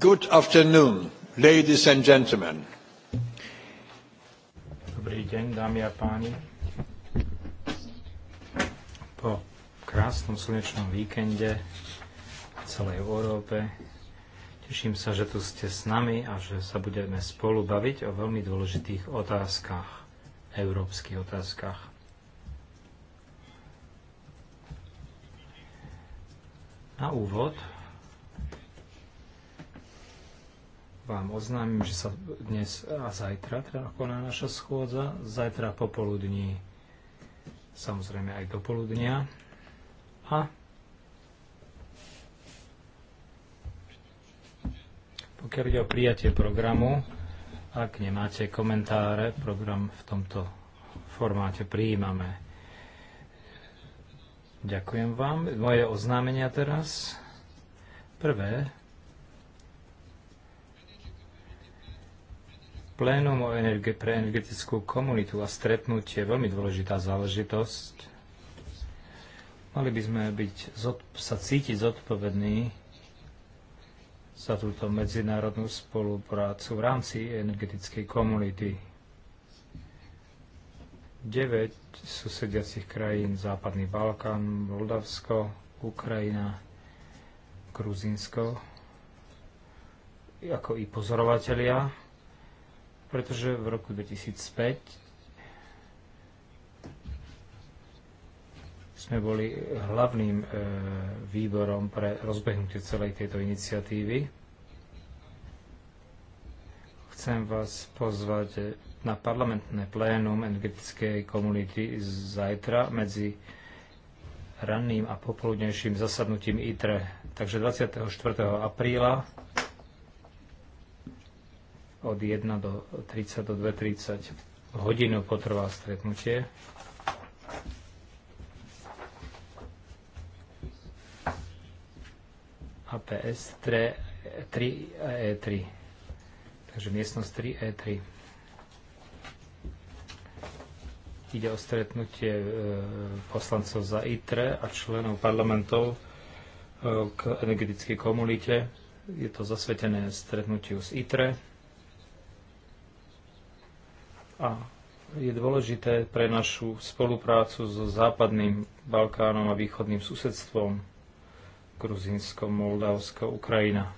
Good afternoon, ladies and gentlemen. Dobrý deň, dámy a páni. Po krásnom slnečnom víkende v celej Európe teším sa, že tu ste s nami a že sa budeme spolu baviť o veľmi dôležitých otázkach, európskych otázkach. Na úvod vám oznámim, že sa dnes a zajtra teda koná naša schôdza. Zajtra popoludní, samozrejme aj do poludnia. A pokiaľ ide o prijatie programu, ak nemáte komentáre, program v tomto formáte prijímame. Ďakujem vám. Moje oznámenia teraz. Prvé, Plénum o pre energetickú komunitu a stretnutie je veľmi dôležitá záležitosť. Mali by sme byť, sa cítiť zodpovední za túto medzinárodnú spoluprácu v rámci energetickej komunity. 9 susediacich krajín, Západný Balkán, Moldavsko, Ukrajina, Gruzinsko, ako i pozorovatelia pretože v roku 2005 sme boli hlavným e, výborom pre rozbehnutie celej tejto iniciatívy. Chcem vás pozvať na parlamentné plénum energetickej komunity zajtra medzi ranným a popoludnejším zasadnutím ITRE. Takže 24. apríla od 1 do 30 do 2.30. Hodinu potrvá stretnutie. APS 3, 3 a E3. E Takže miestnosť 3 E3. Ide o stretnutie e, poslancov za ITRE a členov parlamentov e, k energetickej komunite. Je to zasvetené stretnutiu z ITRE a je dôležité pre našu spoluprácu so Západným Balkánom a východným susedstvom Gruzinsko, Moldavsko, Ukrajina.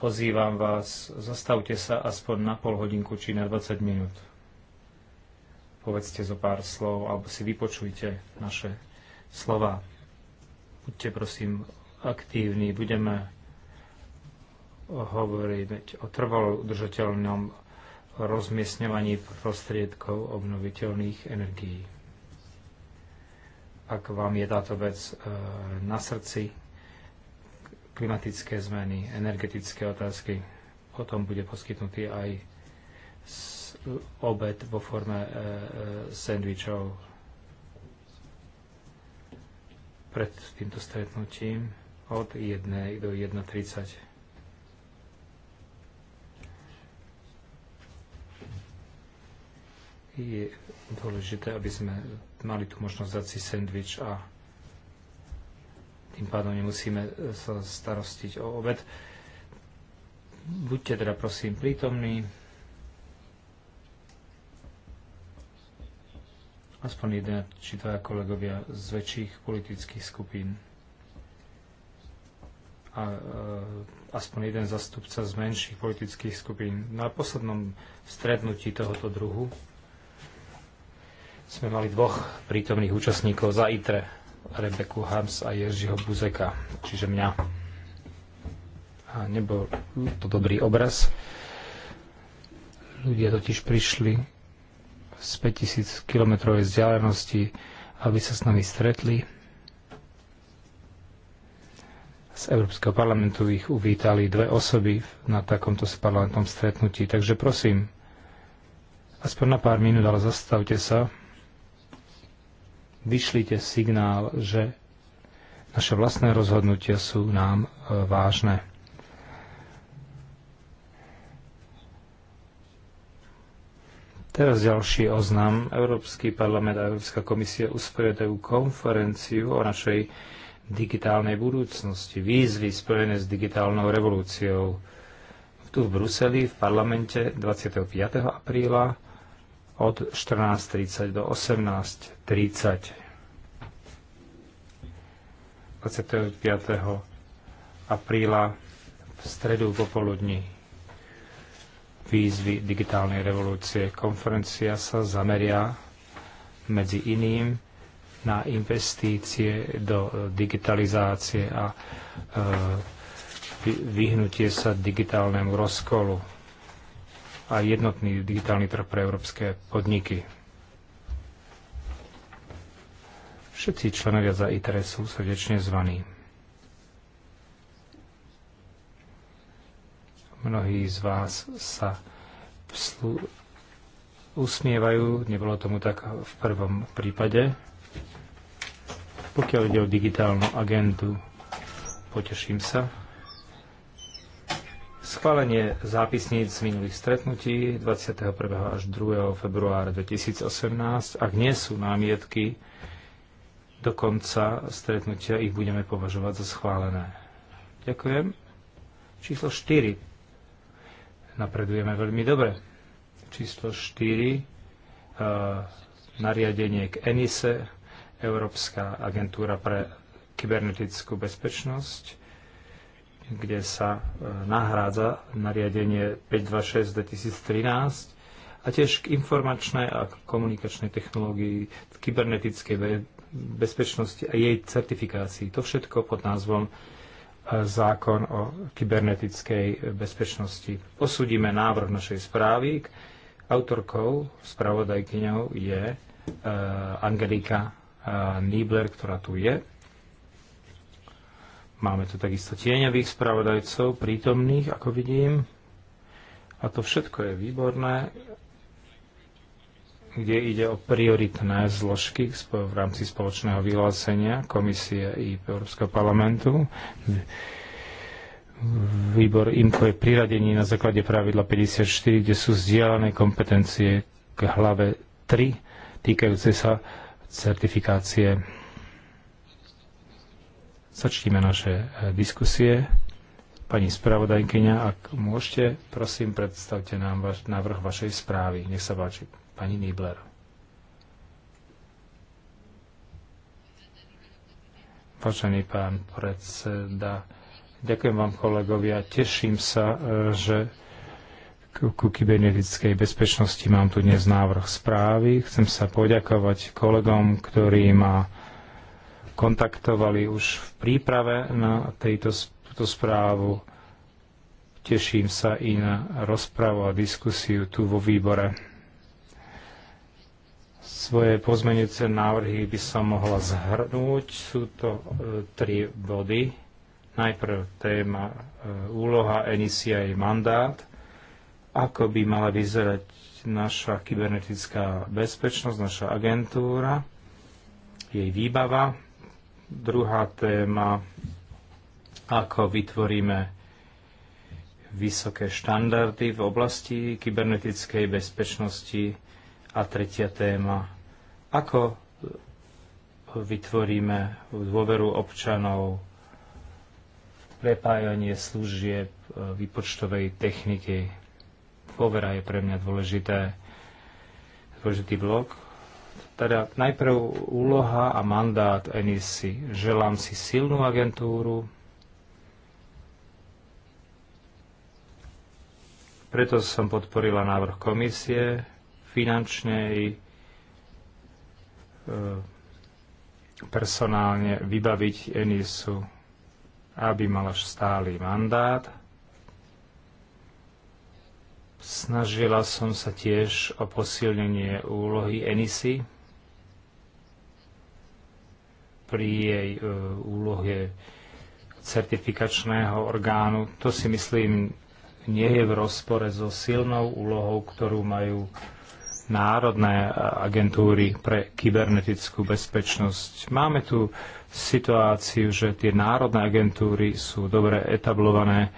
Pozývam vás, zastavte sa aspoň na pol hodinku či na 20 minút. Povedzte zo pár slov alebo si vypočujte naše slova. Buďte prosím aktívni, budeme hovoriť o trvalo udržateľnom o rozmiestňovaní prostriedkov obnoviteľných energií. Ak vám je táto vec e, na srdci, klimatické zmeny, energetické otázky, potom bude poskytnutý aj obed vo forme e, e, sendvičov pred týmto stretnutím od 1 do 1.30. je dôležité, aby sme mali tu možnosť dať si sendvič a tým pádom nemusíme e, sa starostiť o obed. Buďte teda prosím prítomní. Aspoň jedna či dva kolegovia z väčších politických skupín a e, aspoň jeden zastupca z menších politických skupín. Na poslednom stretnutí tohoto druhu sme mali dvoch prítomných účastníkov za ITRE, Rebeku Harms a Ježiho Buzeka, čiže mňa. A nebol to dobrý obraz. Ľudia totiž prišli z 5000 km vzdialenosti, aby sa s nami stretli. Z Európskeho parlamentu ich uvítali dve osoby na takomto parlamentnom stretnutí. Takže prosím, aspoň na pár minút, ale zastavte sa vyšlite signál, že naše vlastné rozhodnutia sú nám e, vážne. Teraz ďalší oznam. Európsky parlament a Európska komisia usporiadajú konferenciu o našej digitálnej budúcnosti, výzvy spojené s digitálnou revolúciou. Tu v Bruseli, v parlamente 25. apríla od 14.30 do 18.30. 25. apríla v stredu popoludní výzvy digitálnej revolúcie. Konferencia sa zameria medzi iným na investície do digitalizácie a e, vyhnutie sa digitálnemu rozkolu a jednotný digitálny trh pre európske podniky. Všetci členovia za ITRE sú srdečne zvaní. Mnohí z vás sa usmievajú, nebolo tomu tak v prvom prípade. Pokiaľ ide o digitálnu agendu, poteším sa, Schválenie zápisníc z minulých stretnutí 21. až 2. februára 2018. Ak nie sú námietky, do konca stretnutia ich budeme považovať za schválené. Ďakujem. Číslo 4. Napredujeme veľmi dobre. Číslo 4. E, nariadenie k ENISE, Európska agentúra pre kybernetickú bezpečnosť kde sa e, nahrádza nariadenie 526 2013 a tiež k informačnej a komunikačnej technológii, kybernetickej bezpečnosti a jej certifikácii. To všetko pod názvom e, zákon o kybernetickej bezpečnosti. Posúdime návrh našej správy. Autorkou, spravodajkyňou je e, Angelika Niebler, ktorá tu je. Máme tu takisto tieňových spravodajcov prítomných, ako vidím. A to všetko je výborné, kde ide o prioritné zložky v rámci spoločného vyhlásenia Komisie i Európskeho parlamentu. Výbor IMCO je priradení na základe pravidla 54, kde sú zdieľané kompetencie k hlave 3 týkajúce sa certifikácie Začníme naše e, diskusie. Pani spravodajkyňa, ak môžete, prosím, predstavte nám vaš, návrh vašej správy. Nech sa páči. Pani Nibler. Vážený pán predseda, ďakujem vám kolegovia. Teším sa, e, že ku kybernetickej bezpečnosti mám tu dnes návrh správy. Chcem sa poďakovať kolegom, ktorí ma kontaktovali už v príprave na tejto, túto správu. Teším sa i na rozpravu a diskusiu tu vo výbore. Svoje pozmenujúce návrhy by som mohla zhrnúť. Sú to e, tri body. Najprv téma e, úloha emisia jej mandát, ako by mala vyzerať naša kybernetická bezpečnosť, naša agentúra, jej výbava, Druhá téma, ako vytvoríme vysoké štandardy v oblasti kybernetickej bezpečnosti. A tretia téma, ako vytvoríme dôveru občanov, prepájanie služieb výpočtovej techniky. Dôvera je pre mňa dôležité, dôležitý blok teda najprv úloha a mandát Enisy. Želám si silnú agentúru, preto som podporila návrh komisie finančne i e, personálne vybaviť ENISu, aby mala stály mandát. Snažila som sa tiež o posilnenie úlohy ENISy, pri jej e, úlohe certifikačného orgánu. To si myslím nie je v rozpore so silnou úlohou, ktorú majú národné agentúry pre kybernetickú bezpečnosť. Máme tu situáciu, že tie národné agentúry sú dobre etablované,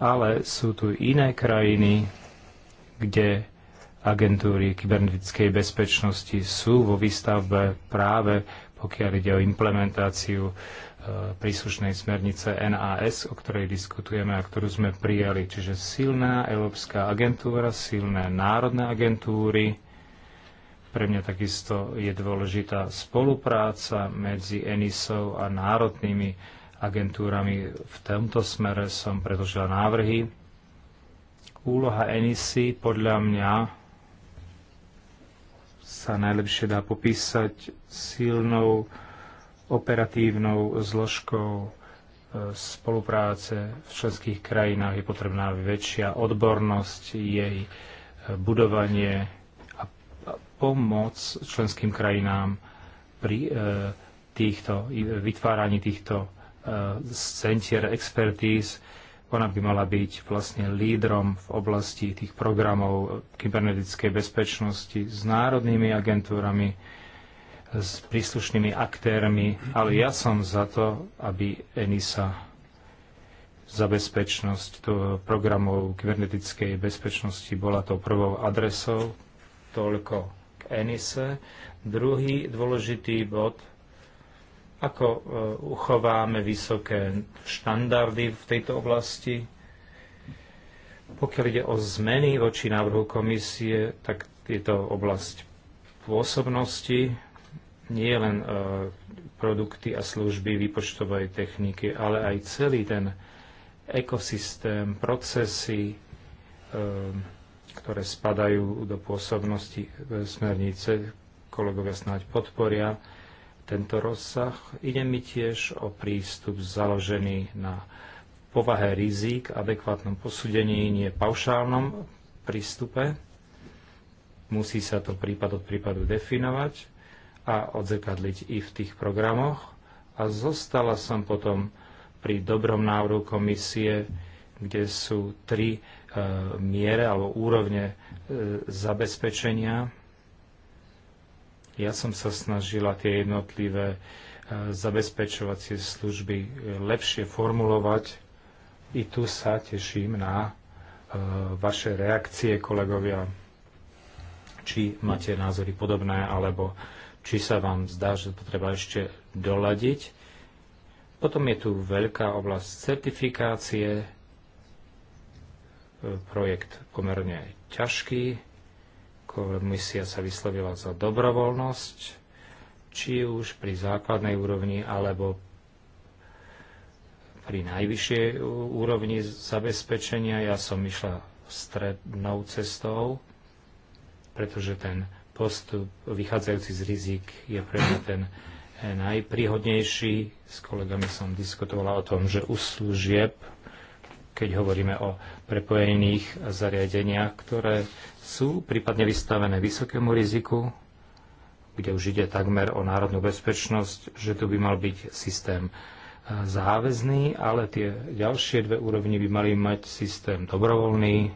ale sú tu iné krajiny, kde agentúry kybernetickej bezpečnosti sú vo výstavbe práve pokiaľ ide o implementáciu e, príslušnej smernice NAS, o ktorej diskutujeme a ktorú sme prijali. Čiže silná Európska agentúra, silné národné agentúry. Pre mňa takisto je dôležitá spolupráca medzi ENISou a národnými agentúrami. V tomto smere som predložila návrhy. Úloha ENISy podľa mňa sa najlepšie dá popísať silnou operatívnou zložkou e, spolupráce v členských krajinách. Je potrebná väčšia odbornosť, jej e, budovanie a pomoc členským krajinám pri e, týchto, vytváraní týchto centier expertíz ona by mala byť vlastne lídrom v oblasti tých programov kybernetickej bezpečnosti s národnými agentúrami, s príslušnými aktérmi, ale ja som za to, aby ENISA za bezpečnosť programov kybernetickej bezpečnosti bola tou prvou adresou. Toľko k ENISE. Druhý dôležitý bod ako e, uchováme vysoké štandardy v tejto oblasti. Pokiaľ ide o zmeny voči návrhu komisie, tak je to oblasť pôsobnosti, nie len e, produkty a služby výpočtovej techniky, ale aj celý ten ekosystém, procesy, e, ktoré spadajú do pôsobnosti smernice, kolegovia snáď podporia tento rozsah. Ide mi tiež o prístup založený na povahe rizík, adekvátnom posúdení, nie paušálnom prístupe. Musí sa to prípad od prípadu definovať a odzrkadliť i v tých programoch. A zostala som potom pri dobrom návrhu komisie, kde sú tri e, miere alebo úrovne e, zabezpečenia ja som sa snažila tie jednotlivé e, zabezpečovacie služby e, lepšie formulovať. I tu sa teším na e, vaše reakcie, kolegovia, či máte názory podobné, alebo či sa vám zdá, že to treba ešte doladiť. Potom je tu veľká oblasť certifikácie, projekt pomerne ťažký, Komisia sa vyslovila za dobrovoľnosť, či už pri základnej úrovni alebo pri najvyššej úrovni zabezpečenia. Ja som išla strednou cestou, pretože ten postup vychádzajúci z rizik je pre mňa ten eh, najpríhodnejší. S kolegami som diskutovala o tom, že u služieb keď hovoríme o prepojených zariadeniach, ktoré sú prípadne vystavené vysokému riziku, kde už ide takmer o národnú bezpečnosť, že tu by mal byť systém e, záväzný, ale tie ďalšie dve úrovni by mali mať systém dobrovoľný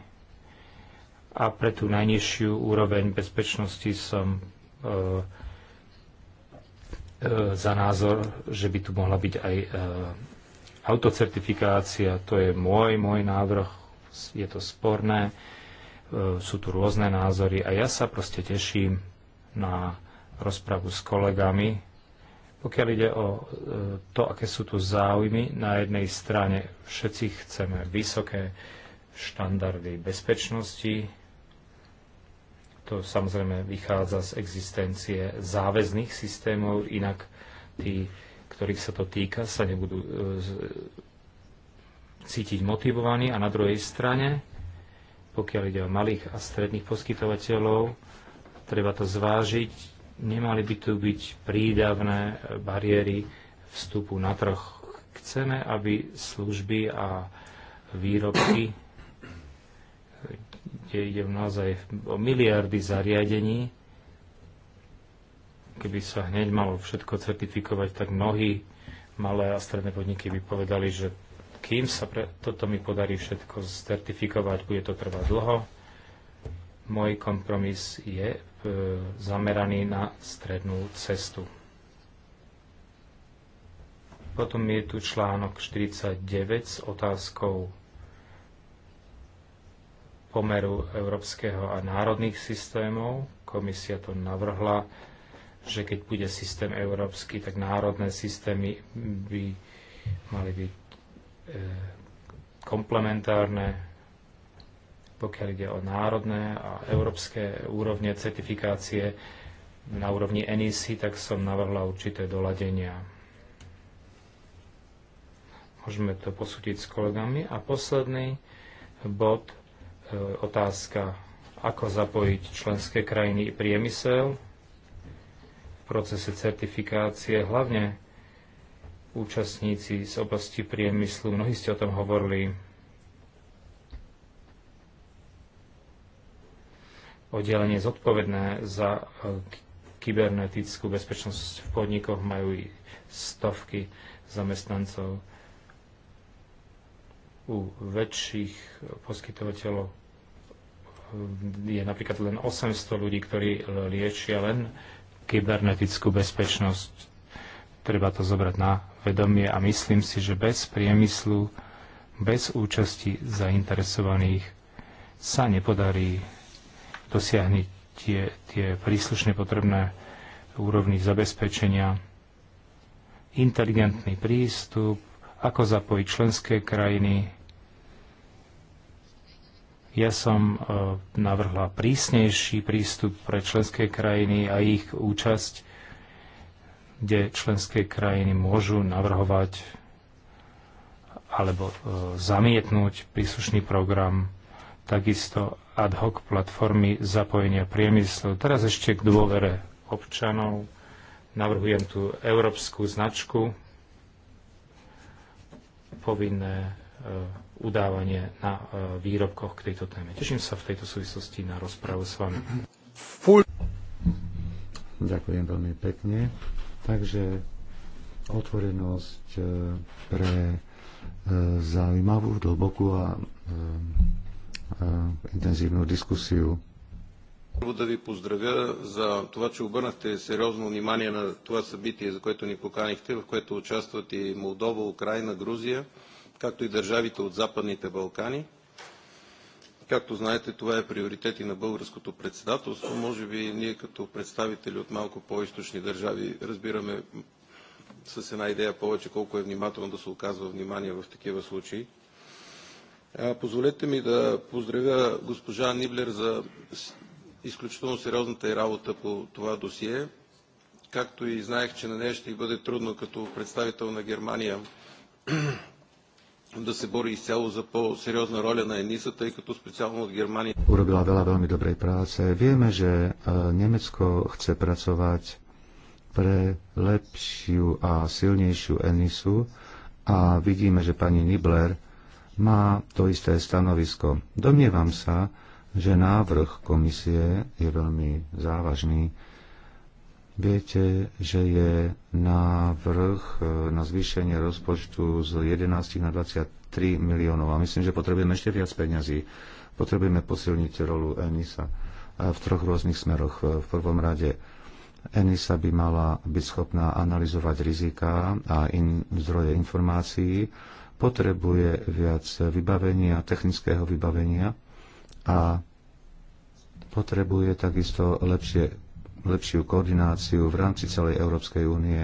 a pre tú najnižšiu úroveň bezpečnosti som e, e za názor, že by tu mohla byť aj e, autocertifikácia, to je môj, môj návrh, je to sporné, e, sú tu rôzne názory a ja sa proste teším na rozpravu s kolegami. Pokiaľ ide o e, to, aké sú tu záujmy, na jednej strane všetci chceme vysoké štandardy bezpečnosti, to samozrejme vychádza z existencie záväzných systémov, inak tí ktorých sa to týka, sa nebudú e, cítiť motivovaní a na druhej strane, pokiaľ ide o malých a stredných poskytovateľov, treba to zvážiť, nemali by tu byť prídavné bariéry vstupu na trh. Chceme, aby služby a výrobky, kde ide naozaj o miliardy zariadení, keby sa hneď malo všetko certifikovať, tak mnohí malé a stredné podniky by povedali, že kým sa pre, toto mi podarí všetko certifikovať, bude to trvať dlho. Môj kompromis je e, zameraný na strednú cestu. Potom je tu článok 49 s otázkou pomeru európskeho a národných systémov. Komisia to navrhla že keď bude systém európsky, tak národné systémy by mali byť e, komplementárne, pokiaľ ide o národné a európske úrovne certifikácie na úrovni NEC, tak som navrhla určité doladenia. Môžeme to posúdiť s kolegami. A posledný bod, e, otázka, ako zapojiť členské krajiny i priemysel procese certifikácie, hlavne účastníci z oblasti priemyslu. Mnohí ste o tom hovorili. Oddelenie zodpovedné za e, kybernetickú bezpečnosť v podnikoch majú i stovky zamestnancov u väčších poskytovateľov e, je napríklad len 800 ľudí, ktorí liečia len kybernetickú bezpečnosť. Treba to zobrať na vedomie a myslím si, že bez priemyslu, bez účasti zainteresovaných sa nepodarí dosiahnuť tie, tie príslušne potrebné úrovni zabezpečenia, inteligentný prístup, ako zapojiť členské krajiny, ja som e, navrhla prísnejší prístup pre členské krajiny a ich účasť, kde členské krajiny môžu navrhovať alebo e, zamietnúť príslušný program, takisto ad hoc platformy zapojenia priemyslu. Teraz ešte k dôvere občanov. Navrhujem tú európsku značku, povinné udávanie na výrobkoch k tejto téme. Teším sa v tejto súvislosti na rozpravu s vami. Ďakujem veľmi pekne. Takže otvorenosť pre zaujímavú, hlbokú a интензивную дискусию. Първо да ви поздравя за това, че обърнахте сериозно внимание на това събитие, за което ни поканихте, в което участват и Молдова, Украина, Грузия както и държавите от Западните Балкани. Както знаете, това е приоритет и на българското председателство. Може би ние като представители от малко по-источни държави разбираме с една идея повече колко е внимателно да се оказва внимание в такива случаи. Позволете ми да поздравя госпожа Ниблер за изключително сериозната и работа по това досие. Както и знаех, че на нея ще бъде трудно като представител на Германия да се бори изцяло за по-сериозна роля на ЕНИСА, тъй като специално от Германия... Уробила вела veľmi добре праце. Виеме, че Немецко chce працовать pre lepšiu a silnejšiu ENISu a vidíme, že pani Nibler má to isté stanovisko. Domnievam sa, že návrh komisie je veľmi závažný Viete, že je návrh e, na zvýšenie rozpočtu z 11 na 23 miliónov a myslím, že potrebujeme ešte viac peňazí. Potrebujeme posilniť rolu ENISA e, v troch rôznych smeroch. E, v prvom rade ENISA by mala byť schopná analyzovať rizika a in, zdroje informácií, potrebuje viac vybavenia, technického vybavenia a potrebuje takisto lepšie lepšiu koordináciu v rámci celej Európskej únie.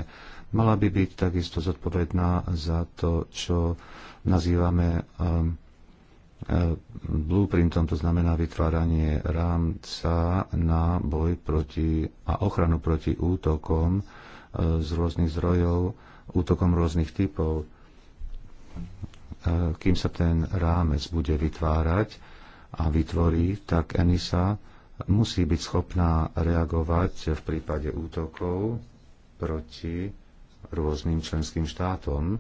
Mala by byť takisto zodpovedná za to, čo nazývame um, uh, blueprintom, to znamená vytváranie rámca na boj proti a ochranu proti útokom uh, z rôznych zdrojov, útokom rôznych typov. Uh, kým sa ten rámec bude vytvárať a vytvorí, tak ENISA musí byť schopná reagovať v prípade útokov proti rôznym členským štátom.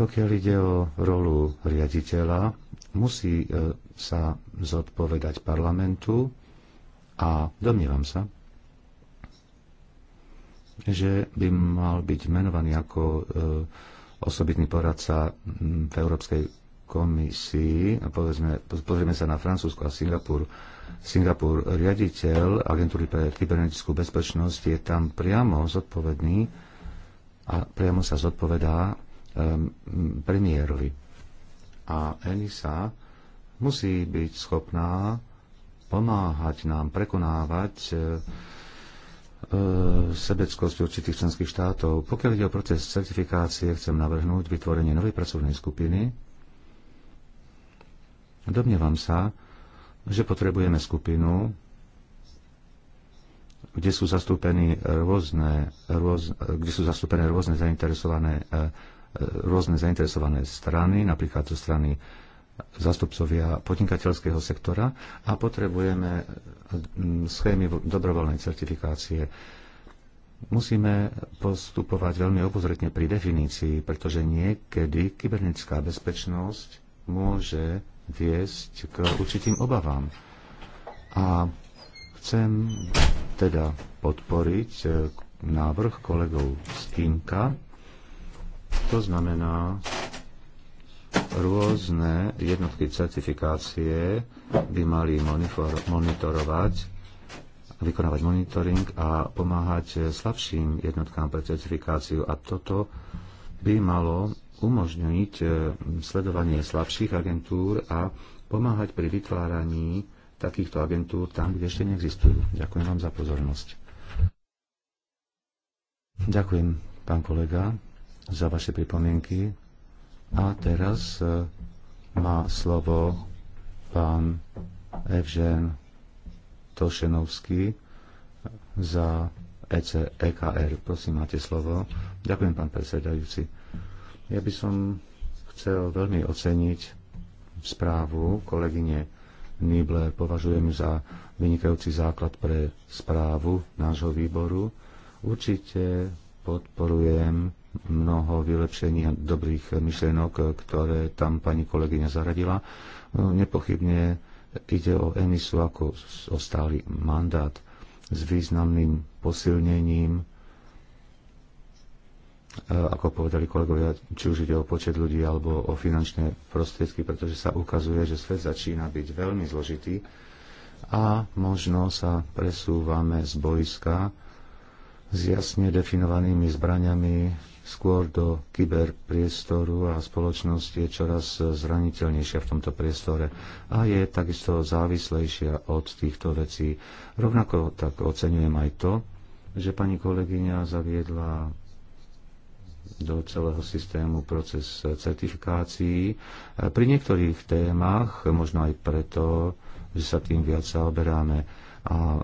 Pokiaľ ide o rolu riaditeľa, musí e, sa zodpovedať parlamentu a domnievam sa, že by mal byť menovaný ako e, osobitný poradca v Európskej komisii, a pozrieme sa na Francúzsko a Singapur, Singapur. Riaditeľ agentúry pre kybernetickú bezpečnosť je tam priamo zodpovedný a priamo sa zodpovedá ehm, premiérovi. A Enisa musí byť schopná pomáhať nám prekonávať e, e, sebeckosť určitých členských štátov. Pokiaľ ide o proces certifikácie, chcem navrhnúť vytvorenie novej pracovnej skupiny. Domnievam sa, že potrebujeme skupinu, kde sú, rôzne, rôz, kde sú zastúpené rôzne zainteresované, e, e, rôzne zainteresované strany, napríklad zo strany zastupcovia podnikateľského sektora a potrebujeme mm, schémy dobrovoľnej certifikácie. Musíme postupovať veľmi obozretne pri definícii, pretože niekedy kybernetická bezpečnosť môže viesť k určitým obavám. A chcem teda podporiť e, návrh kolegov z To znamená rôzne jednotky certifikácie by mali monitorovať, vykonávať monitoring a pomáhať e, slabším jednotkám pre certifikáciu. A toto by malo umožniť e, sledovanie slabších agentúr a pomáhať pri vytváraní takýchto agentúr tam, kde ešte neexistujú. Ďakujem vám za pozornosť. Ďakujem, pán kolega, za vaše pripomienky. A teraz e, má slovo pán Evžen Tošenovský za ECEKR. Prosím, máte slovo. Ďakujem, pán predsedajúci. Ja by som chcel veľmi oceniť správu kolegyne Nible Považujem za vynikajúci základ pre správu nášho výboru. Určite podporujem mnoho vylepšení a dobrých myšlienok, ktoré tam pani kolegyňa zaradila. No, nepochybne ide o Enisu ako o stály mandát s významným posilnením E, ako povedali kolegovia, či už ide o počet ľudí alebo o finančné prostriedky, pretože sa ukazuje, že svet začína byť veľmi zložitý a možno sa presúvame z boiska s jasne definovanými zbraniami skôr do kyberpriestoru a spoločnosť je čoraz zraniteľnejšia v tomto priestore a je takisto závislejšia od týchto vecí. Rovnako tak oceňujem aj to, že pani kolegyňa zaviedla do celého systému proces certifikácií. Pri niektorých témach, možno aj preto, že sa tým viac zaoberáme a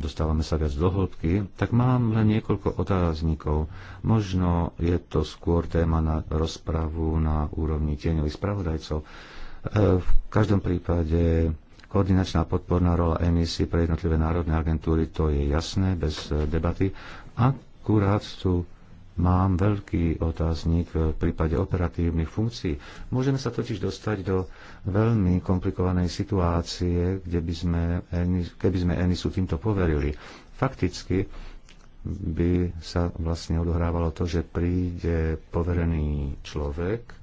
dostávame sa viac do hĺbky, tak mám len niekoľko otáznikov. Možno je to skôr téma na rozpravu na úrovni tieňových spravodajcov. E, v každom prípade koordinačná podporná rola emisí pre jednotlivé národné agentúry, to je jasné, bez debaty. Akurát sú mám veľký otáznik v prípade operatívnych funkcií. Môžeme sa totiž dostať do veľmi komplikovanej situácie, kde by sme, keby sme Enisu týmto poverili. Fakticky by sa vlastne odohrávalo to, že príde poverený človek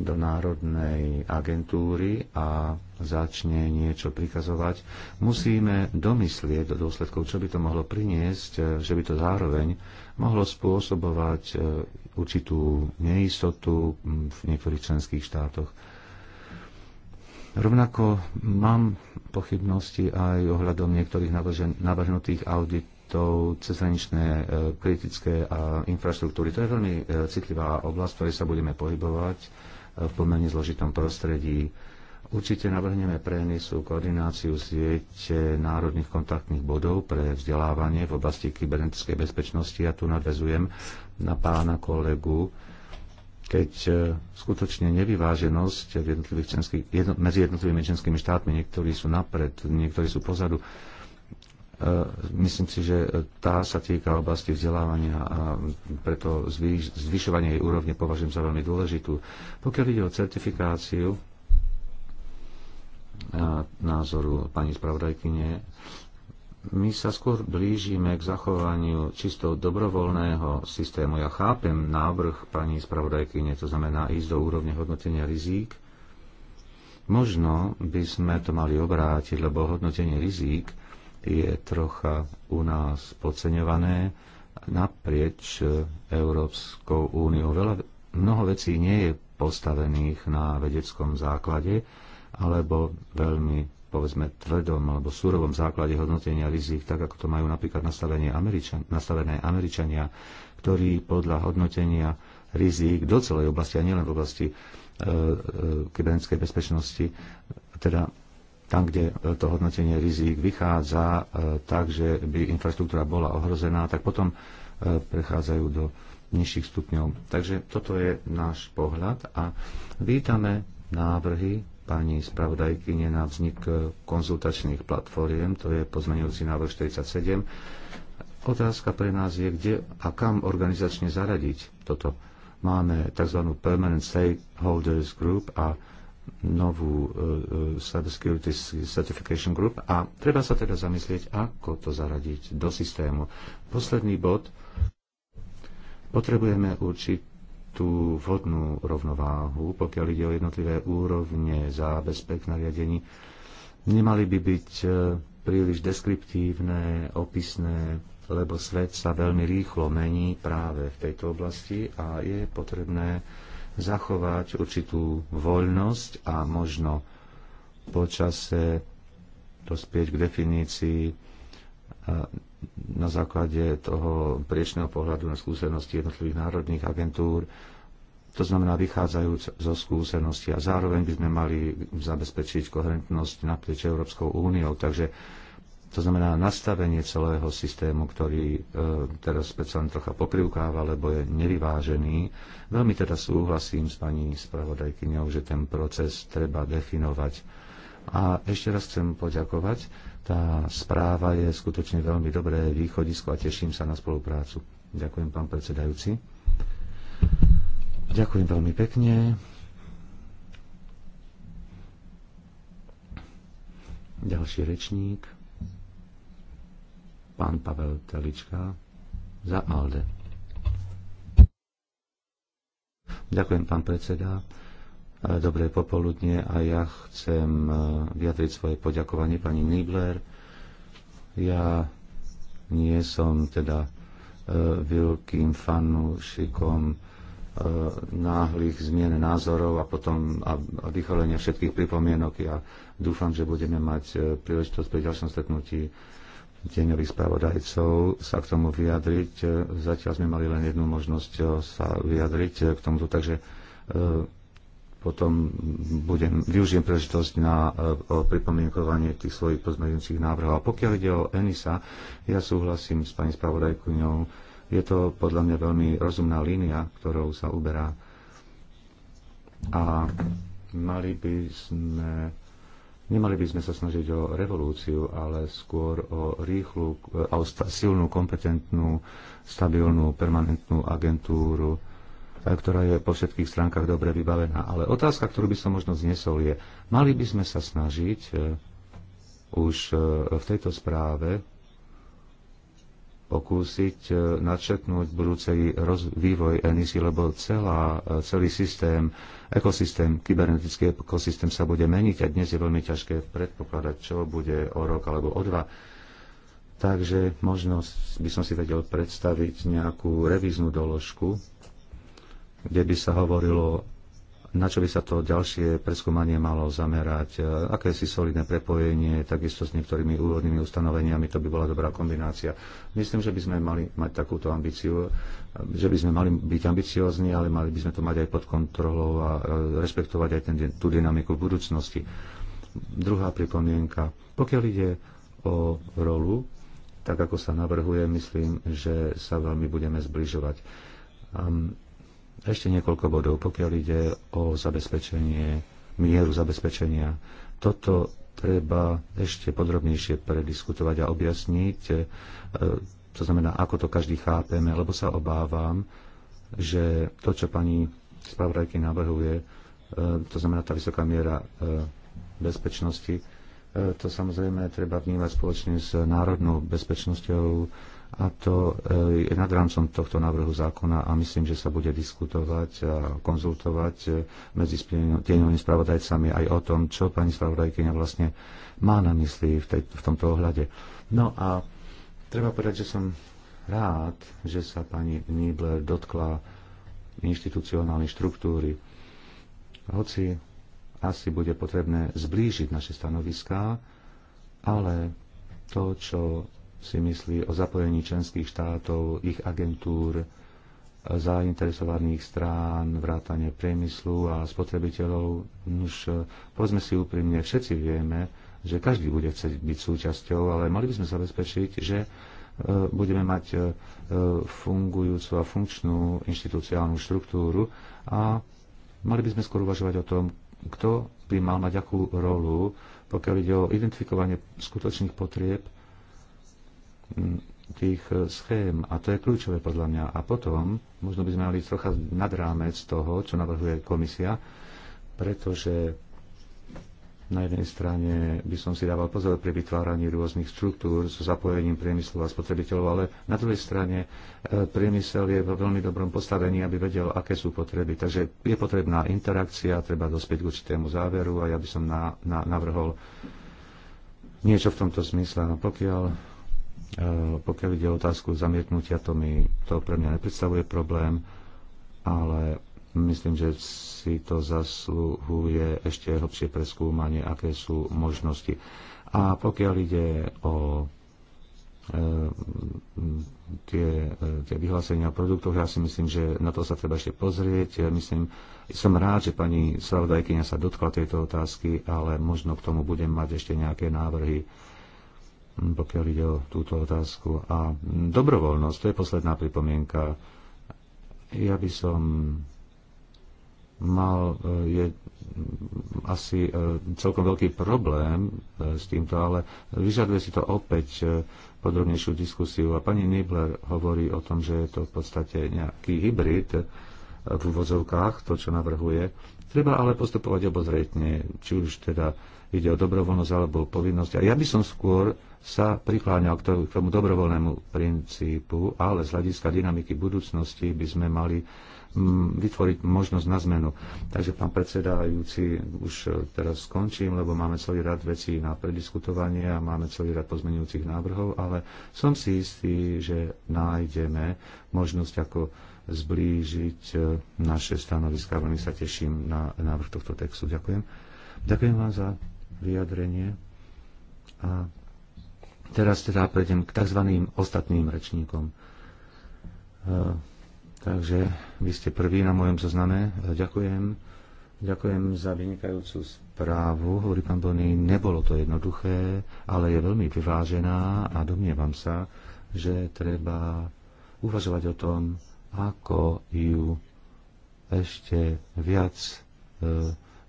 do Národnej agentúry a začne niečo prikazovať. Musíme domyslieť do dôsledkov, čo by to mohlo priniesť, že by to zároveň mohlo spôsobovať e, určitú neistotu v niektorých členských štátoch. Rovnako mám pochybnosti aj ohľadom niektorých navrhnutých auditov cezhraničné e, kritické a infraštruktúry. To je veľmi e, citlivá oblasť, v ktorej sa budeme pohybovať v pomerne zložitom prostredí Určite navrhneme pre NISu koordináciu siete národných kontaktných bodov pre vzdelávanie v oblasti kybernetickej bezpečnosti. Ja tu nadvezujem na pána kolegu, keď e, skutočne nevyváženosť jednotlivých členských, jedno, medzi jednotlivými členskými štátmi, niektorí sú napred, niektorí sú pozadu, e, myslím si, že tá sa týka oblasti vzdelávania a preto zvyšovanie jej úrovne považujem za veľmi dôležitú. Pokiaľ ide o certifikáciu, názoru pani spravodajkyne. My sa skôr blížime k zachovaniu čisto dobrovoľného systému. Ja chápem návrh pani spravodajkyne, to znamená ísť do úrovne hodnotenia rizík. Možno by sme to mali obrátiť, lebo hodnotenie rizík je trocha u nás podceňované naprieč Európskou úniou. Veľa, mnoho vecí nie je postavených na vedeckom základe alebo veľmi povedzme tvrdom alebo surovom základe hodnotenia rizik, tak ako to majú napríklad nastavenie Američan, nastavené Američania, ktorí podľa hodnotenia rizik do celej oblasti a nielen v oblasti e, e, kybernetickej bezpečnosti, teda tam, kde to hodnotenie rizik vychádza e, tak, že by infraštruktúra bola ohrozená, tak potom e, prechádzajú do nižších stupňov. Takže toto je náš pohľad a vítame návrhy pani spravodajkyne na vznik konzultačných platform, to je pozmenujúci návrh 47. Otázka pre nás je, kde a kam organizačne zaradiť toto. Máme tzv. Permanent Stakeholders Group a novú e, e, Cybersecurity Certification Group a treba sa teda zamyslieť, ako to zaradiť do systému. Posledný bod. Potrebujeme určiť tú vhodnú rovnováhu, pokiaľ ide o jednotlivé úrovne na riadení, nemali by byť e, príliš deskriptívne, opisné, lebo svet sa veľmi rýchlo mení práve v tejto oblasti a je potrebné zachovať určitú voľnosť a možno počase dospieť k definícii e, na základe toho priečného pohľadu na skúsenosti jednotlivých národných agentúr, to znamená vychádzajúc zo skúsenosti a zároveň by sme mali zabezpečiť koherentnosť naprieč Európskou úniou. Takže to znamená nastavenie celého systému, ktorý e, teraz speciálne trocha poprivkáva, lebo je nevyvážený. Veľmi teda súhlasím s pani spravodajkyňou, že ten proces treba definovať. A ešte raz chcem poďakovať tá správa je skutočne veľmi dobré východisko a teším sa na spoluprácu. Ďakujem, pán predsedajúci. Ďakujem veľmi pekne. Ďalší rečník, pán Pavel Telička za ALDE. Ďakujem, pán predseda. Dobré popoludne a ja chcem e, vyjadriť svoje poďakovanie pani Nibler. Ja nie som teda e, veľkým fanúšikom e, náhlych zmien názorov a potom a vycholenia všetkých pripomienok. Ja dúfam, že budeme mať príležitosť pri ďalšom stretnutí deňových spravodajcov sa k tomu vyjadriť. Zatiaľ sme mali len jednu možnosť sa vyjadriť k tomuto, takže potom budem, využijem príležitosť na e, o pripomienkovanie tých svojich pozmeňujúcich návrhov. A pokiaľ ide o Enisa, ja súhlasím s pani spravodajkuňou. Je to podľa mňa veľmi rozumná línia, ktorou sa uberá. A mali by sme, nemali by sme sa snažiť o revolúciu, ale skôr o rýchlu, e, o silnú, kompetentnú, stabilnú, permanentnú agentúru, E, ktorá je po všetkých stránkach dobre vybavená. Ale otázka, ktorú by som možno znesol, je, mali by sme sa snažiť e, už e, v tejto správe pokúsiť načetnúť budúcej vývoj NIS, lebo celá, celý systém, ekosystém, kybernetický ekosystém sa bude meniť a dnes je veľmi ťažké predpokladať, čo bude o rok alebo o dva. Takže možno by som si vedel predstaviť nejakú revíznu doložku, kde by sa hovorilo, na čo by sa to ďalšie preskúmanie malo zamerať, e, aké si solidné prepojenie, takisto s niektorými úvodnými ustanoveniami, to by bola dobrá kombinácia. Myslím, že by sme mali mať takúto ambíciu, e, že by sme mali byť ambiciozni, ale mali by sme to mať aj pod kontrolou a e, rešpektovať aj ten, tú dynamiku v budúcnosti. Druhá pripomienka. Pokiaľ ide o rolu, tak ako sa navrhuje, myslím, že sa veľmi budeme zbližovať. Ešte niekoľko bodov, pokiaľ ide o zabezpečenie, mieru zabezpečenia. Toto treba ešte podrobnejšie prediskutovať a objasniť, e, to znamená, ako to každý chápeme, lebo sa obávam, že to, čo pani spravodajky navrhuje, e, to znamená tá vysoká miera e, bezpečnosti, to samozrejme treba vnímať spoločne s národnou bezpečnosťou, a to e, je nad rámcom tohto návrhu zákona a myslím, že sa bude diskutovať a konzultovať e, medzi tieňovými spravodajcami aj o tom, čo pani spravodajkyňa vlastne má na mysli v, tej, v tomto ohľade. No a treba povedať, že som rád, že sa pani Niebler dotkla inštitucionálnej štruktúry. Hoci asi bude potrebné zblížiť naše stanoviská, ale to, čo si myslí o zapojení členských štátov, ich agentúr, zainteresovaných strán, vrátanie priemyslu a spotrebiteľov. Už eh, povedzme si úprimne, všetci vieme, že každý bude chcieť byť súčasťou, ale mali by sme zabezpečiť, že eh, budeme mať eh, fungujúcu a funkčnú inštitúciálnu štruktúru a mali by sme skôr uvažovať o tom, kto by mal mať akú rolu, pokiaľ ide o identifikovanie skutočných potrieb tých e, schém a to je kľúčové podľa mňa. A potom možno by sme mali trocha nad rámec toho, čo navrhuje komisia, pretože na jednej strane by som si dával pozor pri vytváraní rôznych štruktúr so zapojením priemyslu a spotrebiteľov, ale na druhej strane e, priemysel je vo veľmi dobrom postavení, aby vedel, aké sú potreby. Takže je potrebná interakcia, treba dospieť k určitému záveru a ja by som na, na, navrhol niečo v tomto smysle. No pokiaľ Eh, pokiaľ ide o otázku zamietnutia, to, mi, to pre mňa nepredstavuje problém, ale myslím, že si to zasluhuje ešte hlbšie preskúmanie, aké sú možnosti. A pokiaľ ide o eh, tie, eh, tie vyhlásenia o produktoch. Ja si myslím, že na to sa treba ešte pozrieť. Ja myslím, som rád, že pani spravodajkynia sa dotkla tejto otázky, ale možno k tomu budem mať ešte nejaké návrhy pokiaľ ide o túto otázku. A dobrovoľnosť, to je posledná pripomienka. Ja by som mal eh, je asi eh, celkom veľký problém eh, s týmto, ale vyžaduje si to opäť podrobnejšiu diskusiu. A pani Nibler hovorí o tom, že je to v podstate nejaký hybrid v vozovkách, to, čo navrhuje. Treba ale postupovať obozretne, či už teda ide o dobrovoľnosť alebo povinnosť. A ja by som skôr sa prikláňal k tomu dobrovoľnému princípu, ale z hľadiska dynamiky budúcnosti by sme mali mm, vytvoriť možnosť na zmenu. Takže, pán predsedajúci, už e, teraz skončím, lebo máme celý rad vecí na prediskutovanie a máme celý rad pozmenujúcich návrhov, ale som si istý, že nájdeme možnosť, ako zblížiť e, naše stanoviská. Veľmi sa teším na návrh tohto textu. Ďakujem. Ďakujem vám za vyjadrenie a Teraz teda prejdem k tzv. ostatným rečníkom. E, takže vy ste prvý na mojom zozname. E, ďakujem. Ďakujem za vynikajúcu správu. Hovorí pán Bony, nebolo to jednoduché, ale je veľmi vyvážená a domnievam sa, že treba uvažovať o tom, ako ju ešte viac e,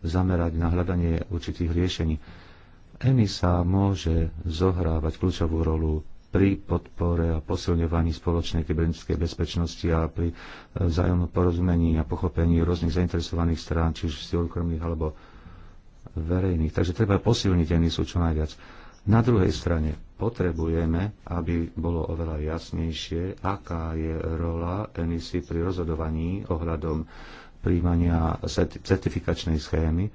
zamerať na hľadanie určitých riešení EMISA môže zohrávať kľúčovú rolu pri podpore a posilňovaní spoločnej kybernetickej bezpečnosti a pri e, vzájomnom porozumení a pochopení rôznych zainteresovaných strán, či už súkromných alebo verejných. Takže treba posilniť ENISu čo najviac. Na druhej strane potrebujeme, aby bolo oveľa jasnejšie, aká je rola ENISy pri rozhodovaní ohľadom príjmania certifikačnej schémy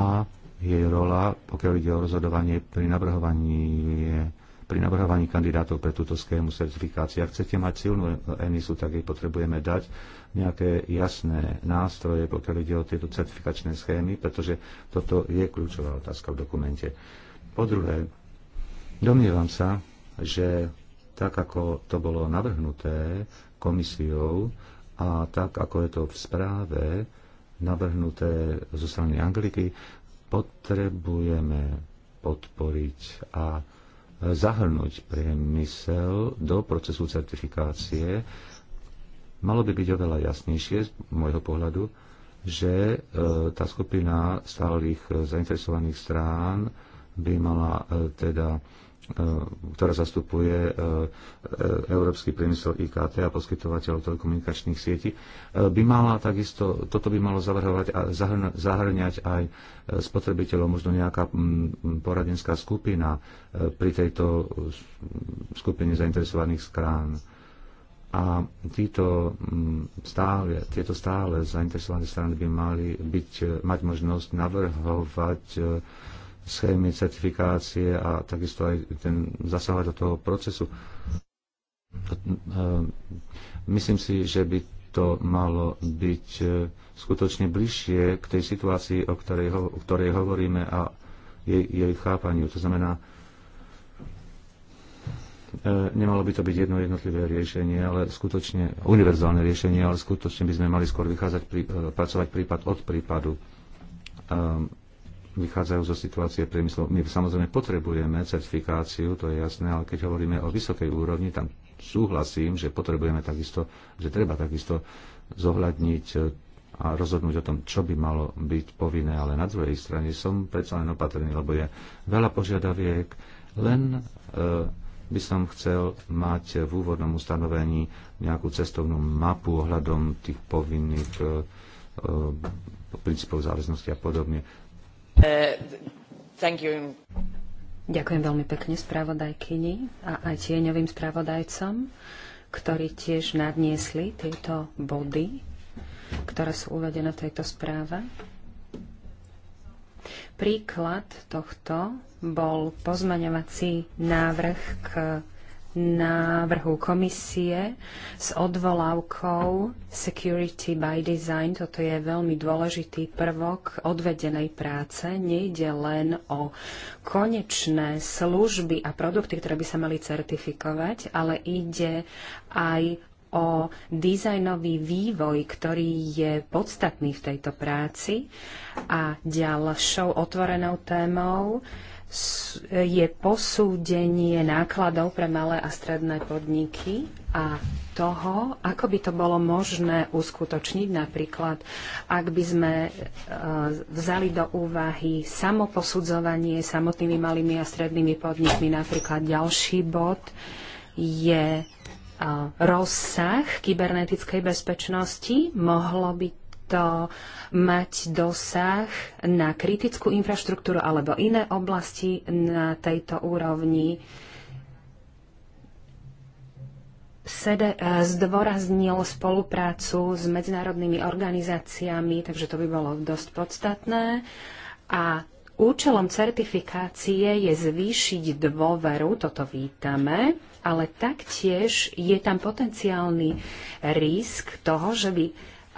a jej rola, pokiaľ ide o rozhodovanie pri navrhovaní pri navrhovaní kandidátov pre túto schému certifikácie. Ak chcete mať silnú ENISu, tak jej potrebujeme dať nejaké jasné nástroje, pokiaľ ide o tieto certifikačné schémy, pretože toto je kľúčová otázka v dokumente. Po druhé, domnievam sa, že tak, ako to bolo navrhnuté komisiou a tak, ako je to v správe navrhnuté zo strany Angliky, potrebujeme podporiť a zahrnúť priemysel do procesu certifikácie, malo by byť oveľa jasnejšie z môjho pohľadu, že e, tá skupina stálych e, zainteresovaných strán by mala e, teda E, ktorá zastupuje e, e, Európsky priemysel IKT a poskytovateľov telekomunikačných sietí, by mala takisto, toto by malo zavrhovať a zahrňať aj spotrebiteľov, možno nejaká poradenská skupina pri tejto skupine zainteresovaných skrán. A títo stále, tieto stále zainteresované strany by mali byť, mať možnosť navrhovať schémy certifikácie a takisto aj ten zasahovať do toho procesu. Eh, myslím si, že by to malo byť eh, skutočne bližšie k tej situácii, o ktorej, o ktorej hovoríme a jej, jej chápaniu. To znamená, eh, nemalo by to byť jedno jednotlivé riešenie, ale skutočne, univerzálne riešenie, ale skutočne by sme mali skôr vychádzať, pracovať prípad od prípadu ehm, vychádzajú zo situácie priemyslu. My samozrejme potrebujeme certifikáciu, to je jasné, ale keď hovoríme o vysokej úrovni, tam súhlasím, že potrebujeme takisto, že treba takisto zohľadniť e, a rozhodnúť o tom, čo by malo byť povinné, ale na druhej strane som predsa len opatrný, lebo je veľa požiadaviek, len e, by som chcel mať v úvodnom ustanovení nejakú cestovnú mapu ohľadom tých povinných e, e, princípov záväznosti a podobne. Ďakujem veľmi pekne spravodajkyni a aj tieňovým spravodajcom, ktorí tiež nadniesli tieto body, ktoré sú uvedené v tejto správe. Príklad tohto bol pozmaňovací návrh k návrhu komisie s odvolávkou Security by Design. Toto je veľmi dôležitý prvok odvedenej práce. Nejde len o konečné služby a produkty, ktoré by sa mali certifikovať, ale ide aj o dizajnový vývoj, ktorý je podstatný v tejto práci. A ďalšou otvorenou témou je posúdenie nákladov pre malé a stredné podniky a toho, ako by to bolo možné uskutočniť. Napríklad, ak by sme e, vzali do úvahy samoposudzovanie samotnými malými a strednými podnikmi, napríklad ďalší bod je e, rozsah kybernetickej bezpečnosti. Mohlo by to mať dosah na kritickú infraštruktúru alebo iné oblasti na tejto úrovni. SEDE eh, zdôraznil spoluprácu s medzinárodnými organizáciami, takže to by bolo dosť podstatné. A účelom certifikácie je zvýšiť dôveru, toto vítame, ale taktiež je tam potenciálny risk toho, že by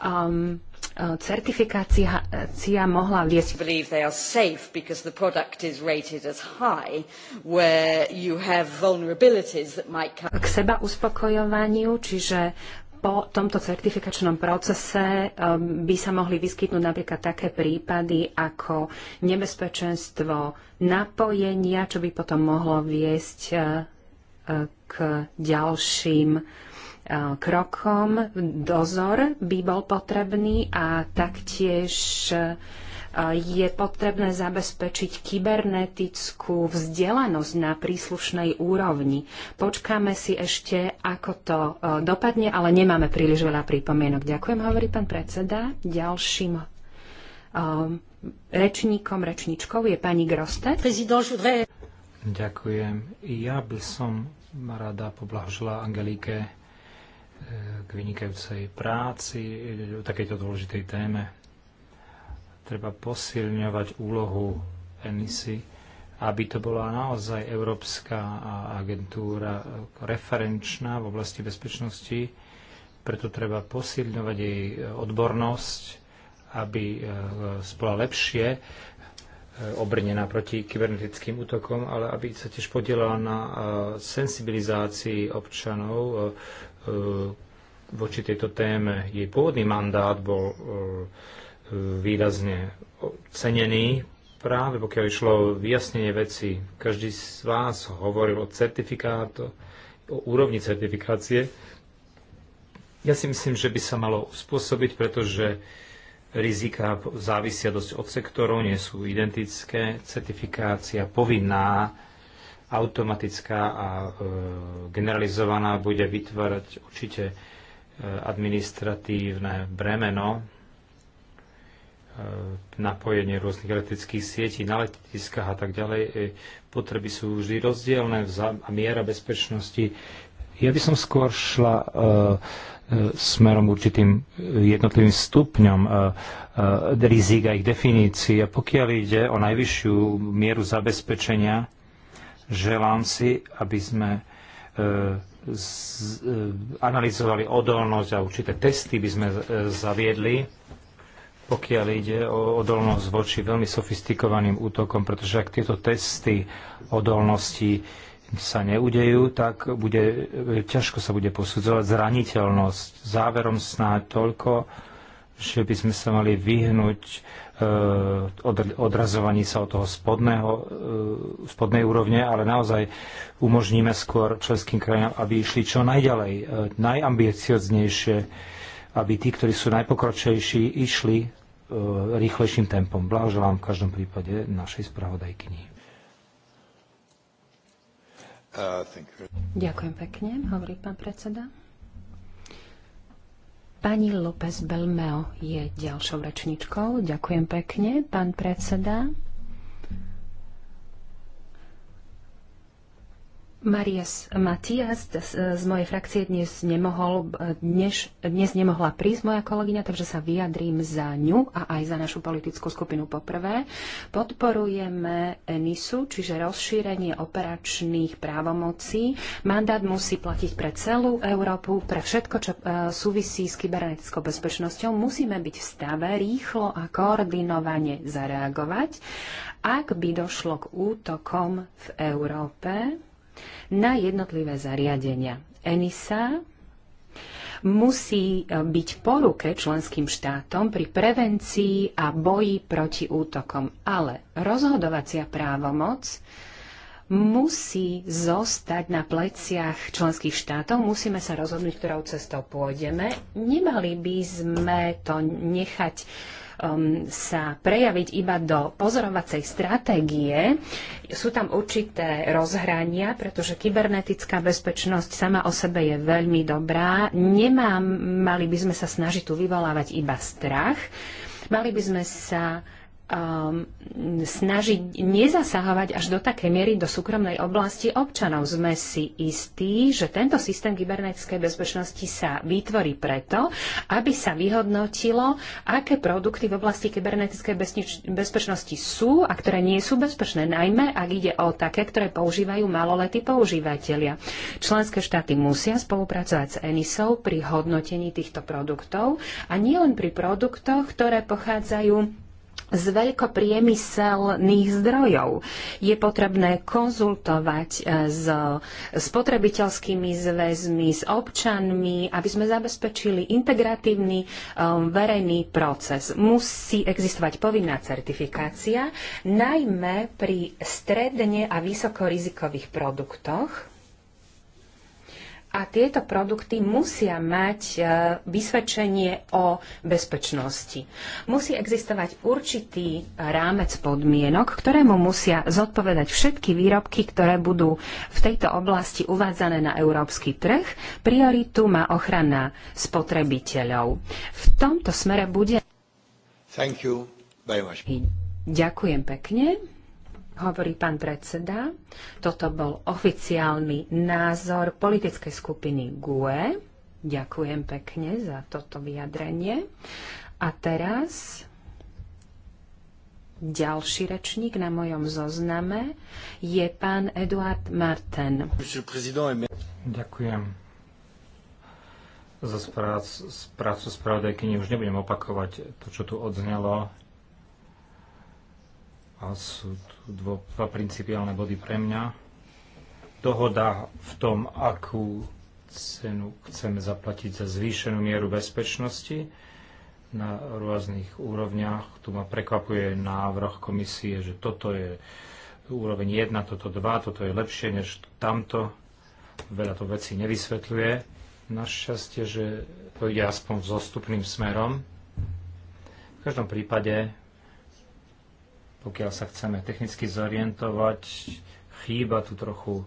um, Eh, certifikácia mohla viesť. K seba uspokojovaniu, čiže po tomto certifikačnom procese eh, by sa mohli vyskytnúť napríklad také prípady ako nebezpečenstvo napojenia, čo by potom mohlo viesť eh, k ďalším e, krokom. Dozor by bol potrebný a taktiež e, je potrebné zabezpečiť kybernetickú vzdelanosť na príslušnej úrovni. Počkáme si ešte, ako to e, dopadne, ale nemáme príliš veľa pripomienok. Ďakujem, hovorí pán predseda. Ďalším rečníkom, rečníčkou je pani Groste. Ďakujem. Ja by som rada poblahožila Angelike eh, k vynikajúcej práci o eh, takejto dôležitej téme. Treba posilňovať úlohu emisy, aby to bola naozaj európska agentúra eh, referenčná v oblasti bezpečnosti, preto treba posilňovať jej odbornosť, aby bola lepšie E, obrnená proti kybernetickým útokom, ale aby sa tiež podielala na e, sensibilizácii občanov e, voči tejto téme. Jej pôvodný mandát bol výrazne cenený práve pokiaľ išlo o vyjasnenie veci. Každý z vás hovoril o certifikáto, o úrovni certifikácie. Ja si myslím, že by sa malo uspôsobiť, pretože uh, Rizika závisia dosť od sektorov, nie sú identické. Certifikácia povinná, automatická a e, generalizovaná bude vytvárať určite e, administratívne bremeno, e, napojenie rôznych elektrických sietí na letiskách a tak ďalej. E, potreby sú vždy rozdielne a miera bezpečnosti. Ja by som skôr šla smerom určitým e, jednotlivým stupňom e, e, rizik a ich definícií. A pokiaľ ide o najvyššiu mieru zabezpečenia, želám si, aby sme analyzovali odolnosť a určité testy by sme zaviedli, pokiaľ ide o odolnosť voči veľmi sofistikovaným útokom, pretože ak tieto testy odolnosti sa neudejú, tak bude, e, ťažko sa bude posudzovať zraniteľnosť. Záverom snáď toľko, že by sme sa mali vyhnúť e, odrazovaní sa od toho spodného, e, spodnej úrovne, ale naozaj umožníme skôr členským krajinám, aby išli čo najďalej, najambicioznejšie, aby tí, ktorí sú najpokročejší, išli rýchlejším tempom. Blahoželám v každom prípade našej spravodajkyni. Uh, Ďakujem pekne, hovorí pán predseda. Pani López Belmeo je ďalšou rečničkou. Ďakujem pekne, pán predseda. Marias Matias z, mojej frakcie dnes, nemohol, dnes, dnes nemohla prísť moja kolegyňa, takže sa vyjadrím za ňu a aj za našu politickú skupinu poprvé. Podporujeme ENISu, čiže rozšírenie operačných právomocí. Mandát musí platiť pre celú Európu, pre všetko, čo e, súvisí s kybernetickou bezpečnosťou. Musíme byť v stave rýchlo a koordinovane zareagovať, ak by došlo k útokom v Európe na jednotlivé zariadenia. ENISA musí e, byť po ruke členským štátom pri prevencii a boji proti útokom, ale rozhodovacia právomoc musí zostať na pleciach členských štátov. Musíme sa rozhodnúť, ktorou cestou pôjdeme. Nemali by sme to nechať uh, um, sa prejaviť iba do pozorovacej stratégie. Sú tam určité rozhrania, pretože kybernetická bezpečnosť sama o sebe je veľmi dobrá. Nemám, mali by sme sa snažiť tu vyvolávať iba strach. Mali by sme sa Um, snažiť nezasahovať až do takej miery do súkromnej oblasti občanov. Sme si istí, že tento systém kybernetickej bezpečnosti sa vytvorí preto, aby sa vyhodnotilo, aké produkty v oblasti kybernetickej bezpečnosti sú a ktoré nie sú bezpečné, najmä ak ide o také, ktoré používajú maloletí používateľia. Členské štáty musia spolupracovať s ENISou pri hodnotení týchto produktov a nielen pri produktoch, ktoré pochádzajú z veľkopriemyselných zdrojov. Je potrebné konzultovať e, s spotrebiteľskými zväzmi, s občanmi, aby sme zabezpečili integratívny e, verejný proces. Musí existovať povinná certifikácia, najmä pri stredne a vysokorizikových produktoch a tieto produkty musia mať e, vysvedčenie o bezpečnosti. Musí existovať určitý rámec podmienok, ktorému musia zodpovedať všetky výrobky, ktoré budú v tejto oblasti uvádzané na európsky trh. Prioritu má ochrana spotrebiteľov. V tomto smere bude. Thank you very much. Ďakujem pekne hovorí pán predseda. Toto bol oficiálny názor politickej skupiny GUE. Ďakujem pekne za toto vyjadrenie. A teraz ďalší rečník na mojom zozname je pán Eduard Martin. Ďakujem za prácu spravodajkyni. Už nebudem opakovať to, čo tu odznelo. A sú tu dvo, dva principiálne body pre mňa. Dohoda v tom, akú cenu chceme zaplatiť za zvýšenú mieru bezpečnosti na rôznych úrovniach. Tu ma prekvapuje návrh komisie, že toto je úroveň 1, toto 2, toto je lepšie než tamto. Veľa to vecí nevysvetľuje. Našťastie, že to ide aspoň vzostupným smerom. V každom prípade pokiaľ sa chceme technicky zorientovať, chýba tu trochu e,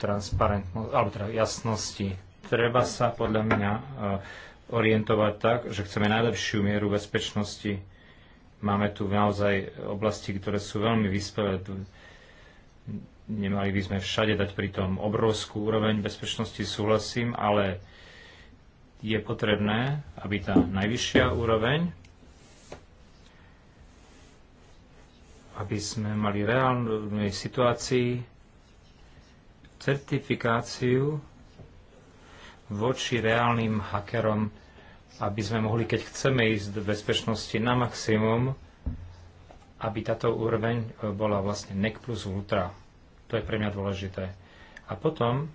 transparentnosť, alebo teda jasnosti. Treba sa podľa mňa e, orientovať tak, že chceme najlepšiu mieru bezpečnosti. Máme tu naozaj oblasti, ktoré sú veľmi vyspelé. Nemali by sme všade dať pri tom obrovskú úroveň bezpečnosti, súhlasím, ale je potrebné, aby tá najvyššia úroveň aby sme mali reálnej situácii certifikáciu voči reálnym hackerom, aby sme mohli, keď chceme ísť do bezpečnosti na maximum, aby táto úroveň e, bola vlastne NEC plus ultra. To je pre mňa dôležité. A potom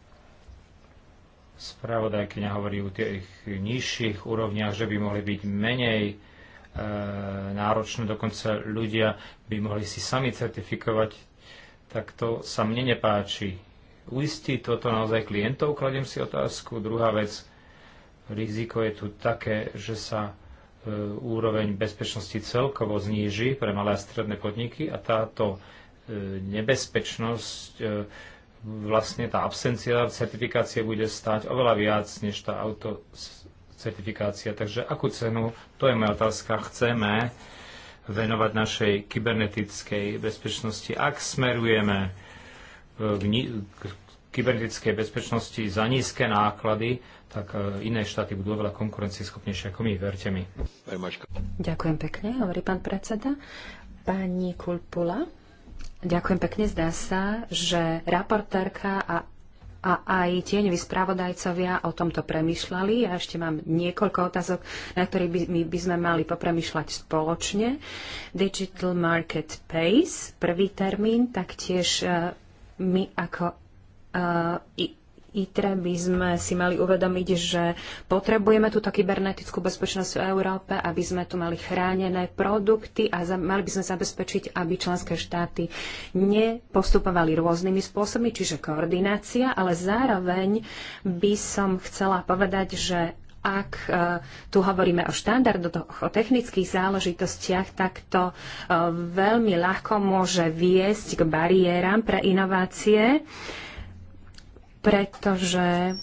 spravodajkyňa hovorí o tých nižších úrovniach, že by mohli byť menej E, náročné, dokonca ľudia by mohli si sami certifikovať, tak to sa mne nepáči. Uistí toto naozaj klientov, kladiem si otázku. Druhá vec, riziko je tu také, že sa e, úroveň bezpečnosti celkovo zníži pre malé a stredné podniky a táto e, nebezpečnosť, vlastne tá absencia certifikácie bude stáť oveľa viac než tá auto certifikácia. Takže akú cenu, to je moja otázka, chceme venovať našej kybernetickej bezpečnosti. Ak smerujeme k, e, k kybernetickej bezpečnosti za nízke náklady, tak e, iné štáty budú oveľa konkurencieschopnejšie ako my, verte mi. Ďakujem pekne, hovorí pán predseda. Pani Kulpula, ďakujem pekne, zdá sa, že raportérka a a aj tieňoví správodajcovia o tomto premyšľali. Ja ešte mám niekoľko otázok, na ktorých by, by sme mali popremýšľať spoločne. Digital Market Pace, prvý termín, taktiež e, my ako uh, ITRE by sme si mali uvedomiť, že potrebujeme túto kybernetickú bezpečnosť v Európe, aby sme tu mali chránené produkty a mali by sme zabezpečiť, aby členské štáty nepostupovali rôznymi spôsobmi, čiže koordinácia, ale zároveň by som chcela povedať, že ak e, tu hovoríme o štandardoch, o technických záležitostiach, tak to e, veľmi ľahko môže viesť k bariéram pre inovácie pretože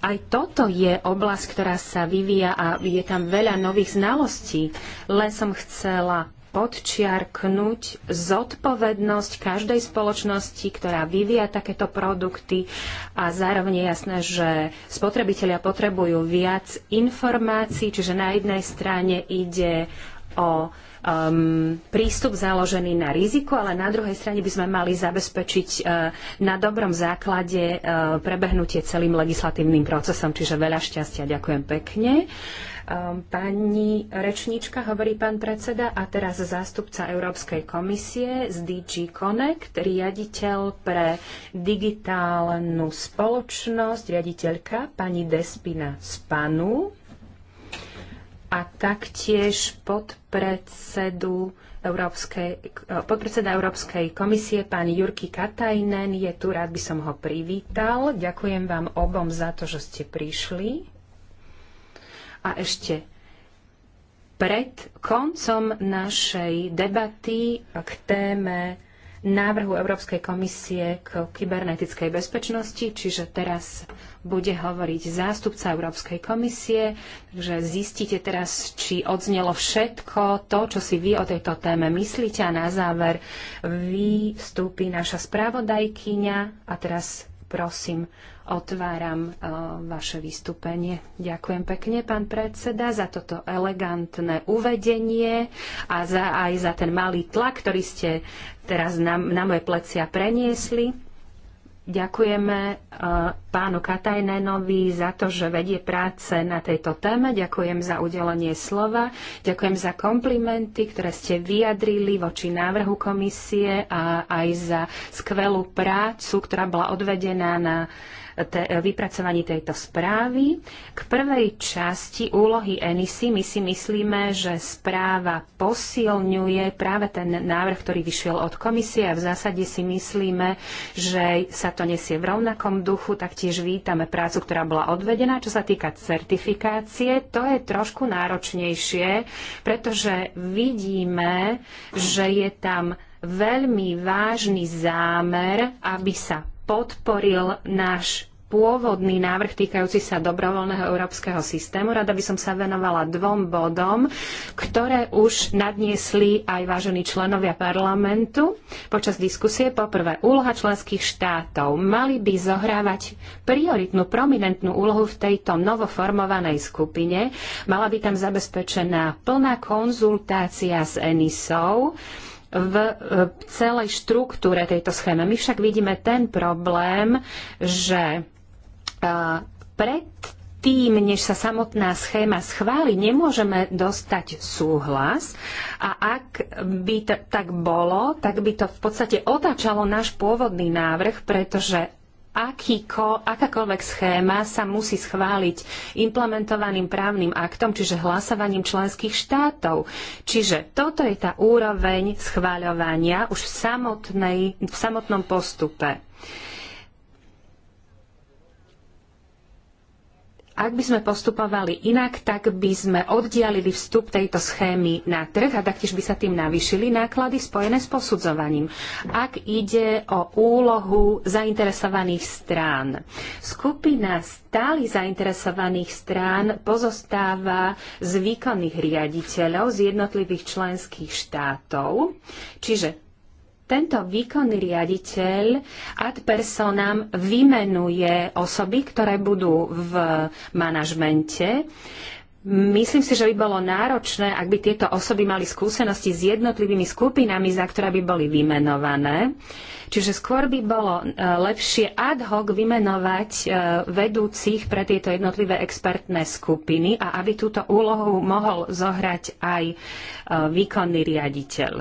aj toto je oblasť, ktorá sa vyvíja a je tam veľa nových znalostí. Len som chcela podčiarknúť zodpovednosť každej spoločnosti, ktorá vyvíja takéto produkty a zároveň je jasné, že spotrebitelia potrebujú viac informácií, čiže na jednej strane ide o um, prístup založený na riziku, ale na druhej strane by sme mali zabezpečiť uh, na dobrom základe uh, prebehnutie celým legislatívnym procesom. Čiže veľa šťastia. Ďakujem pekne. Um, pani rečníčka, hovorí pán predseda, a teraz zástupca Európskej komisie z DG Connect, riaditeľ pre digitálnu spoločnosť, riaditeľka pani Despina Spanu a taktiež podpredsedu Európskej, podpredseda Európskej komisie, pán Jurky Katajnen, je tu, rád by som ho privítal. Ďakujem vám obom za to, že ste prišli. A ešte pred koncom našej debaty k téme návrhu Európskej komisie k kybernetickej bezpečnosti, čiže teraz bude hovoriť zástupca Európskej komisie, takže zistite teraz, či odznelo všetko to, čo si vy o tejto téme myslíte a na záver vystúpi naša spravodajkyňa a teraz prosím, otváram e, vaše vystúpenie. Ďakujem pekne, pán predseda, za toto elegantné uvedenie a za, aj za ten malý tlak, ktorý ste teraz na, na moje plecia preniesli. Ďakujeme e, pánu Katajnenovi za to, že vedie práce na tejto téme. Ďakujem za udelenie slova. Ďakujem za komplimenty, ktoré ste vyjadrili voči návrhu komisie a aj za skvelú prácu, ktorá bola odvedená na te, vypracovaní tejto správy. K prvej časti úlohy ENISY my si myslíme, že správa posilňuje práve ten návrh, ktorý vyšiel od komisie a v zásade si myslíme, že sa to nesie v rovnakom duchu. Taktiež vítame prácu, ktorá bola odvedená. Čo sa týka certifikácie, to je trošku náročnejšie, pretože vidíme, že je tam veľmi vážny zámer, aby sa podporil náš pôvodný návrh týkajúci sa dobrovoľného európskeho systému. Rada by som sa venovala dvom bodom, ktoré už nadniesli aj vážení členovia parlamentu počas diskusie. Poprvé, úloha členských štátov mali by zohrávať prioritnú, prominentnú úlohu v tejto novoformovanej skupine. Mala by tam zabezpečená plná konzultácia s ENISou E, v celej štruktúre tejto schémy. My však vidíme ten problém, že e, pred tým, než sa samotná schéma schváli, nemôžeme dostať súhlas a ak by tak bolo, tak by to v podstate otáčalo náš pôvodný návrh, pretože akýko, akákoľvek schéma sa musí schváliť implementovaným právnym aktom, čiže hlasovaním členských štátov. Čiže toto je tá úroveň schváľovania už v, samotnej, v samotnom postupe. Ak by sme postupovali inak, tak by sme oddialili vstup tejto schémy na trh a taktiež by sa tým navýšili náklady spojené s posudzovaním. Ak ide o úlohu zainteresovaných strán. Skupina stálych zainteresovaných strán pozostáva z výkonných riaditeľov z jednotlivých členských štátov, čiže tento výkonný riaditeľ ad personam vymenuje osoby, ktoré budú v manažmente. Myslím si, že by bolo náročné, ak by tieto osoby mali skúsenosti s jednotlivými skupinami, za ktoré by boli vymenované. Čiže skôr by bolo e, lepšie ad hoc vymenovať e, vedúcich pre tieto jednotlivé expertné skupiny a aby túto úlohu mohol zohrať aj e, výkonný riaditeľ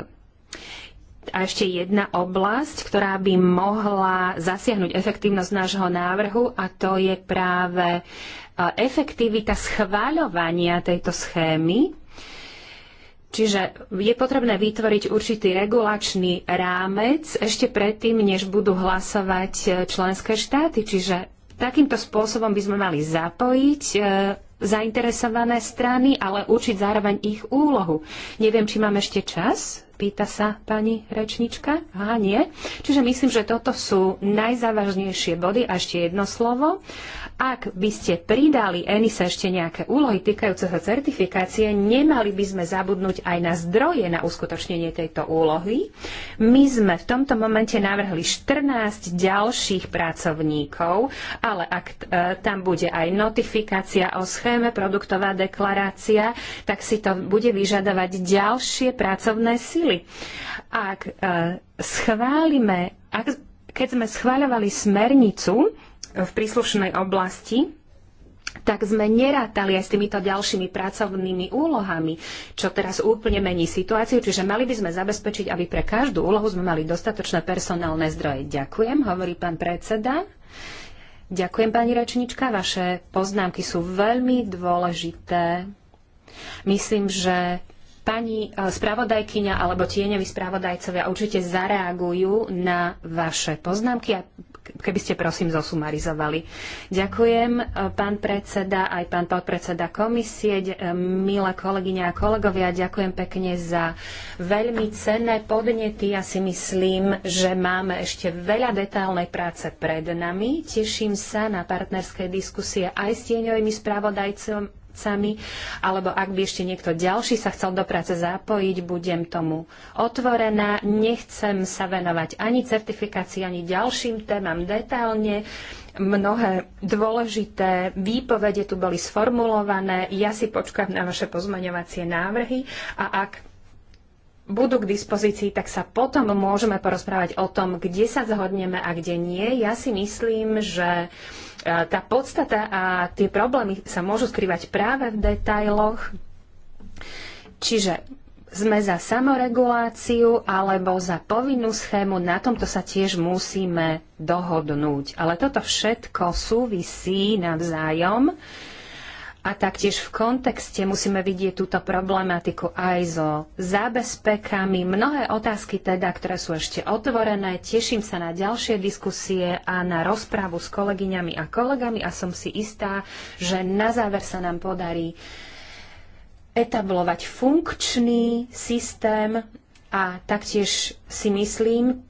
a ešte jedna oblasť, ktorá by mohla zasiahnuť efektívnosť nášho návrhu a to je práve e, efektivita schváľovania tejto schémy. Čiže je potrebné vytvoriť určitý regulačný rámec ešte predtým, než budú hlasovať e, členské štáty. Čiže takýmto spôsobom by sme mali zapojiť e, zainteresované strany, ale učiť zároveň ich úlohu. Neviem, či mám ešte čas. Pýta sa pani rečnička? Á, nie. Čiže myslím, že toto sú najzávažnejšie body. A ešte jedno slovo. Ak by ste pridali ENISA ešte nejaké úlohy týkajúce sa certifikácie, nemali by sme zabudnúť aj na zdroje na uskutočnenie tejto úlohy. My sme v tomto momente navrhli 14 ďalších pracovníkov, ale ak e, tam bude aj notifikácia o schéme, produktová deklarácia, tak si to bude vyžadovať ďalšie pracovné síly zhodli. Ak e, schválime, ak, keď sme schváľovali smernicu e, v príslušnej oblasti, tak sme nerátali aj s týmito ďalšími pracovnými úlohami, čo teraz úplne mení situáciu, čiže mali by sme zabezpečiť, aby pre každú úlohu sme mali dostatočné personálne zdroje. Ďakujem, hovorí pán predseda. Ďakujem, pani rečnička, vaše poznámky sú veľmi dôležité. Myslím, že pani e, spravodajkyňa alebo tieňoví spravodajcovia určite zareagujú na vaše poznámky a keby ste prosím zosumarizovali. Ďakujem, e, pán predseda, aj pán podpredseda komisie, e, milé kolegyne a kolegovia, ďakujem pekne za veľmi cenné podnety. Ja si myslím, že máme ešte veľa detálnej práce pred nami. Teším sa na partnerské diskusie aj s tieňovými spravodajcom, prácami, alebo ak by ešte niekto ďalší sa chcel do práce zapojiť, budem tomu otvorená. Nechcem sa venovať ani certifikácii, ani ďalším témam detailne. Mnohé dôležité výpovede tu boli sformulované. Ja si počkám na vaše pozmaňovacie návrhy a ak budú k dispozícii, tak sa potom môžeme porozprávať o tom, kde sa zhodneme a kde nie. Ja si myslím, že tá podstata a tie problémy sa môžu skrývať práve v detailoch. Čiže sme za samoreguláciu alebo za povinnú schému, na tomto sa tiež musíme dohodnúť. Ale toto všetko súvisí navzájom. A taktiež v kontexte musíme vidieť túto problematiku aj so zábezpekami. Mnohé otázky teda, ktoré sú ešte otvorené. Teším sa na ďalšie diskusie a na rozprávu s kolegyňami a kolegami a som si istá, že na záver sa nám podarí etablovať funkčný systém a taktiež si myslím,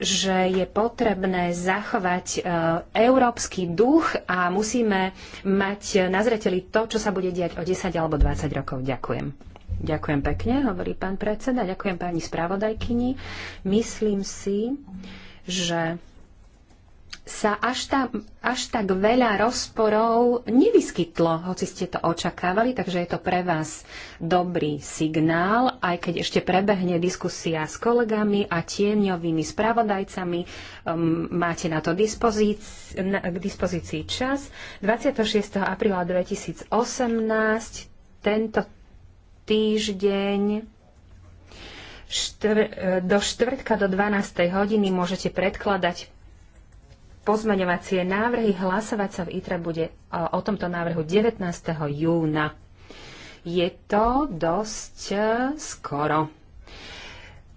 že je potrebné zachovať e, európsky duch a musíme mať na zreteli to, čo sa bude diať o 10 alebo 20 rokov. Ďakujem. Ďakujem pekne, hovorí pán predseda. Ďakujem pani spravodajkyni. Myslím si, že sa až, tá, až tak veľa rozporov nevyskytlo, hoci ste to očakávali, takže je to pre vás dobrý signál, aj keď ešte prebehne diskusia s kolegami a tieňovými spravodajcami. Um, máte na to dispozíci- na, k dispozícii čas. 26. apríla 2018 tento týždeň štr- do štvrtka do 12. hodiny môžete predkladať pozmeňovacie návrhy. Hlasovať sa v ITRE bude o tomto návrhu 19. júna. Je to dosť e, skoro.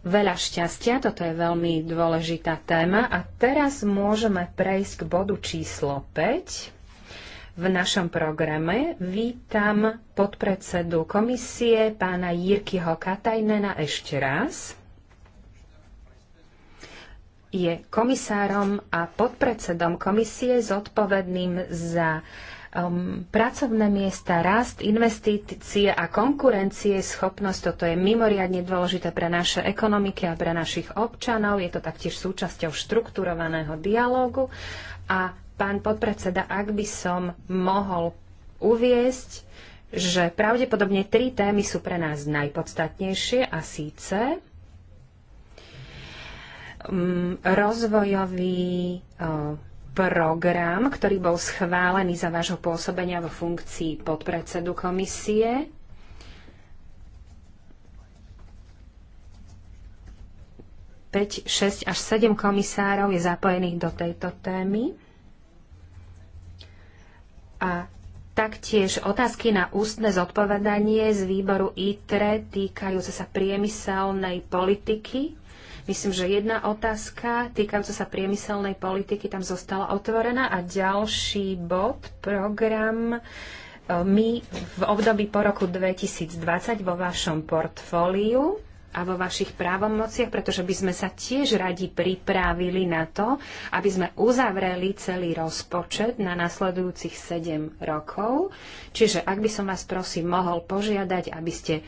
Veľa šťastia, toto je veľmi dôležitá téma a teraz môžeme prejsť k bodu číslo 5 v našom programe. Vítam podpredsedu komisie pána Jirkyho Katajnena ešte raz je komisárom a podpredsedom komisie zodpovedným za um, pracovné miesta, rast, investície a konkurencie, schopnosť. Toto je mimoriadne dôležité pre naše ekonomiky a pre našich občanov. Je to taktiež súčasťou štrukturovaného dialógu. A pán podpredseda, ak by som mohol uviesť, že pravdepodobne tri témy sú pre nás najpodstatnejšie a síce Mm, rozvojový e, program, ktorý bol schválený za vášho pôsobenia vo funkcii podpredsedu komisie. Peť, šesť až sedem komisárov je zapojených do tejto témy. A taktiež otázky na ústne zodpovedanie z výboru ITRE týkajúce sa priemyselnej politiky Myslím, že jedna otázka týkajúca sa priemyselnej politiky tam zostala otvorená a ďalší bod, program e, my v období po roku 2020 vo vašom portfóliu a vo vašich právomociach, pretože by sme sa tiež radi pripravili na to, aby sme uzavreli celý rozpočet na nasledujúcich 7 rokov. Čiže ak by som vás prosím mohol požiadať, aby ste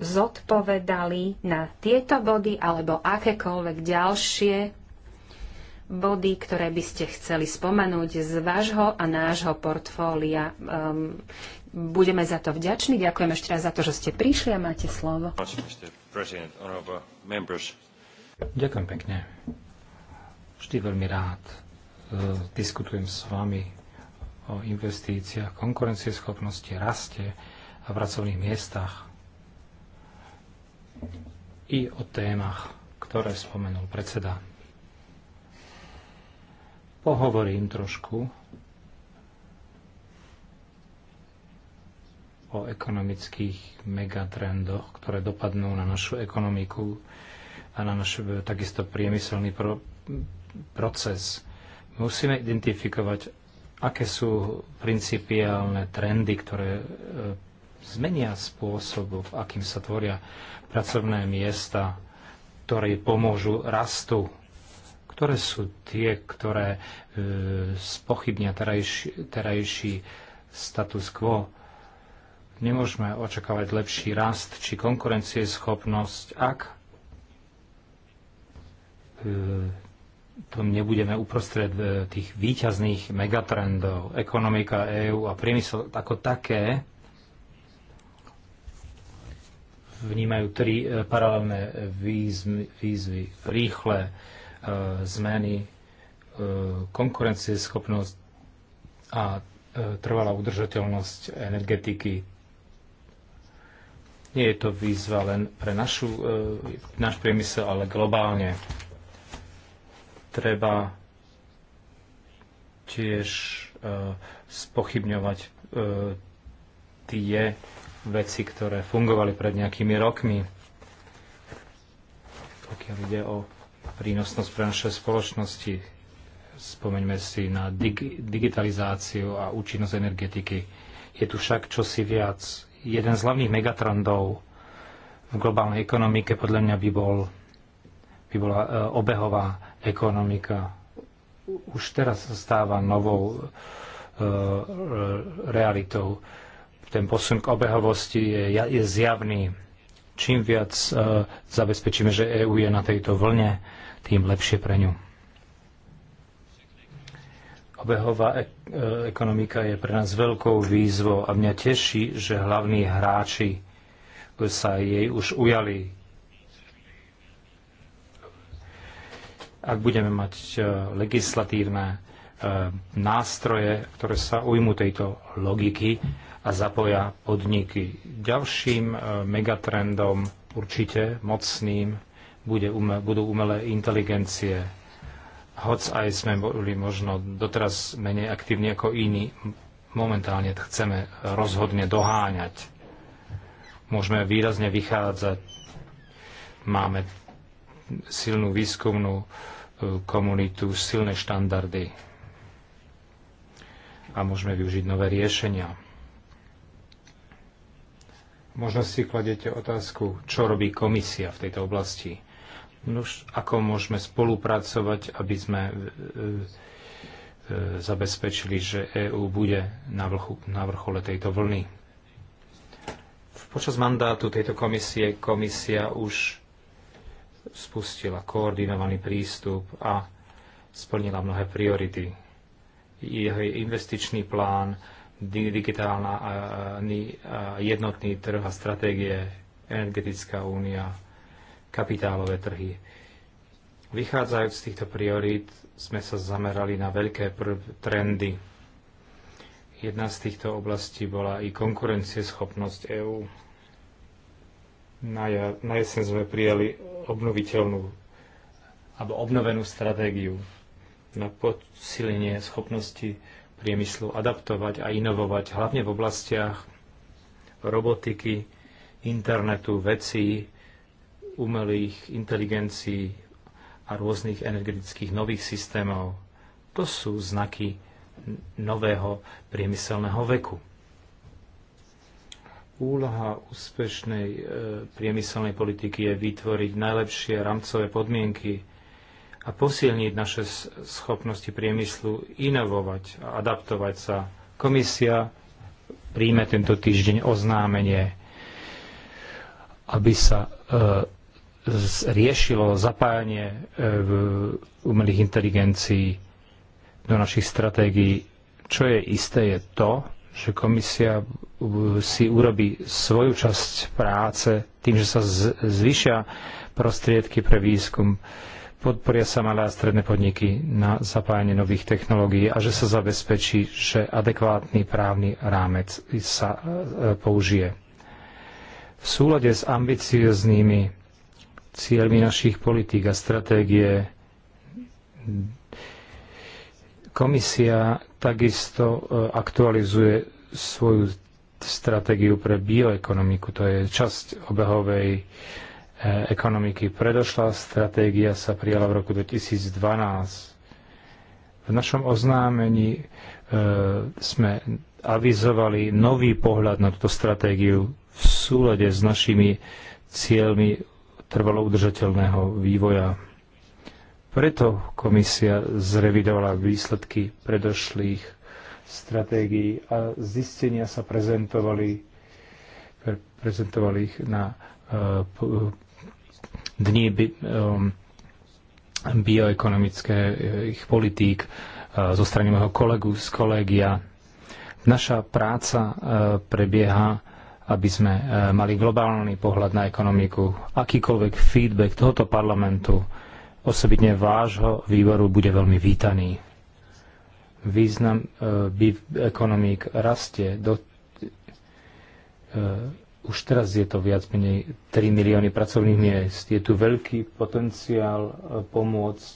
zodpovedali na tieto body alebo akékoľvek ďalšie body, ktoré by ste chceli spomenúť z vášho a nášho portfólia. Um, budeme za to vďační. Ďakujem ešte raz za to, že ste prišli a máte slovo. Ďakujem pekne. Vždy veľmi rád e, diskutujem s vami o investíciách, konkurencieschopnosti, raste a pracovných miestach i o témach, ktoré spomenul predseda. Pohovorím trošku o ekonomických megatrendoch, ktoré dopadnú na našu ekonomiku a na náš takisto priemyselný pro, proces. Musíme identifikovať, aké sú principiálne trendy, ktoré e, zmenia spôsob, akým sa tvoria pracovné miesta, ktoré pomôžu rastu, ktoré sú tie, ktoré e, spochybnia terajší, terajší status quo. Nemôžeme očakávať lepší rast či konkurencieschopnosť, ak e, to nebudeme uprostred e, tých výťazných megatrendov, ekonomika EÚ a priemysel ako také, vnímajú tri e, paralelné výzvy, výzvy rýchle e, zmeny, e, konkurencieschopnosť a trvalá udržateľnosť energetiky. Nie je to výzva len pre našu, náš priemysel, ale globálne. Treba tiež spochybňovať tie veci, ktoré fungovali pred nejakými rokmi, pokiaľ ide o prínosnosť pre naše spoločnosti. Spomeňme si na dig- digitalizáciu a účinnosť energetiky. Je tu však čosi viac. Jeden z hlavných megatrendov v globálnej ekonomike podľa mňa by, bol, by bola e, obehová ekonomika. Už teraz stáva novou e, e realitou ten posun k obehovosti je, je zjavný. Čím viac uh, zabezpečíme, že EÚ je na tejto vlne, tým lepšie pre ňu. Obehová e- e- ekonomika je pre nás veľkou výzvou a mňa teší, že hlavní hráči sa jej už ujali. Ak budeme mať e- legislatívne e, nástroje, ktoré sa ujmú tejto logiky, a zapoja podniky. Ďalším e, megatrendom určite mocným bude, budú umelé inteligencie. Hoc aj sme boli možno doteraz menej aktívni ako iní, momentálne chceme rozhodne doháňať. Môžeme výrazne vychádzať. Máme silnú výskumnú e, komunitu, silné štandardy a môžeme využiť nové riešenia možno si kladete otázku, čo robí komisia v tejto oblasti. Nož, ako môžeme spolupracovať, aby sme e, e, e zabezpečili, že EÚ bude na, vrchu, na vrchole tejto vlny. Počas mandátu tejto komisie komisia už spustila koordinovaný prístup a splnila mnohé priority. Jeho investičný plán, digitálny jednotný trh a stratégie, energetická únia, kapitálové trhy. Vychádzajúc z týchto priorít sme sa zamerali na veľké trendy. Jedna z týchto oblastí bola i konkurencieschopnosť EÚ. Na, ja, na jeseň sme prijali obnoviteľnú alebo obnovenú stratégiu na posilenie schopnosti priemyslu adaptovať a inovovať, hlavne v oblastiach robotiky, internetu, vecí, umelých inteligencií a rôznych energetických nových systémov. To sú znaky nového priemyselného veku. Úloha úspešnej e, priemyselnej politiky je vytvoriť najlepšie rámcové podmienky a posilniť naše schopnosti priemyslu inovovať a adaptovať sa. Komisia príjme tento týždeň oznámenie, aby sa e, riešilo zapájanie e, umelých inteligencií do našich stratégií. Čo je isté, je to, že komisia si urobí svoju časť práce tým, že sa zvyšia prostriedky pre výskum podporia sa malé a stredné podniky na zapájanie nových technológií a že sa zabezpečí, že adekvátny právny rámec sa e, použije. V súlade s ambicioznými cieľmi našich politík a stratégie komisia takisto e, aktualizuje svoju stratégiu pre bioekonomiku. To je časť obehovej ekonomiky. Predošlá stratégia sa prijala v roku 2012. V našom oznámení e, sme avizovali nový pohľad na túto stratégiu v súlade s našimi cieľmi trvalo udržateľného vývoja. Preto komisia zrevidovala výsledky predošlých stratégií a zistenia sa prezentovali, pre, prezentovali ich na e, dní um, bioekonomických eh, politík eh, zo strany môjho kolegu z kolegia. Naša práca eh, prebieha, aby sme mali globálny pohľad na ekonomiku. Akýkoľvek feedback tohoto parlamentu, osobitne vášho výboru, bude veľmi vítaný. Význam ekonomík rastie. Do, už teraz je to viac menej 3 milióny pracovných miest. Je tu veľký potenciál e, pomôcť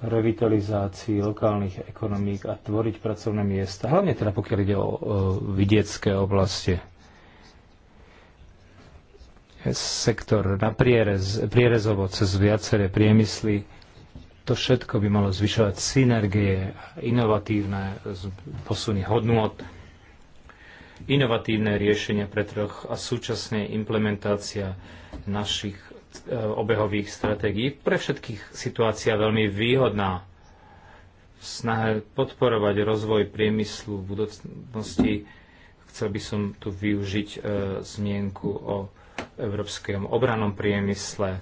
revitalizácii lokálnych ekonomík a tvoriť pracovné miesta, hlavne teda pokiaľ ide o, o e, vidiecké oblasti. Sektor na prierez, prierezovo cez viaceré priemysly, to všetko by malo zvyšovať synergie, a inovatívne posuny hodnot, inovatívne riešenia pre trh a súčasne implementácia našich e, obehových stratégií. Pre všetkých situácia veľmi výhodná. V snahe podporovať rozvoj priemyslu v budúcnosti chcel by som tu využiť e, zmienku o európskom obranom priemysle,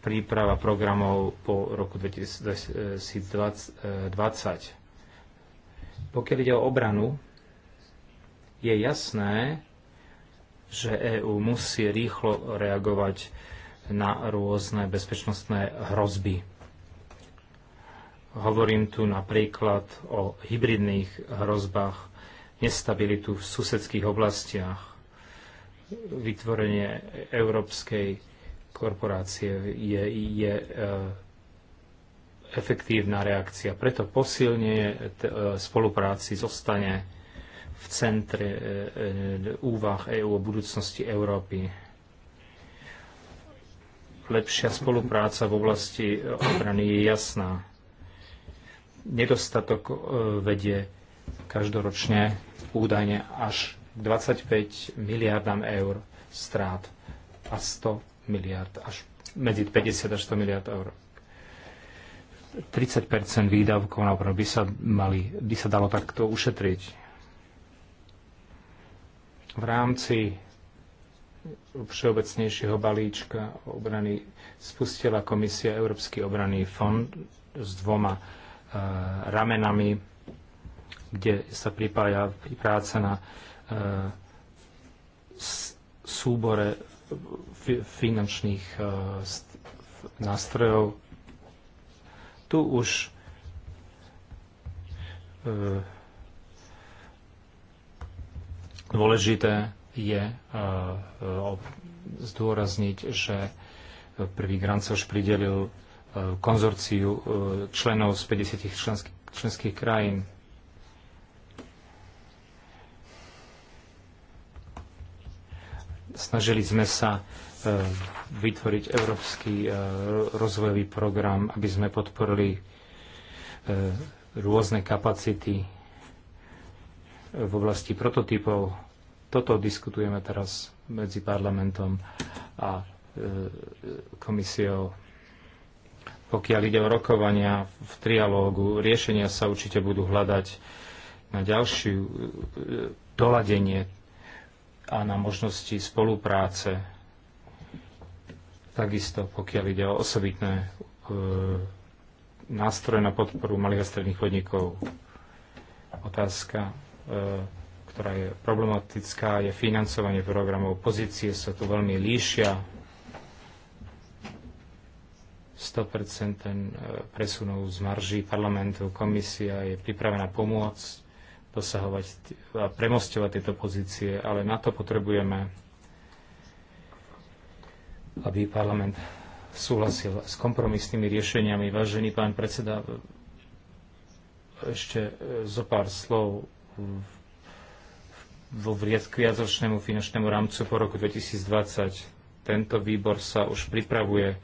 príprava programov po roku 2020. E, Pokiaľ ide o obranu, je jasné, že EÚ musí rýchlo reagovať na rôzne bezpečnostné hrozby. Hovorím tu napríklad o hybridných hrozbách, nestabilitu v susedských oblastiach, vytvorenie európskej korporácie je, je e, efektívna reakcia. Preto posilne e, spolupráci zostane v centre e, e, úvah EÚ o budúcnosti Európy. Lepšia spolupráca v oblasti obrany je jasná. Nedostatok e, vedie každoročne údajne až 25 miliardám eur strát a 100 miliard až medzi 50 až 100 miliard eur. 30 výdavkov na obranu by sa, mali, by sa dalo takto ušetriť v rámci všeobecnejšieho balíčka obrany spustila Komisia Európsky obranný fond s dvoma e, ramenami, kde sa pripája práca na e, súbore finančných e, nástrojov. Tu už e, Dôležité je e, e, zdôrazniť, že prvý grant sa už pridelil e, konzorciu členov z 50 členských, členských krajín. Snažili sme sa vytvoriť európsky rozvojový program, aby sme podporili rôzne kapacity v oblasti prototypov. Toto diskutujeme teraz medzi parlamentom a e, komisiou. Pokiaľ ide o rokovania v trialógu, riešenia sa určite budú hľadať na ďalšiu e, doladenie a na možnosti spolupráce. Takisto, pokiaľ ide o osobitné e, nástroje na podporu malých a stredných podnikov. Otázka E, ktorá je problematická, je financovanie programov. Pozície sa tu veľmi líšia. 100% e, presunov z marží parlamentu. Komisia je pripravená pomôcť dosahovať a premostovať tieto pozície, ale na to potrebujeme, aby parlament súhlasil s kompromisnými riešeniami. Vážený pán predseda, e, ešte zo pár slov vo viacročnému finančnému rámcu po roku 2020. Tento výbor sa už pripravuje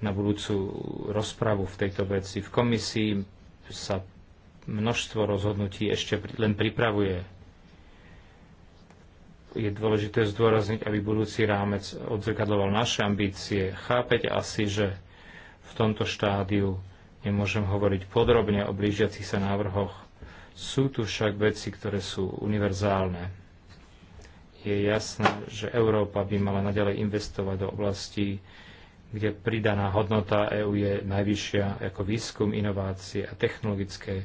na budúcu rozpravu v tejto veci. V komisii sa množstvo rozhodnutí ešte len pripravuje. Je dôležité zdôrazniť, aby budúci rámec odzrkadloval naše ambície. Chápeť asi, že v tomto štádiu nemôžem hovoriť podrobne o blížiacich sa návrhoch sú tu však veci, ktoré sú univerzálne. Je jasné, že Európa by mala naďalej investovať do oblastí, kde pridaná hodnota EÚ je najvyššia ako výskum, inovácie a technologické e,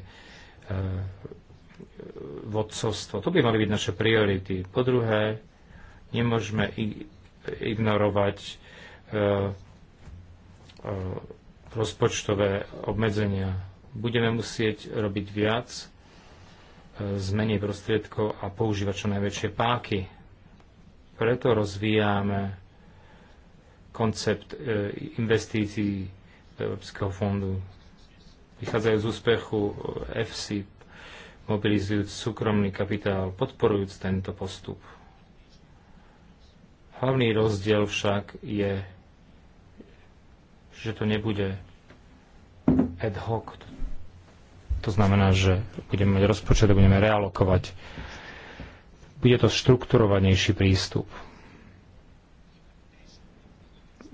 vodcovstvo. To by mali byť naše priority. Po druhé, nemôžeme ignorovať e, e, rozpočtové obmedzenia. Budeme musieť robiť viac z prostriedko prostriedkov a používať čo najväčšie páky. Preto rozvíjame koncept e, investícií Európskeho fondu. Vychádzajú z úspechu e, FC, mobilizujúc súkromný kapitál, podporujúc tento postup. Hlavný rozdiel však je, že to nebude ad hoc, to znamená, že budeme mať rozpočet a budeme realokovať. Bude to štrukturovanejší prístup.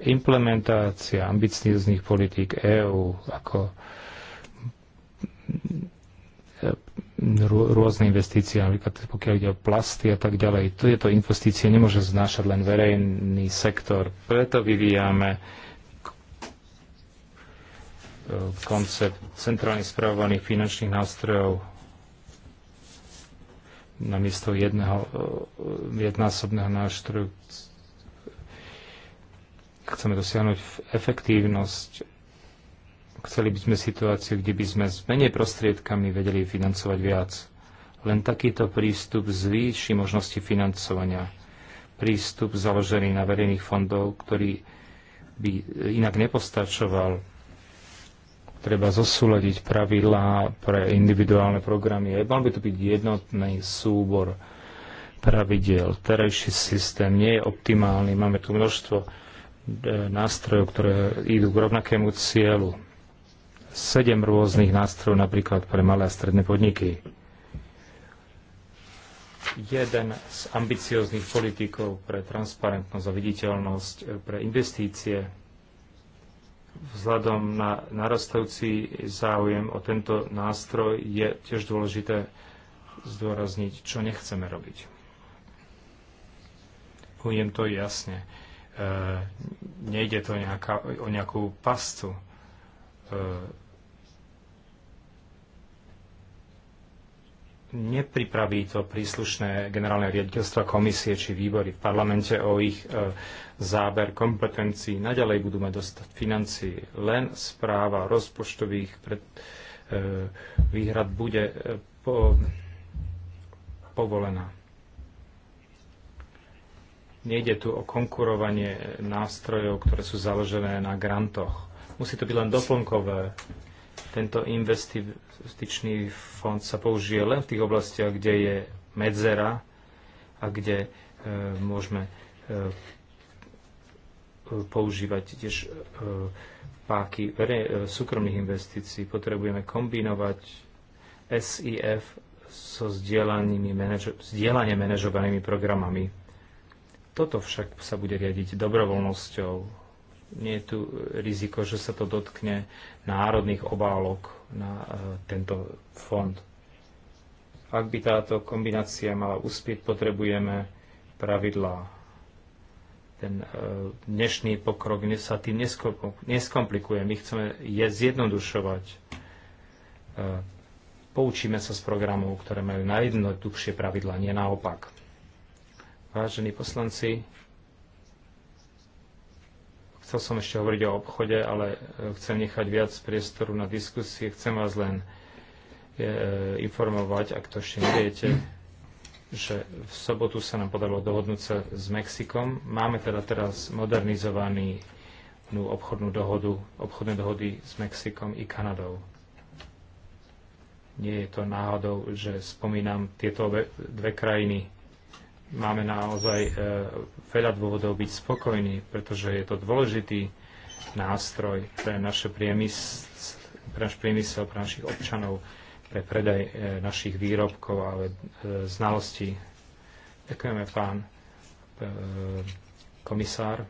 Implementácia ambicióznych politík EÚ ako mm, rôzne investície, napríklad pokiaľ ide o plasty a tak ďalej. To je to investície, nemôže znášať len verejný sektor. Preto vyvíjame koncept centrálne spravovaných finančných nástrojov namiesto jedného, e, jednásobného nástroju chceme dosiahnuť efektívnosť. Chceli by sme situáciu, kde by sme s menej prostriedkami vedeli financovať viac. Len takýto prístup zvýši možnosti financovania. Prístup založený na verejných fondov, ktorý by inak nepostačoval treba zosúľadiť pravidlá pre individuálne programy. Mal by to byť jednotný súbor pravidel. Terajší systém nie je optimálny. Máme tu množstvo e, nástrojov, ktoré idú k rovnakému cieľu. Sedem rôznych nástrojov napríklad pre malé a stredné podniky. Jeden z ambicióznych politikov pre transparentnosť a viditeľnosť e, pre investície vzhľadom na narastajúci záujem o tento nástroj je tiež dôležité zdôrazniť, čo nechceme robiť. Poviem to jasne. E, nejde to nejaká, o nejakú pastu. E, nepripraví to príslušné generálne riaditeľstva komisie či výbory v parlamente o ich e, záber kompetencií. Naďalej budú mať dostať financí Len správa rozpočtových pred, e, výhrad bude e, po, povolená. Nejde tu o konkurovanie nástrojov, ktoré sú založené na grantoch. Musí to byť len doplnkové tento investičný fond sa použije len v tých oblastiach, kde je medzera a kde e, môžeme e, používať tiež e, páky vere, e, súkromných investícií. Potrebujeme kombinovať SIF so sdielanie manažo- manažovanými programami. Toto však sa bude riadiť dobrovoľnosťou nie je tu riziko, že sa to dotkne národných obálok na e, tento fond. Ak by táto kombinácia mala uspieť, potrebujeme pravidlá. Ten e, dnešný pokrok sa tým neskomplikuje. My chceme je zjednodušovať. E, poučíme sa z programov, ktoré majú najjednoduchšie pravidlá, nie naopak. Vážení poslanci, Chcel som ešte hovoriť o obchode, ale e, chcem nechať viac priestoru na diskusie. Chcem vás len e, informovať, ak to ešte neviete, že v sobotu sa nám podarilo dohodnúť sa s Mexikom. Máme teda teraz modernizovaný no, obchodnú dohodu, obchodné dohody s Mexikom i Kanadou. Nie je to náhodou, že spomínam tieto dve krajiny máme naozaj e, veľa dôvodov byť spokojní, pretože je to dôležitý nástroj pre, naše priemysl, pre naš priemysel, pre našich občanov, pre predaj e, našich výrobkov a e, znalostí. Ďakujeme, pán komisár.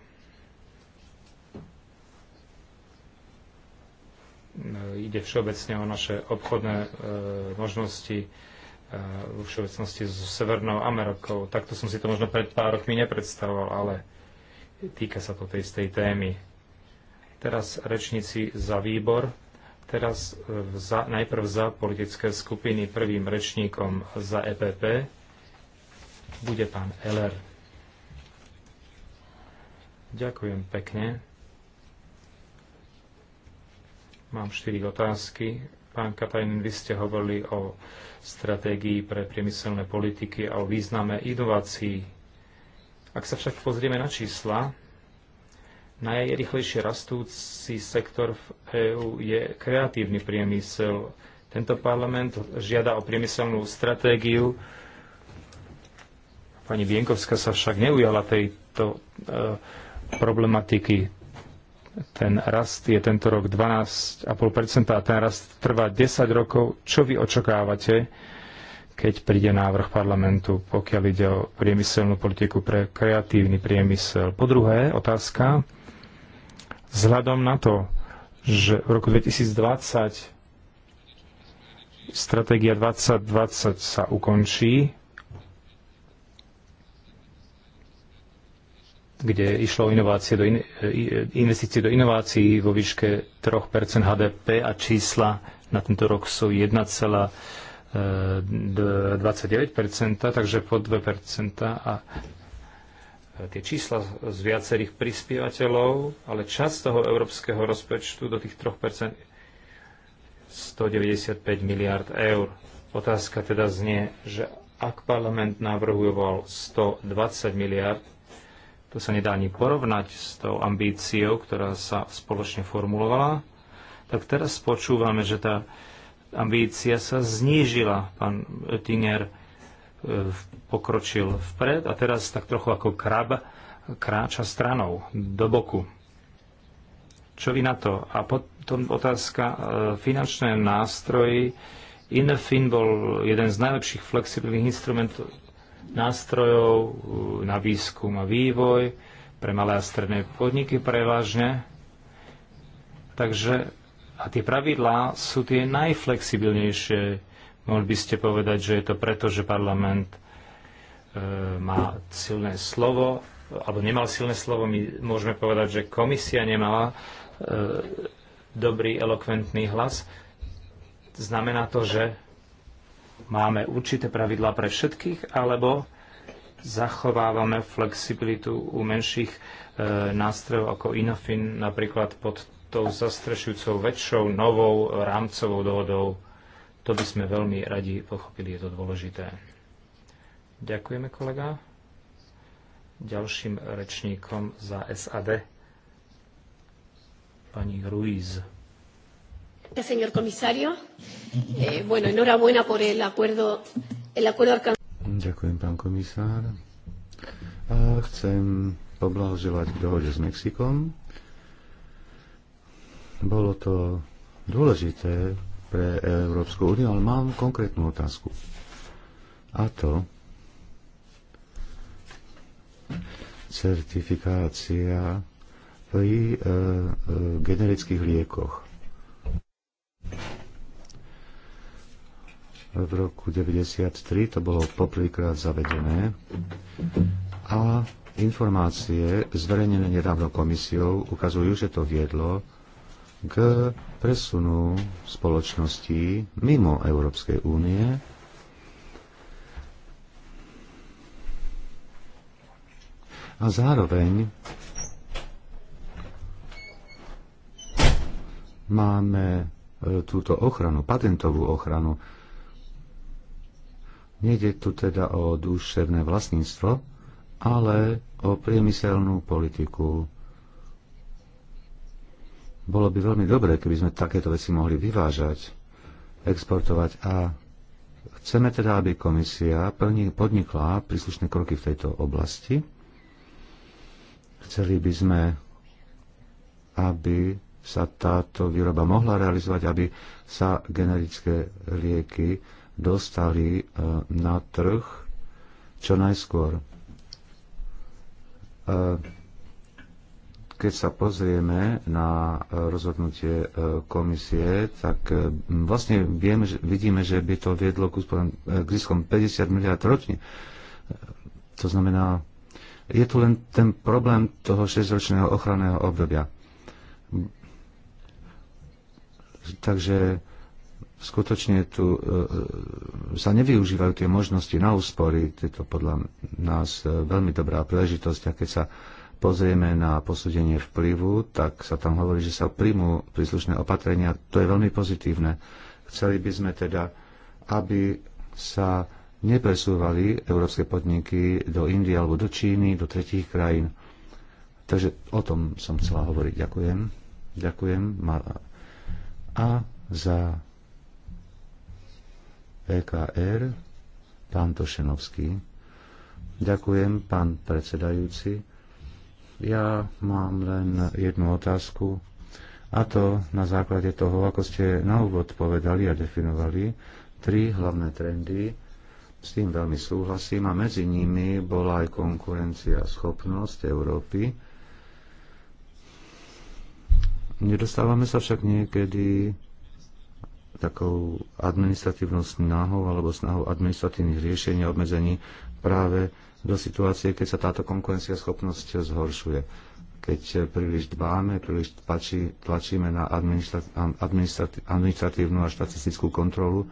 Ide všeobecne o naše obchodné možnosti Eh, vo všeobecnosti so Severnou Amerikou. Takto som si to možno pred pár rokmi nepredstavoval, ale týka sa to tej istej témy. Teraz rečníci za výbor, teraz eh, za, najprv za politické skupiny prvým rečníkom za EPP bude pán Eller. Ďakujem pekne. Mám štyri otázky Pán Katajnen, vy ste hovorili o stratégii pre priemyselné politiky a o význame inovácií. Ak sa však pozrieme na čísla, najrychlejšie rastúci sektor v EÚ je kreatívny priemysel. Tento parlament žiada o priemyselnú stratégiu. Pani Bienkovská sa však neujala tejto e, problematiky. Ten rast je tento rok 12,5% a ten rast trvá 10 rokov. Čo vy očakávate, keď príde návrh parlamentu, pokiaľ ide o priemyselnú politiku pre kreatívny priemysel? Po druhé, otázka. Vzhľadom na to, že v roku 2020 stratégia 2020 sa ukončí, kde išlo inovácie do in, investície do inovácií vo výške 3 HDP a čísla na tento rok sú 1,29 e, takže po 2 a e, tie čísla z viacerých prispievateľov, ale čas toho európskeho rozpočtu do tých 3 195 miliard eur. Otázka teda znie, že ak parlament navrhoval 120 miliard to sa nedá ani porovnať s tou ambíciou, ktorá sa spoločne formulovala. Tak teraz počúvame, že tá ambícia sa znížila. Pán Oettinger e, pokročil vpred a teraz tak trochu ako krab kráča stranou, do boku. Čo vy na to? A potom otázka e, finančné nástroje. Inefin bol jeden z najlepších flexibilných instrumentov, nástrojov eh, na výskum a vývoj pre malé a stredné podniky prevažne. Takže a tie pravidlá sú tie najflexibilnejšie. Mohli by ste povedať, že je to preto, že parlament e, má silné slovo, alebo nemal silné slovo, my môžeme povedať, že komisia nemala e, dobrý, elokventný hlas. Znamená to, že máme určité pravidlá pre všetkých, alebo zachovávame flexibilitu u menších e, nástrojov ako Inofin, napríklad pod tou zastrešujúcou väčšou novou rámcovou dohodou. To by sme veľmi radi pochopili, je to dôležité. Ďakujeme, kolega. Ďalším rečníkom za SAD pani Ruiz. Señor comisario, eh, bueno, enhorabuena por el acuerdo, el acuerdo alcanzado. Ďakujem, pán komisár. A chcem poblahoželať k dohode s Mexikom. Bolo to dôležité pre Európsku úniu, ale mám konkrétnu otázku. A to certifikácia pri e, e, generických liekoch v roku 1993 to bolo poprvýkrát zavedené a informácie zverejnené nedávno komisiou ukazujú, že to viedlo k presunu spoločností mimo Európskej únie a zároveň máme E, túto ochranu, patentovú ochranu. Nejde tu teda o duševné vlastníctvo, ale o priemyselnú politiku. Bolo by veľmi dobré, keby sme takéto veci mohli vyvážať, exportovať a chceme teda, aby komisia podnikla príslušné kroky v tejto oblasti. Chceli by sme, aby sa táto výroba mohla realizovať, aby sa generické lieky dostali e, na trh čo najskôr. E, keď sa pozrieme na e, rozhodnutie komisie, tak vlastne vieme, že, vidíme, že by to viedlo k, úsporám, k ziskom 50 miliard ročne. To znamená, je tu len ten problém toho 6-ročného ochranného obdobia. Takže skutočne tu e, e, sa nevyužívajú tie možnosti na úspory. Je to podľa nás e, veľmi dobrá príležitosť. A keď sa pozrieme na posúdenie vplyvu, tak sa tam hovorí, že sa príjmú príslušné opatrenia. To je veľmi pozitívne. Chceli by sme teda, aby sa nepresúvali európske podniky do Indie alebo do Číny, do tretích krajín. Takže o tom som chcela hovoriť. Ďakujem. Ďakujem. A za EKR pán Tošenovský. Ďakujem, pán predsedajúci. Ja mám len jednu otázku, a to na základe toho, ako ste na úvod povedali a definovali tri hlavné trendy. S tým veľmi súhlasím a medzi nimi bola aj konkurencia schopnosť Európy Nedostávame sa však niekedy takou administratívnou snahou alebo snahou administratívnych riešení a obmedzení práve do situácie, keď sa táto konkurencia schopnosť zhoršuje. Keď príliš dbáme, príliš tlačí, tlačíme na administratívnu a štatistickú kontrolu,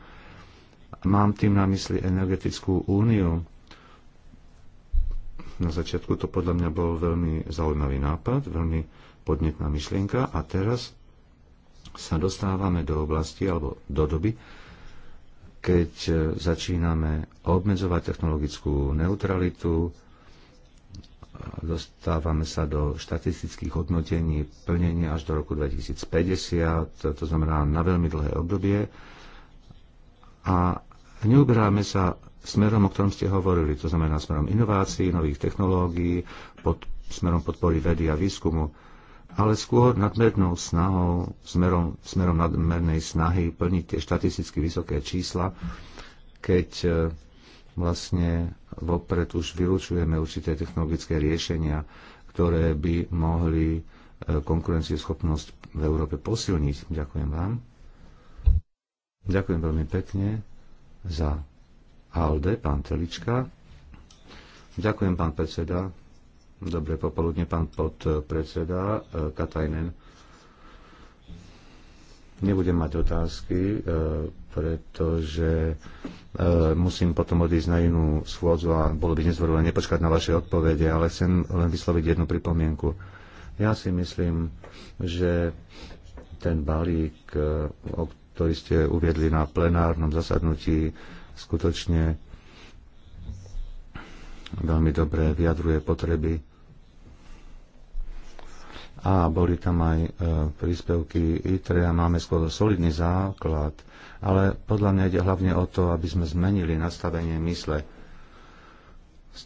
mám tým na mysli energetickú úniu. Na začiatku to podľa mňa bol veľmi zaujímavý nápad, veľmi podnetná myšlienka a teraz sa dostávame do oblasti alebo do doby, keď e, začíname obmedzovať technologickú neutralitu, e, dostávame sa do štatistických hodnotení plnenia až do roku 2050, to znamená na veľmi dlhé obdobie. A neuberáme sa smerom, o ktorom ste hovorili, to znamená smerom inovácií, nových technológií, pod, smerom podpory vedy a výskumu ale skôr nadmernou snahou, smerom, smerom nadmernej snahy plniť tie štatisticky vysoké čísla, keď e, vlastne vopred už vylučujeme určité technologické riešenia, ktoré by mohli e, konkurencieschopnosť v Európe posilniť. Ďakujem vám. Ďakujem veľmi pekne za ALDE, pán Telička. Ďakujem, pán predseda. Dobre popoludne, pán podpredseda eh, Katajnen. Nebudem mať otázky, eh, pretože eh, musím potom odísť na inú schôdzu a bolo by nezvorové nepočkať na vaše odpovede, ale chcem len vysloviť jednu pripomienku. Ja si myslím, že ten balík, o ktorý ste uviedli na plenárnom zasadnutí, skutočne veľmi dobre vyjadruje potreby a boli tam aj e, príspevky ITRE a máme skôr solidný základ, ale podľa mňa ide hlavne o to, aby sme zmenili nastavenie mysle.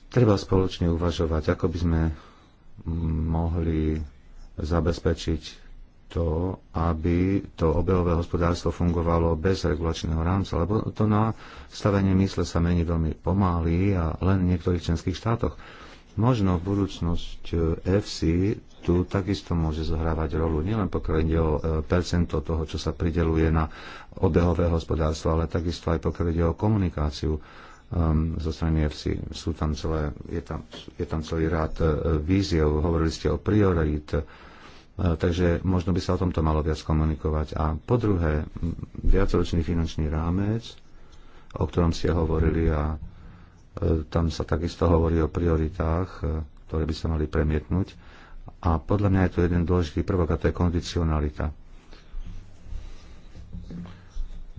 Treba spoločne uvažovať, ako by sme mm, mohli zabezpečiť to, aby to obehové hospodárstvo fungovalo bez regulačného rámca, lebo to nastavenie mysle sa mení veľmi pomaly a len v niektorých členských štátoch. Možno v budúcnosť e, FC tu takisto môže zohrávať rolu, nielen pokiaľ ide o e, percento toho, čo sa prideluje na obehové hospodárstvo, ale takisto aj pokiaľ ide o komunikáciu um, zo strany FC. Sú tam celé, je, tam, je tam celý rád e, víziev, hovorili ste o priorit, takže možno by sa o tomto malo viac komunikovať. A po druhé, viacročný finančný rámec, o ktorom ste hovorili a E, tam sa takisto hovorí o prioritách, e, ktoré by sa mali premietnúť. A podľa mňa je to jeden dôležitý prvok, a to je kondicionalita.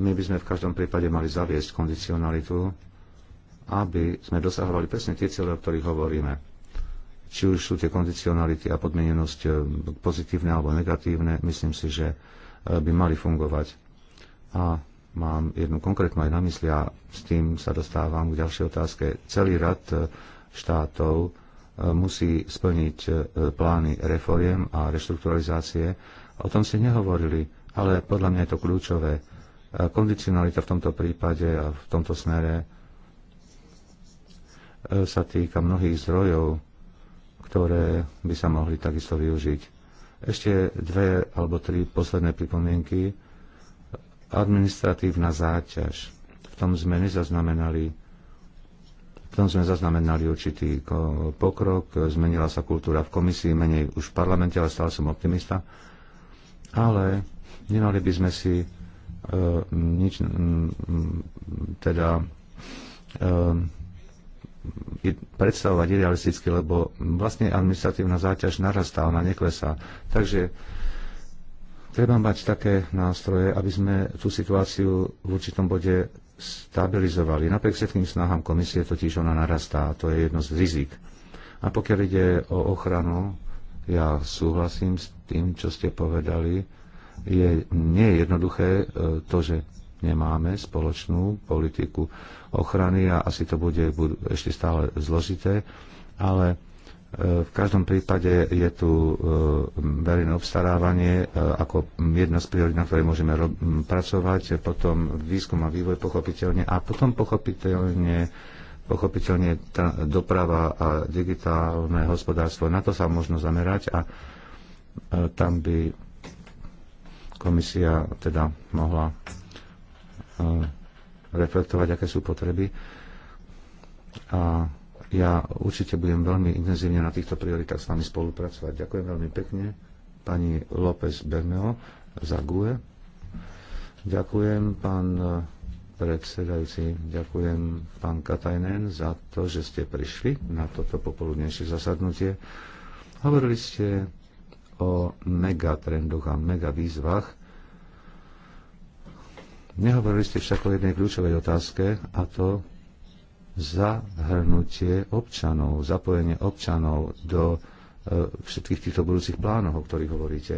My by sme v každom prípade mali zaviesť kondicionalitu, aby sme dosahovali presne tie cieľe, o ktorých hovoríme. Či už sú tie kondicionality a podmienenosť e, pozitívne alebo negatívne, myslím si, že by mali fungovať. A Mám jednu konkrétnu aj na mysli a s tým sa dostávam k ďalšej otázke. Celý rad e, štátov e, musí splniť e, plány reforiem a reštrukturalizácie. O tom ste nehovorili, ale podľa mňa je to kľúčové. Kondicionalita v tomto prípade a v tomto smere sa týka mnohých zdrojov, ktoré by sa mohli takisto využiť. Ešte dve alebo tri posledné pripomienky administratívna záťaž. V tom sme nezaznamenali v tom sme zaznamenali určitý pokrok, zmenila sa kultúra v komisii, menej už v parlamente, ale stále som optimista. Ale nemali by sme si e, nič, m, teda e, predstavovať idealisticky, lebo vlastne administratívna záťaž narastá, ona neklesá. Takže Treba mať také nástroje, aby sme tú situáciu v určitom bode stabilizovali. Napriek všetkým snahám komisie totiž ona narastá a to je jedno z rizik. A pokiaľ ide o ochranu, ja súhlasím s tým, čo ste povedali. Je, nie je jednoduché e, to, že nemáme spoločnú politiku ochrany a asi to bude, bude ešte stále zložité, ale v každom prípade je tu e, verejné obstarávanie e, ako jedna z priorit, na ktorej môžeme pracovať, potom výskum a vývoj pochopiteľne a potom pochopiteľne pochopiteľne doprava a digitálne hospodárstvo. Na to sa možno zamerať a e, tam by komisia teda mohla reflektovať, aké sú potreby. A ja určite budem veľmi intenzívne na týchto prioritách s vami spolupracovať. Ďakujem veľmi pekne pani López Bermeo za GUE. Ďakujem pán eh, predsedajúci, ďakujem pán Katajnen za to, že ste prišli na toto popoludnejšie zasadnutie. Hovorili ste o megatrendoch a megavýzvach. Nehovorili ste však o jednej kľúčovej otázke a to zahrnutie občanov, zapojenie občanov do e, všetkých týchto budúcich plánov, o ktorých hovoríte.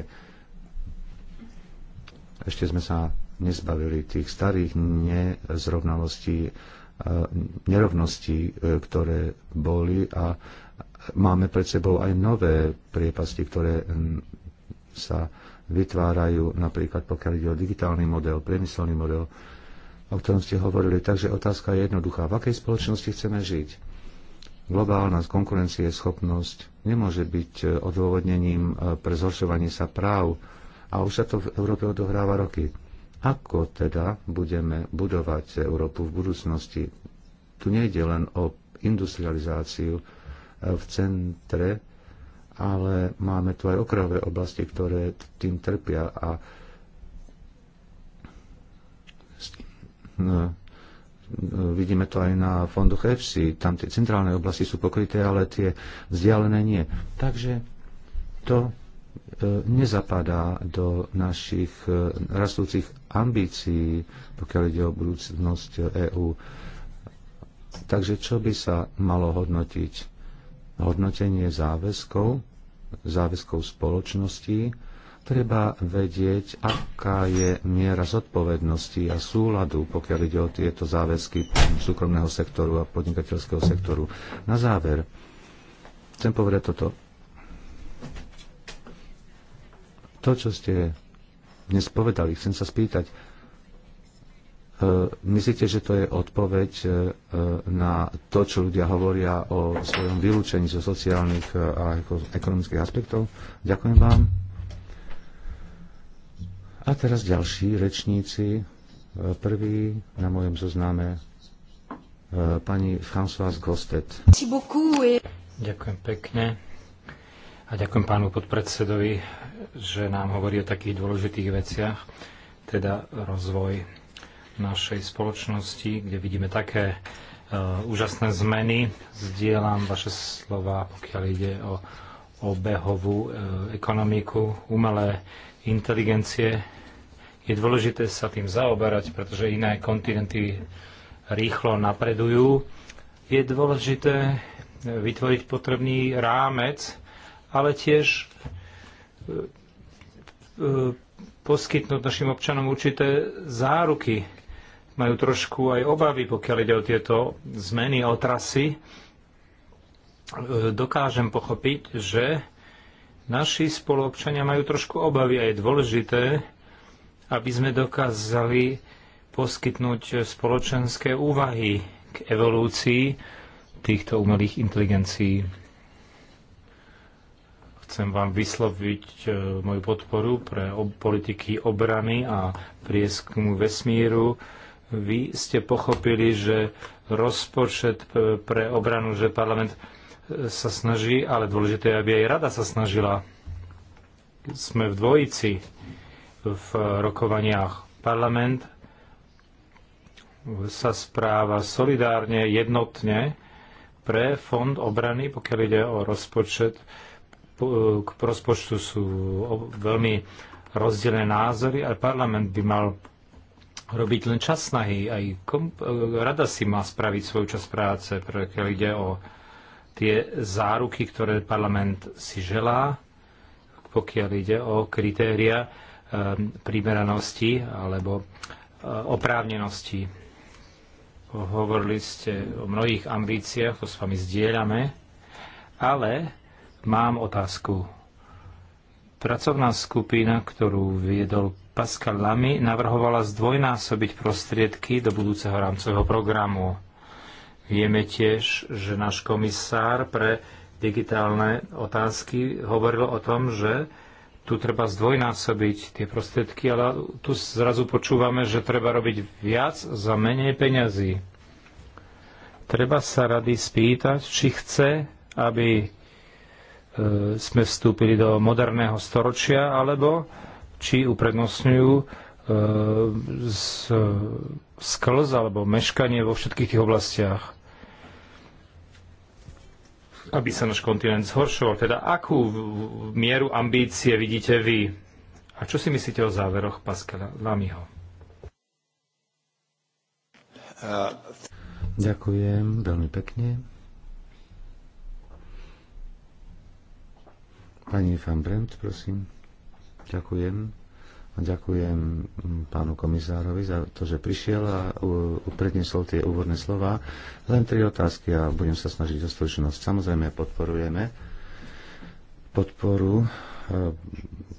Ešte sme sa nezbavili tých starých nezrovnalostí, e, nerovností, e, ktoré boli a máme pred sebou aj nové priepasti, ktoré sa vytvárajú, napríklad pokiaľ ide o digitálny model, priemyselný model, o ktorom ste hovorili. Takže otázka je jednoduchá. V akej spoločnosti chceme žiť? Globálna schopnosť nemôže byť e, odôvodnením e, pre zhoršovanie sa práv a už sa to v Európe odohráva roky. Ako teda budeme budovať Európu v budúcnosti? Tu nejde len o industrializáciu e, v centre, ale máme tu aj okrajové oblasti, ktoré tým trpia a No, vidíme to aj na fondoch EFSI. Tam tie centrálne oblasti sú pokryté, ale tie vzdialené nie. Takže to e, nezapadá do našich e, rastúcich ambícií, pokiaľ ide o budúcnosť EÚ. Takže čo by sa malo hodnotiť? Hodnotenie záväzkov, záväzkov spoločnosti? Treba vedieť, aká je miera zodpovednosti a súladu, pokiaľ ide o tieto záväzky súkromného sektoru a podnikateľského sektoru. Na záver, chcem povedať toto. To, čo ste dnes povedali, chcem sa spýtať, e, Myslíte, že to je odpoveď e, e, na to, čo ľudia hovoria o svojom vylúčení zo sociálnych a ekonomických aspektov? Ďakujem vám. A teraz ďalší rečníci. E, prvý na mojom zozname e, pani Françoise Gostet. Ďakujem pekne. A ďakujem pánu podpredsedovi, že nám hovorí o takých dôležitých veciach, teda rozvoj našej spoločnosti, kde vidíme také uh, úžasné zmeny. Zdieľam vaše slova, pokiaľ ide o obehovú e, ekonomiku, umelé inteligencie. Je dôležité sa tým zaoberať, pretože iné kontinenty rýchlo napredujú. Je dôležité vytvoriť potrebný rámec, ale tiež e, e, poskytnúť našim občanom určité záruky. Majú trošku aj obavy, pokiaľ ide o tieto zmeny, o trasy. E, dokážem pochopiť, že naši spoluobčania majú trošku obavy a je dôležité, aby sme dokázali poskytnúť spoločenské úvahy k evolúcii týchto umelých inteligencií. Chcem vám vysloviť e, moju podporu pre politiky obrany a prieskumu vesmíru. Vy ste pochopili, že rozpočet e, pre obranu, že parlament sa snaží, ale dôležité je, aby aj rada sa snažila. Sme v dvojici v rokovaniach. Parlament sa správa solidárne, jednotne pre fond obrany, pokiaľ ide o rozpočet. K rozpočtu sú veľmi rozdielne názory, ale parlament by mal robiť len čas snahy. Aj rada si má spraviť svoju čas práce, pokiaľ ide o tie záruky, ktoré parlament si želá, pokiaľ ide o kritéria eh, primeranosti alebo eh, oprávnenosti. Hovorili ste o mnohých ambíciách, to s vami zdieľame, ale mám otázku. Pracovná skupina, ktorú viedol Pascal Lamy, navrhovala zdvojnásobiť prostriedky do budúceho rámcového programu Vieme tiež, že náš komisár pre digitálne otázky hovoril o tom, že tu treba zdvojnásobiť tie prostriedky, ale tu zrazu počúvame, že treba robiť viac za menej peňazí. Treba sa rady spýtať, či chce, aby e, sme vstúpili do moderného storočia, alebo či uprednostňujú E, sklz alebo meškanie vo všetkých tých oblastiach, aby sa náš kontinent zhoršoval. Teda akú mieru ambície vidíte vy? A čo si myslíte o záveroch Pascala Lamiho? Ďakujem veľmi pekne. Pani Van Brent, prosím. Ďakujem. Ďakujem pánu komisárovi za to, že prišiel a predniesol tie úvodné slova. Len tri otázky a budem sa snažiť o stručnosť. Samozrejme podporujeme podporu e,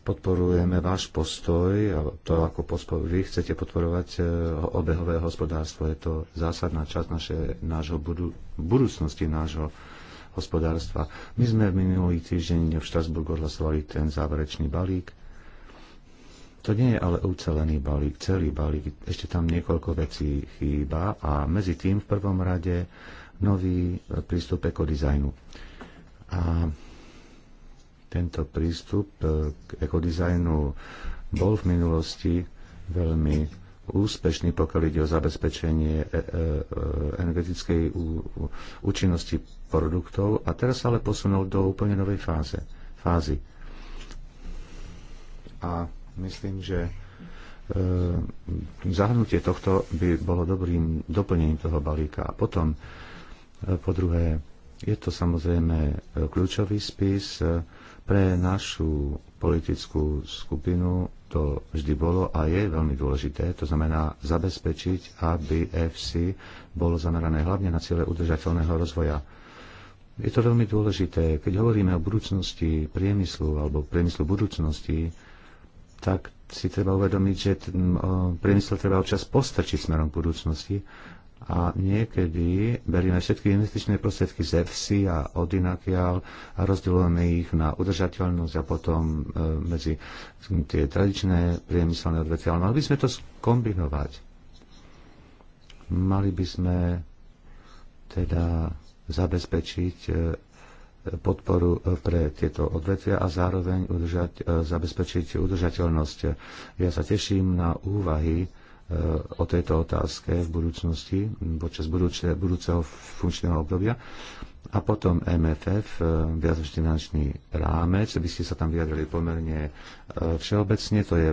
podporujeme váš postoj a to, ako vy chcete podporovať e, obehové hospodárstvo. Je to zásadná časť naše, nášho budu, budúcnosti, nášho hospodárstva. My sme minulý týždeň v Štrasburgu odhlasovali ten záverečný balík to nie je ale ucelený balík, celý balík, ešte tam niekoľko vecí chýba a medzi tým v prvom rade nový e, prístup ekodizajnu. A tento prístup e, k ekodizajnu bol v minulosti veľmi úspešný, pokiaľ ide o zabezpečenie e, energetickej účinnosti produktov a teraz ale posunul do úplne novej fáze, fázy. A Myslím, že e, zahrnutie tohto by bolo dobrým doplnením toho balíka. A potom, e, po druhé, je to samozrejme e, kľúčový spis pre našu politickú skupinu. To vždy bolo a je veľmi dôležité. To znamená zabezpečiť, aby FC bolo zamerané hlavne na ciele udržateľného rozvoja. Je to veľmi dôležité. Keď hovoríme o budúcnosti priemyslu alebo priemyslu budúcnosti, tak si treba uvedomiť, že ten priemysel treba občas postrčiť smerom k budúcnosti a niekedy berieme všetky investičné prostriedky z EFSI a od inakial a rozdielujeme ich na udržateľnosť a potom e, medzi tie tradičné priemyselné odvetvia. Ale mali by sme to skombinovať. Mali by sme teda zabezpečiť e, podporu e, pre tieto odvetvia a zároveň udržať, e, zabezpečiť udržateľnosť. Ja sa teším na úvahy e, o tejto otázke v budúcnosti, počas budúce, budúceho funkčného obdobia. A potom MFF, viacročný finančný rámec, by ste sa tam vyjadrili pomerne všeobecne, to je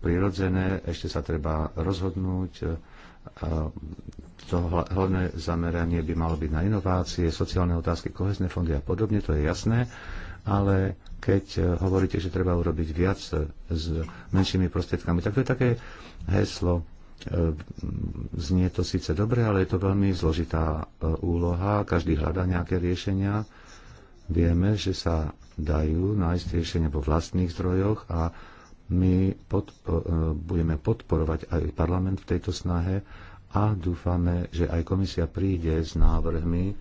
prirodzené, ešte sa treba rozhodnúť, Ehm, to hlavné zameranie by malo byť na inovácie, sociálne otázky, kohezné fondy a podobne, to je jasné, ale keď e, hovoríte, že treba urobiť viac e, s menšími prostriedkami, tak to je také heslo. Ehm, znie to síce dobre, ale je to veľmi zložitá e, úloha, každý hľadá nejaké riešenia. Vieme, že sa dajú nájsť riešenia vo vlastných zdrojoch a my podpo- eh, budeme podporovať aj parlament v tejto snahe a dúfame, že aj komisia príde s návrhmi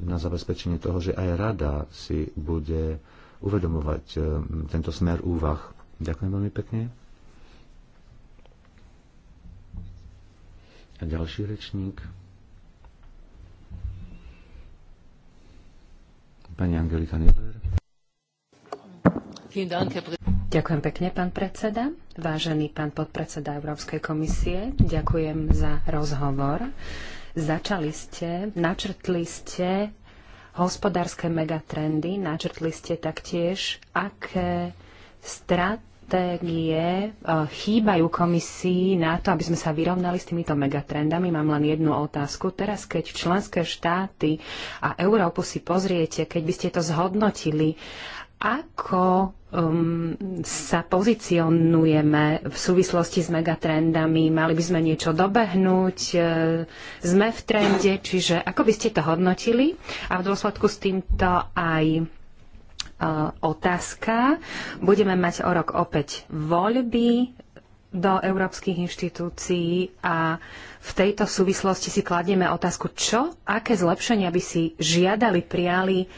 na zabezpečenie toho, že aj rada si bude uvedomovať eh, tento smer úvah. Ďakujem veľmi pekne. A ďalší rečník. Pani Angelika Nibler. Ďakujem pekne, pán predseda. Vážený pán podpredseda Európskej komisie, ďakujem za rozhovor. Začali ste, načrtli ste hospodárske megatrendy, načrtli ste taktiež, aké stratégie e, chýbajú komisii na to, aby sme sa vyrovnali s týmito megatrendami. Mám len jednu otázku. Teraz, keď členské štáty a Európu si pozriete, keď by ste to zhodnotili, ako um, sa pozicionujeme v súvislosti s megatrendami? Mali by sme niečo dobehnúť? E, sme v trende? Čiže ako by ste to hodnotili? A v dôsledku s týmto aj e, otázka. Budeme mať o rok opäť voľby do európskych inštitúcií a v tejto súvislosti si kladieme otázku, čo, aké zlepšenia by si žiadali, prijali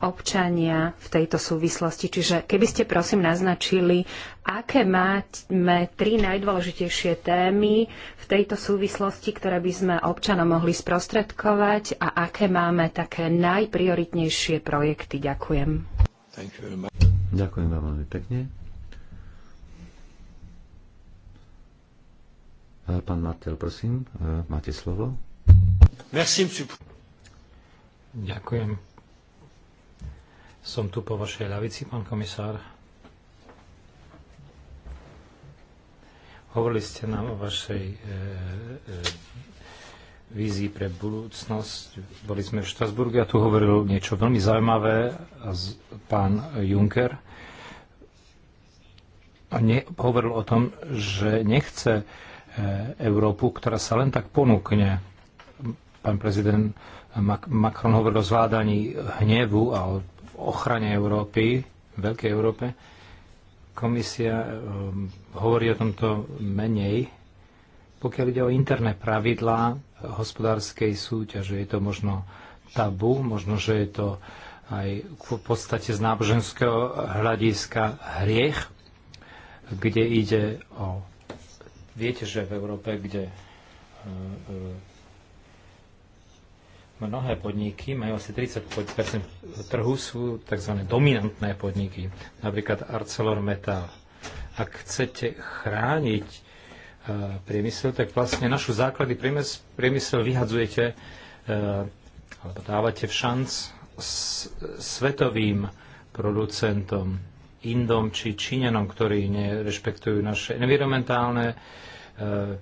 občania v tejto súvislosti. Čiže keby ste prosím naznačili, aké máme tri najdôležitejšie témy v tejto súvislosti, ktoré by sme občanom mohli sprostredkovať a aké máme také najprioritnejšie projekty. Ďakujem. Ďakujem vám veľmi pekne. Pán Martel, prosím, máte slovo. Merci, Ďakujem, som tu po vašej ľavici, pán komisár. Hovorili ste nám o vašej e, e, vízii pre budúcnosť. Boli sme v Štrasburgu a tu hovoril niečo veľmi zaujímavé z, pán Juncker. A ne, hovoril o tom, že nechce e, Európu, ktorá sa len tak ponúkne. Pán prezident Macron hovoril o zvládaní hnevu a o ochrane Európy, veľkej Európe. Komisia ehm, hovorí o tomto menej. Pokiaľ ide o interné pravidlá hospodárskej súťaže, je to možno tabu, možno, že je to aj v podstate z náboženského hľadiska hriech, kde ide o... Viete, že v Európe, kde ehm, ehm, Mnohé podniky majú asi 30 trhu, sú tzv. dominantné podniky, napríklad ArcelorMetal. Ak chcete chrániť e, priemysel, tak vlastne našu základy priemysel, vyhadzujete e, alebo dávate v šanc s svetovým producentom, Indom či Číňanom, ktorí nerešpektujú naše environmentálne e,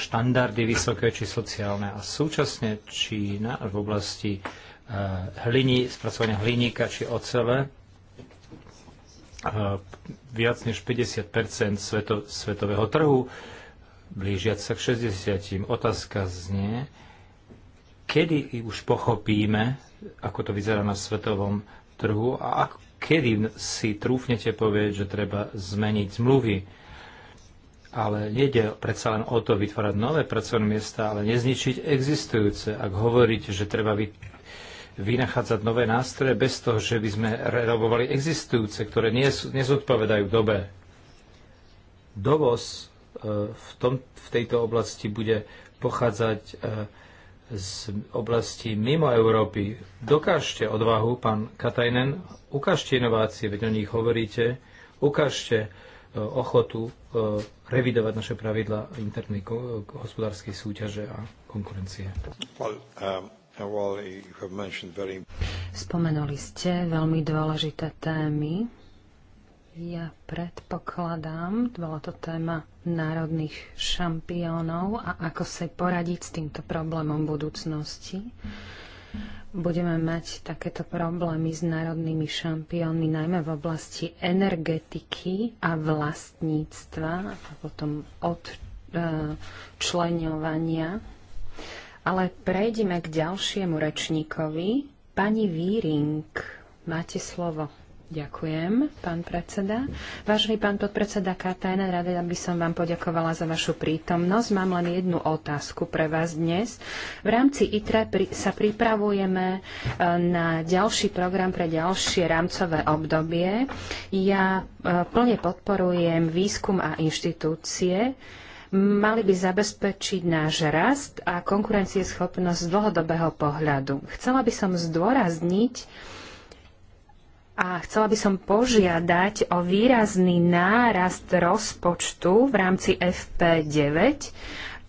štandardy vysoké či sociálne. A súčasne Čína v oblasti e, hliní, spracovania hliníka či ocele e, viac než 50 sveto, svetového trhu, blížiac sa k 60. Otázka znie, kedy už pochopíme, ako to vyzerá na svetovom trhu a ak, kedy si trúfnete povieť, že treba zmeniť zmluvy ale nejde predsa len o to vytvárať nové pracovné miesta, ale nezničiť existujúce. Ak hovoríte, že treba vy, vynachádzať nové nástroje bez toho, že by sme renovovali existujúce, ktoré nezodpovedajú dobe. Dovoz e, v, tom, v tejto oblasti bude pochádzať e, z oblasti mimo Európy. Dokážte odvahu, pán Katajnen, ukážte inovácie, veď o nich hovoríte, ukážte e, ochotu revidovať naše pravidla internej hospodárskej súťaže a konkurencie. Well, um... Spomenuli ste veľmi dôležité témy. Ja predpokladám, bola to téma národných šampiónov a ako sa poradiť s týmto problémom budúcnosti. Mm budeme mať takéto problémy s národnými šampiónmi, najmä v oblasti energetiky a vlastníctva a potom odčleňovania. E, Ale prejdeme k ďalšiemu rečníkovi. Pani Víring, máte slovo. Ďakujem, pán predseda. Vážený pán podpredseda Katajna, rada by som vám poďakovala za vašu prítomnosť. Mám len jednu otázku pre vás dnes. V rámci ITRE sa pripravujeme e, na ďalší program pre ďalšie rámcové obdobie. Ja e, plne podporujem výskum a inštitúcie mali by zabezpečiť náš rast a konkurencieschopnosť z dlhodobého pohľadu. Chcela by som zdôrazniť, a chcela by som požiadať o výrazný nárast rozpočtu v rámci FP9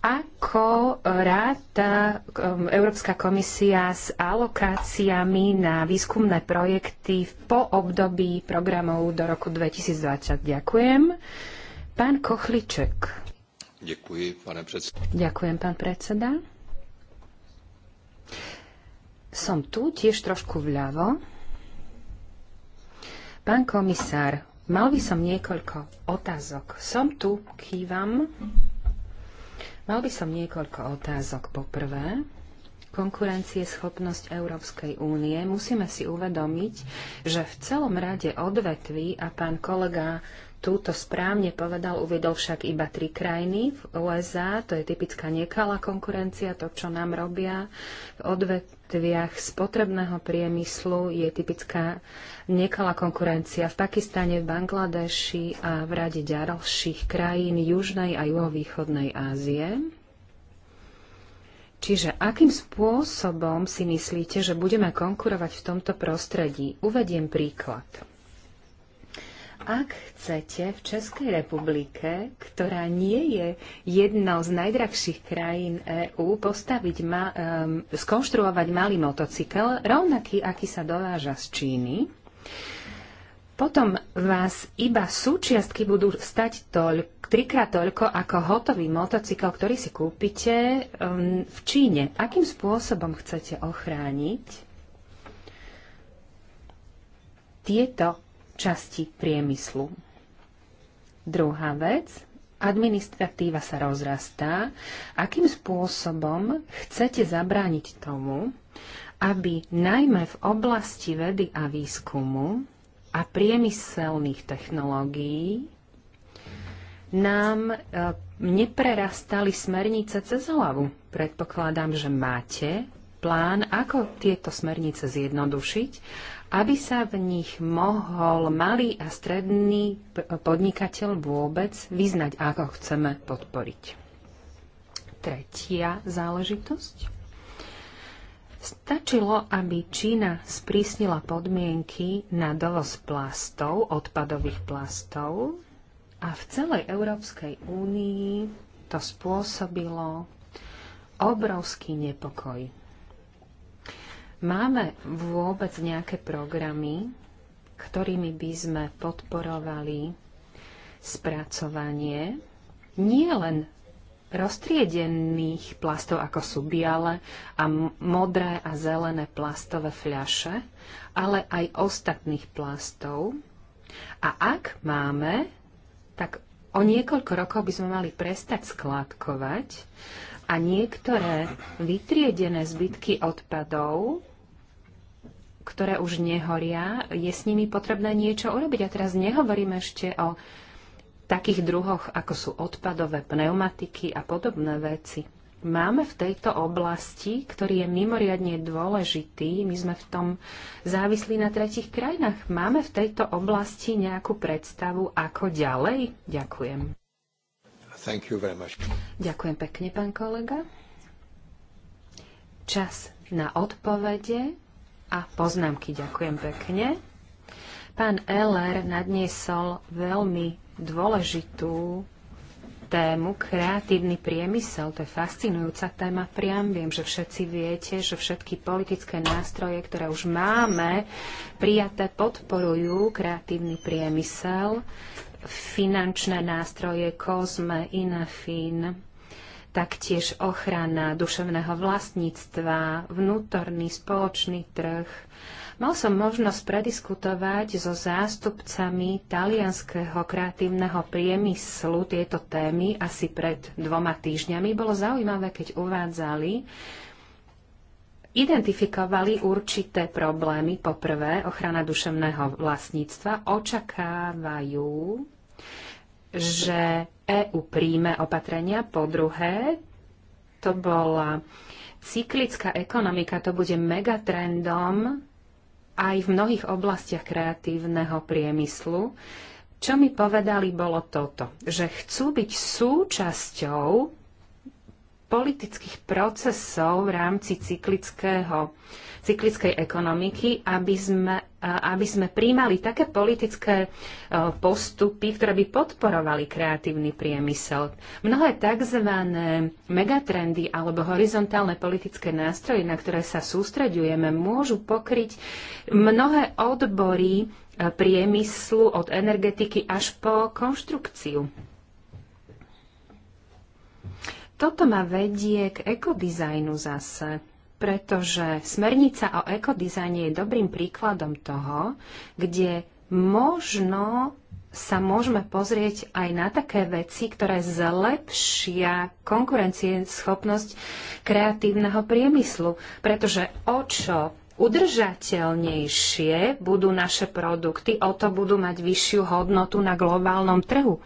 ako ráta um, Európska komisia s alokáciami na výskumné projekty po období programov do roku 2020? Ďakujem. Pán Kochliček. Ďakujem, pane predseda. Ďakujem, pán predseda. Som tu tiež trošku vľavo. Pán komisár, mal by som niekoľko otázok. Som tu, kývam. Mal by som niekoľko otázok. Poprvé, konkurencie schopnosť Európskej únie, musíme si uvedomiť, že v celom rade odvetví, a pán kolega túto správne povedal, uvedol však iba tri krajiny v USA, to je typická nekalá konkurencia, to, čo nám robia v odvetviach spotrebného priemyslu, je typická nekalá konkurencia v Pakistane, v Bangladeši a v rade ďalších krajín južnej a juhovýchodnej Ázie. Čiže akým spôsobom si myslíte, že budeme konkurovať v tomto prostredí? Uvediem príklad. Ak chcete v Českej republike, ktorá nie je jednou z najdrahších krajín EÚ, postaviť ma, um, skonštruovať malý motocykel, rovnaký, aký sa dováža z Číny, potom vás iba súčiastky budú stať toľ, trikrát toľko ako hotový motocykel, ktorý si kúpite um, v Číne. Akým spôsobom chcete ochrániť tieto časti priemyslu. Druhá vec, administratíva sa rozrastá. Akým spôsobom chcete zabrániť tomu, aby najmä v oblasti vedy a výskumu a priemyselných technológií nám e, neprerastali smernice cez hlavu. Predpokladám, že máte plán, ako tieto smernice zjednodušiť, aby sa v nich mohol malý a stredný podnikateľ vôbec vyznať, ako chceme podporiť. Tretia záležitosť. Stačilo, aby Čína sprísnila podmienky na dovoz plastov, odpadových plastov a v celej Európskej únii to spôsobilo obrovský nepokoj. Máme vôbec nejaké programy, ktorými by sme podporovali spracovanie nie len roztriedených plastov ako sú biale a modré a zelené plastové fľaše, ale aj ostatných plastov. A ak máme, tak o niekoľko rokov by sme mali prestať skládkovať a niektoré vytriedené zbytky odpadov ktoré už nehoria, je s nimi potrebné niečo urobiť. A teraz nehovorím ešte o takých druhoch, ako sú odpadové pneumatiky a podobné veci. Máme v tejto oblasti, ktorý je mimoriadne dôležitý, my sme v tom závislí na tretich krajinách, máme v tejto oblasti nejakú predstavu, ako ďalej? Ďakujem. Thank you very much. Ďakujem pekne, pán kolega. Čas na odpovede a poznámky. Ďakujem pekne. Pán Eller nadniesol veľmi dôležitú tému kreatívny priemysel. To je fascinujúca téma. Priam viem, že všetci viete, že všetky politické nástroje, ktoré už máme, prijaté podporujú kreatívny priemysel. Finančné nástroje, COSME, INAFIN, taktiež ochrana duševného vlastníctva, vnútorný spoločný trh. Mal som možnosť prediskutovať so zástupcami talianského kreatívneho priemyslu tieto témy asi pred dvoma týždňami. Bolo zaujímavé, keď uvádzali, identifikovali určité problémy. Poprvé, ochrana duševného vlastníctva očakávajú, že EÚ príjme opatrenia. Po druhé, to bola cyklická ekonomika, to bude megatrendom aj v mnohých oblastiach kreatívneho priemyslu. Čo mi povedali, bolo toto, že chcú byť súčasťou politických procesov v rámci cyklického cyklickej ekonomiky, aby sme, aby sme príjmali také politické e, postupy, ktoré by podporovali kreatívny priemysel. Mnohé tzv. megatrendy alebo horizontálne politické nástroje, na ktoré sa sústreďujeme, môžu pokryť mnohé odbory e, priemyslu od energetiky až po konštrukciu toto ma vedie k ekodizajnu zase pretože smernica o ekodizajne je dobrým príkladom toho, kde možno sa môžeme pozrieť aj na také veci, ktoré zlepšia konkurencieschopnosť kreatívneho priemyslu. Pretože o čo udržateľnejšie budú naše produkty, o to budú mať vyššiu hodnotu na globálnom trhu.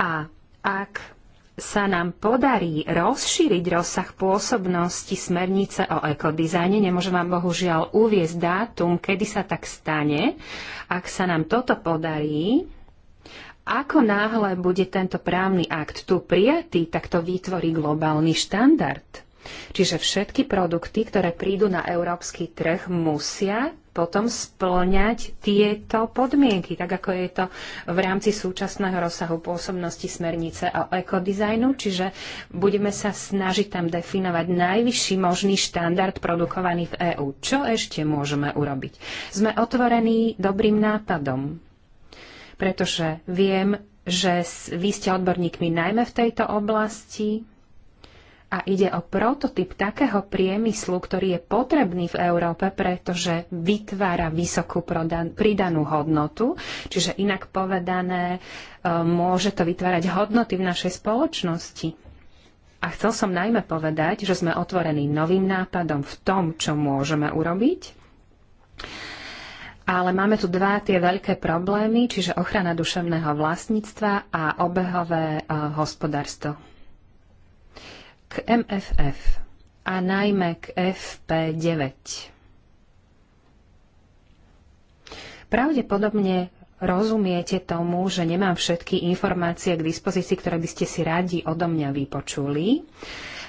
A ak sa nám podarí rozšíriť rozsah pôsobnosti smernice o ekodizajne. Nemôžem vám bohužiaľ uviezť dátum, kedy sa tak stane. Ak sa nám toto podarí, ako náhle bude tento právny akt tu prijatý, tak to vytvorí globálny štandard. Čiže všetky produkty, ktoré prídu na európsky trh, musia potom splňať tieto podmienky, tak ako je to v rámci súčasného rozsahu pôsobnosti smernice o ekodizajnu, čiže budeme sa snažiť tam definovať najvyšší možný štandard produkovaný v EÚ. Čo ešte môžeme urobiť? Sme otvorení dobrým nápadom, pretože viem, že vy ste odborníkmi najmä v tejto oblasti, a ide o prototyp takého priemyslu, ktorý je potrebný v Európe, pretože vytvára vysokú pridanú hodnotu. Čiže inak povedané, e, môže to vytvárať hodnoty v našej spoločnosti. A chcel som najmä povedať, že sme otvorení novým nápadom v tom, čo môžeme urobiť. Ale máme tu dva tie veľké problémy, čiže ochrana duševného vlastníctva a obehové e, hospodárstvo k MFF a najmä k FP9. Pravdepodobne rozumiete tomu, že nemám všetky informácie k dispozícii, ktoré by ste si radi odo mňa vypočuli.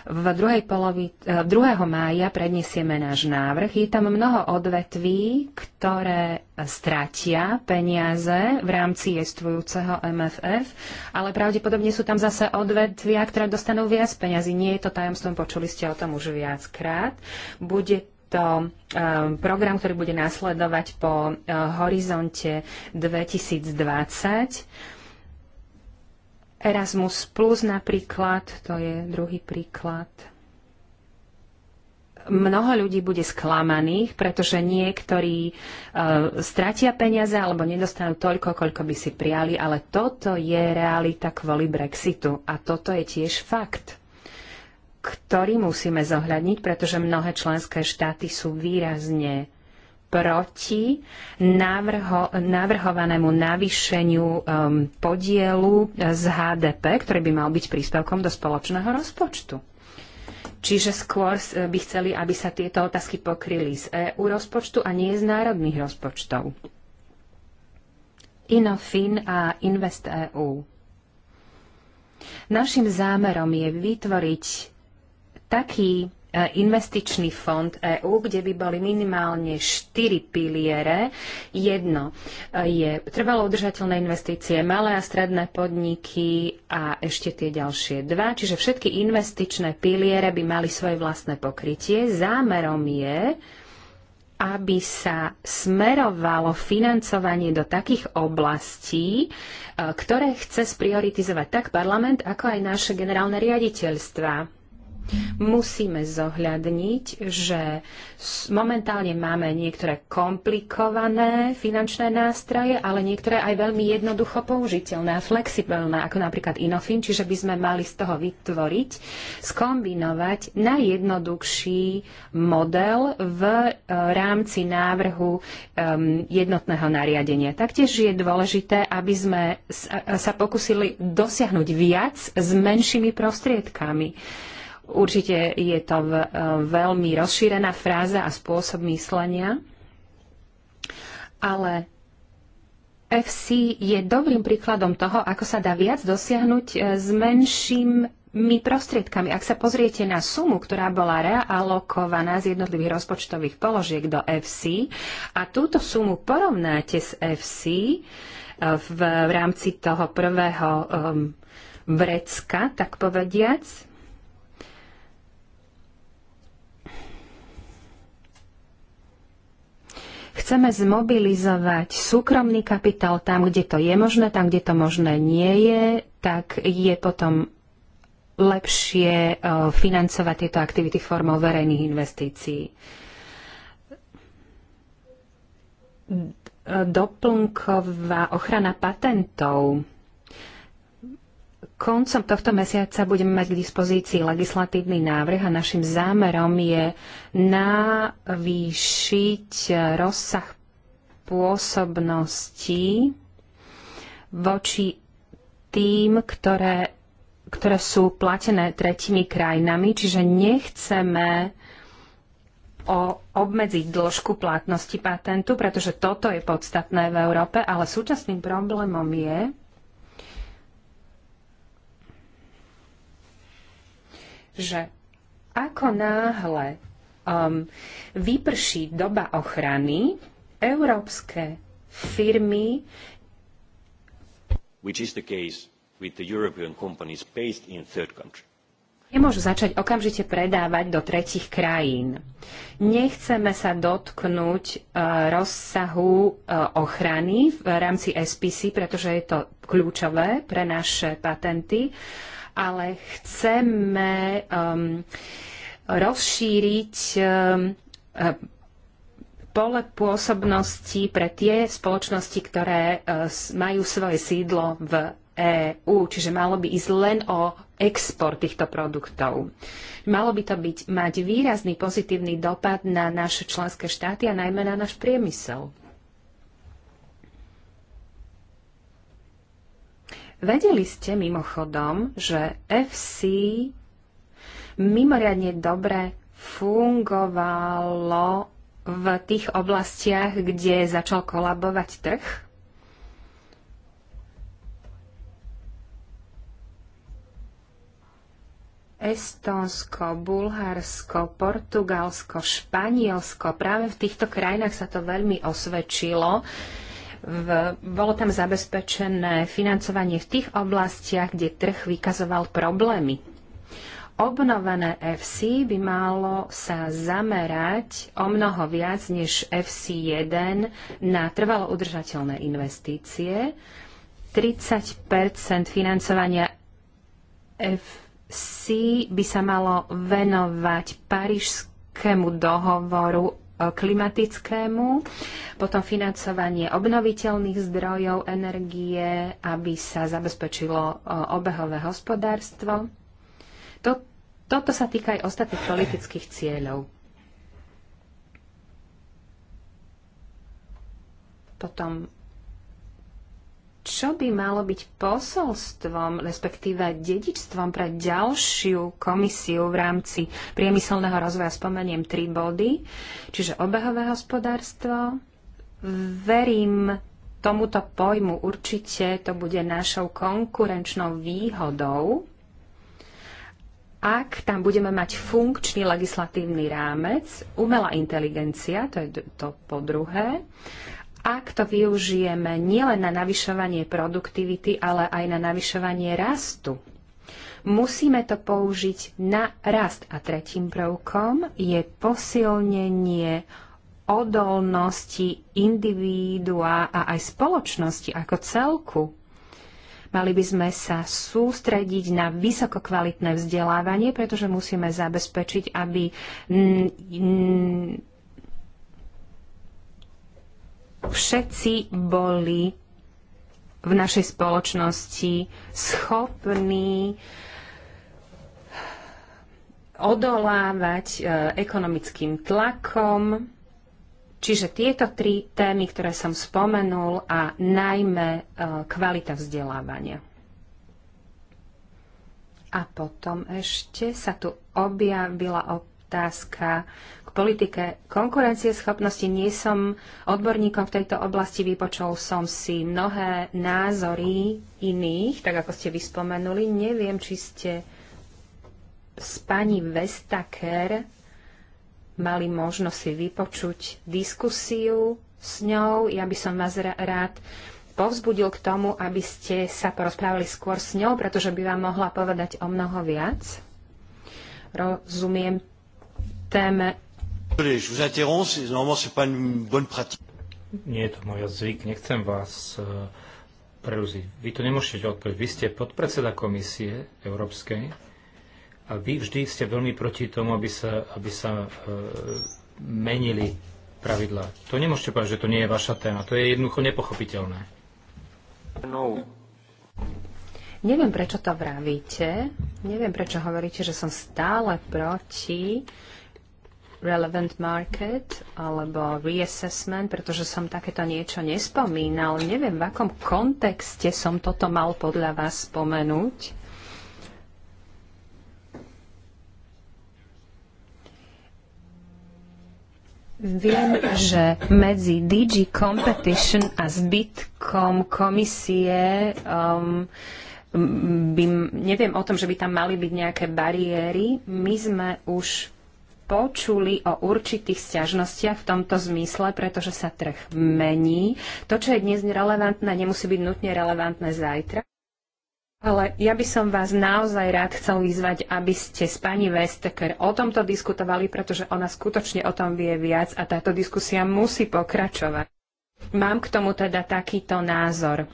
V druhej polovi, 2. E, mája predniesieme náš návrh. Je tam mnoho odvetví, ktoré stratia peniaze v rámci existujúceho MFF, ale pravdepodobne sú tam zase odvetvia, ktoré dostanú viac peniazy. Nie je to tajomstvom, počuli ste o tom už viackrát. Bude to e, program, ktorý bude následovať po e, horizonte 2020 Erasmus Plus napríklad, to je druhý príklad. Mnoho ľudí bude sklamaných, pretože niektorí e, stratia peniaze alebo nedostanú toľko, koľko by si prijali, ale toto je realita kvôli Brexitu a toto je tiež fakt ktorý musíme zohľadniť, pretože mnohé členské štáty sú výrazne proti navrho, navrhovanému navýšeniu um, podielu eh, z HDP, ktorý by mal byť príspevkom do spoločného rozpočtu. Čiže skôr eh, by chceli, aby sa tieto otázky pokryli z EU rozpočtu a nie z národných rozpočtov. Inofin a Invest EU. Našim zámerom je vytvoriť taký Eh, investičný fond EÚ, kde by boli minimálne štyri piliere. Jedno eh, je trvalo udržateľné investície, malé a stredné podniky a ešte tie ďalšie dva. Čiže všetky investičné piliere by mali svoje vlastné pokrytie. Zámerom je, aby sa smerovalo financovanie do takých oblastí, eh, ktoré chce sprioritizovať tak parlament, ako aj naše generálne riaditeľstva Musíme zohľadniť, že momentálne máme niektoré komplikované finančné nástroje, ale niektoré aj veľmi jednoducho použiteľné a flexibilné, ako napríklad Inofin, čiže by sme mali z toho vytvoriť, skombinovať najjednoduchší model v e, rámci návrhu jednotného nariadenia. Taktiež je dôležité, aby sme e, sa pokusili dosiahnuť viac s menšími prostriedkami. Určite je to e, veľmi rozšírená fráza a spôsob myslenia, ale FC je dobrým príkladom toho, ako sa dá viac dosiahnuť e, s menšími prostriedkami. Ak sa pozriete na sumu, ktorá bola realokovaná z jednotlivých rozpočtových položiek do FC a túto sumu porovnáte s FC e, v, v rámci toho prvého um, vrecka, tak povediac, Chceme zmobilizovať súkromný kapitál tam, kde to je možné, tam, kde to možné nie je, tak je potom lepšie e, financovať tieto aktivity formou verejných investícií doplnková ochrana patentov Koncom tohto mesiaca budeme mať k dispozícii legislatívny návrh a našim zámerom je navýšiť rozsah pôsobnosti voči tým, ktoré, ktoré sú platené tretimi krajinami, čiže nechceme o obmedziť dĺžku platnosti patentu, pretože toto je podstatné v Európe, ale súčasným problémom je, že ako náhle um, vyprší doba ochrany, európske firmy which is the case with the European companies based in third country. Nemôžu začať okamžite predávať do tretich krajín. Nechceme sa dotknúť uh, rozsahu uh, ochrany v rámci SPC, pretože je to kľúčové pre naše patenty. Uh, ale chceme um, rozšíriť um, uh, pole pôsobnosti pre tie spoločnosti, ktoré uh, majú svoje sídlo v EÚ, čiže malo by ísť len o export týchto produktov. Malo by to byť, mať výrazný pozitívny dopad na naše členské štáty a najmä na náš priemysel. Vedeli ste mimochodom, že FC mimoriadne dobre fungovalo v tých oblastiach, kde začal kolabovať trh? Estonsko, Bulharsko, Portugalsko, Španielsko. Práve v týchto krajinách sa to veľmi osvedčilo. Uh, v, bolo tam zabezpečené financovanie v tých oblastiach, kde trh vykazoval problémy. Obnovené FC by malo sa zamerať o mnoho viac než FC1 na trvalo udržateľné investície. 30 financovania FC by sa malo venovať Parížskému dohovoru klimatickému, potom financovanie obnoviteľných zdrojov energie, aby sa zabezpečilo e, obehové hospodárstvo. To, toto sa týka aj ostatných politických cieľov. Potom čo by malo byť posolstvom, respektíve dedičstvom pre ďalšiu komisiu v rámci priemyselného rozvoja? Spomeniem tri body, čiže obehové hospodárstvo. Verím tomuto pojmu určite to bude našou konkurenčnou výhodou, ak tam budeme mať funkčný legislatívny rámec, umelá inteligencia, to je to po druhé, ak to využijeme nielen na navyšovanie produktivity, ale aj na navyšovanie rastu, musíme to použiť na rast. A tretím prvkom je posilnenie odolnosti individuá a aj spoločnosti ako celku. Mali by sme sa sústrediť na vysokokvalitné vzdelávanie, pretože musíme zabezpečiť, aby všetci boli v našej spoločnosti schopní odolávať e, ekonomickým tlakom. Čiže tieto tri témy, ktoré som spomenul a najmä e, kvalita vzdelávania. A potom ešte sa tu objavila otázka k politike konkurencieschopnosti. Nie som odborníkom v tejto oblasti, vypočul som si mnohé názory iných, tak ako ste vyspomenuli. Neviem, či ste s pani Vestaker mali možnosť si vypočuť diskusiu s ňou. Ja by som vás rád povzbudil k tomu, aby ste sa porozprávali skôr s ňou, pretože by vám mohla povedať o mnoho viac. Rozumiem téme nie je to môj zvyk, nechcem vás e, preruziť. Vy to nemôžete odpovedať. Vy ste podpredseda komisie Európskej a vy vždy ste veľmi proti tomu, aby sa, aby sa e, menili pravidlá. To nemôžete povedať, že to nie je vaša téma. To je jednoducho nepochopiteľné. No. Neviem, prečo to vravíte. Neviem, prečo hovoríte, že som stále proti relevant market alebo reassessment, pretože som takéto niečo nespomínal. Neviem, v akom kontexte som toto mal podľa vás spomenúť. Viem, že medzi DG Competition a zbytkom komisie um, by, neviem o tom, že by tam mali byť nejaké bariéry. My sme už počuli o určitých sťažnostiach v tomto zmysle, pretože sa trh mení. To, čo je dnes relevantné, nemusí byť nutne relevantné zajtra. Ale ja by som vás naozaj rád chcel vyzvať, aby ste s pani Vesteker o tomto diskutovali, pretože ona skutočne o tom vie viac a táto diskusia musí pokračovať. Mám k tomu teda takýto názor.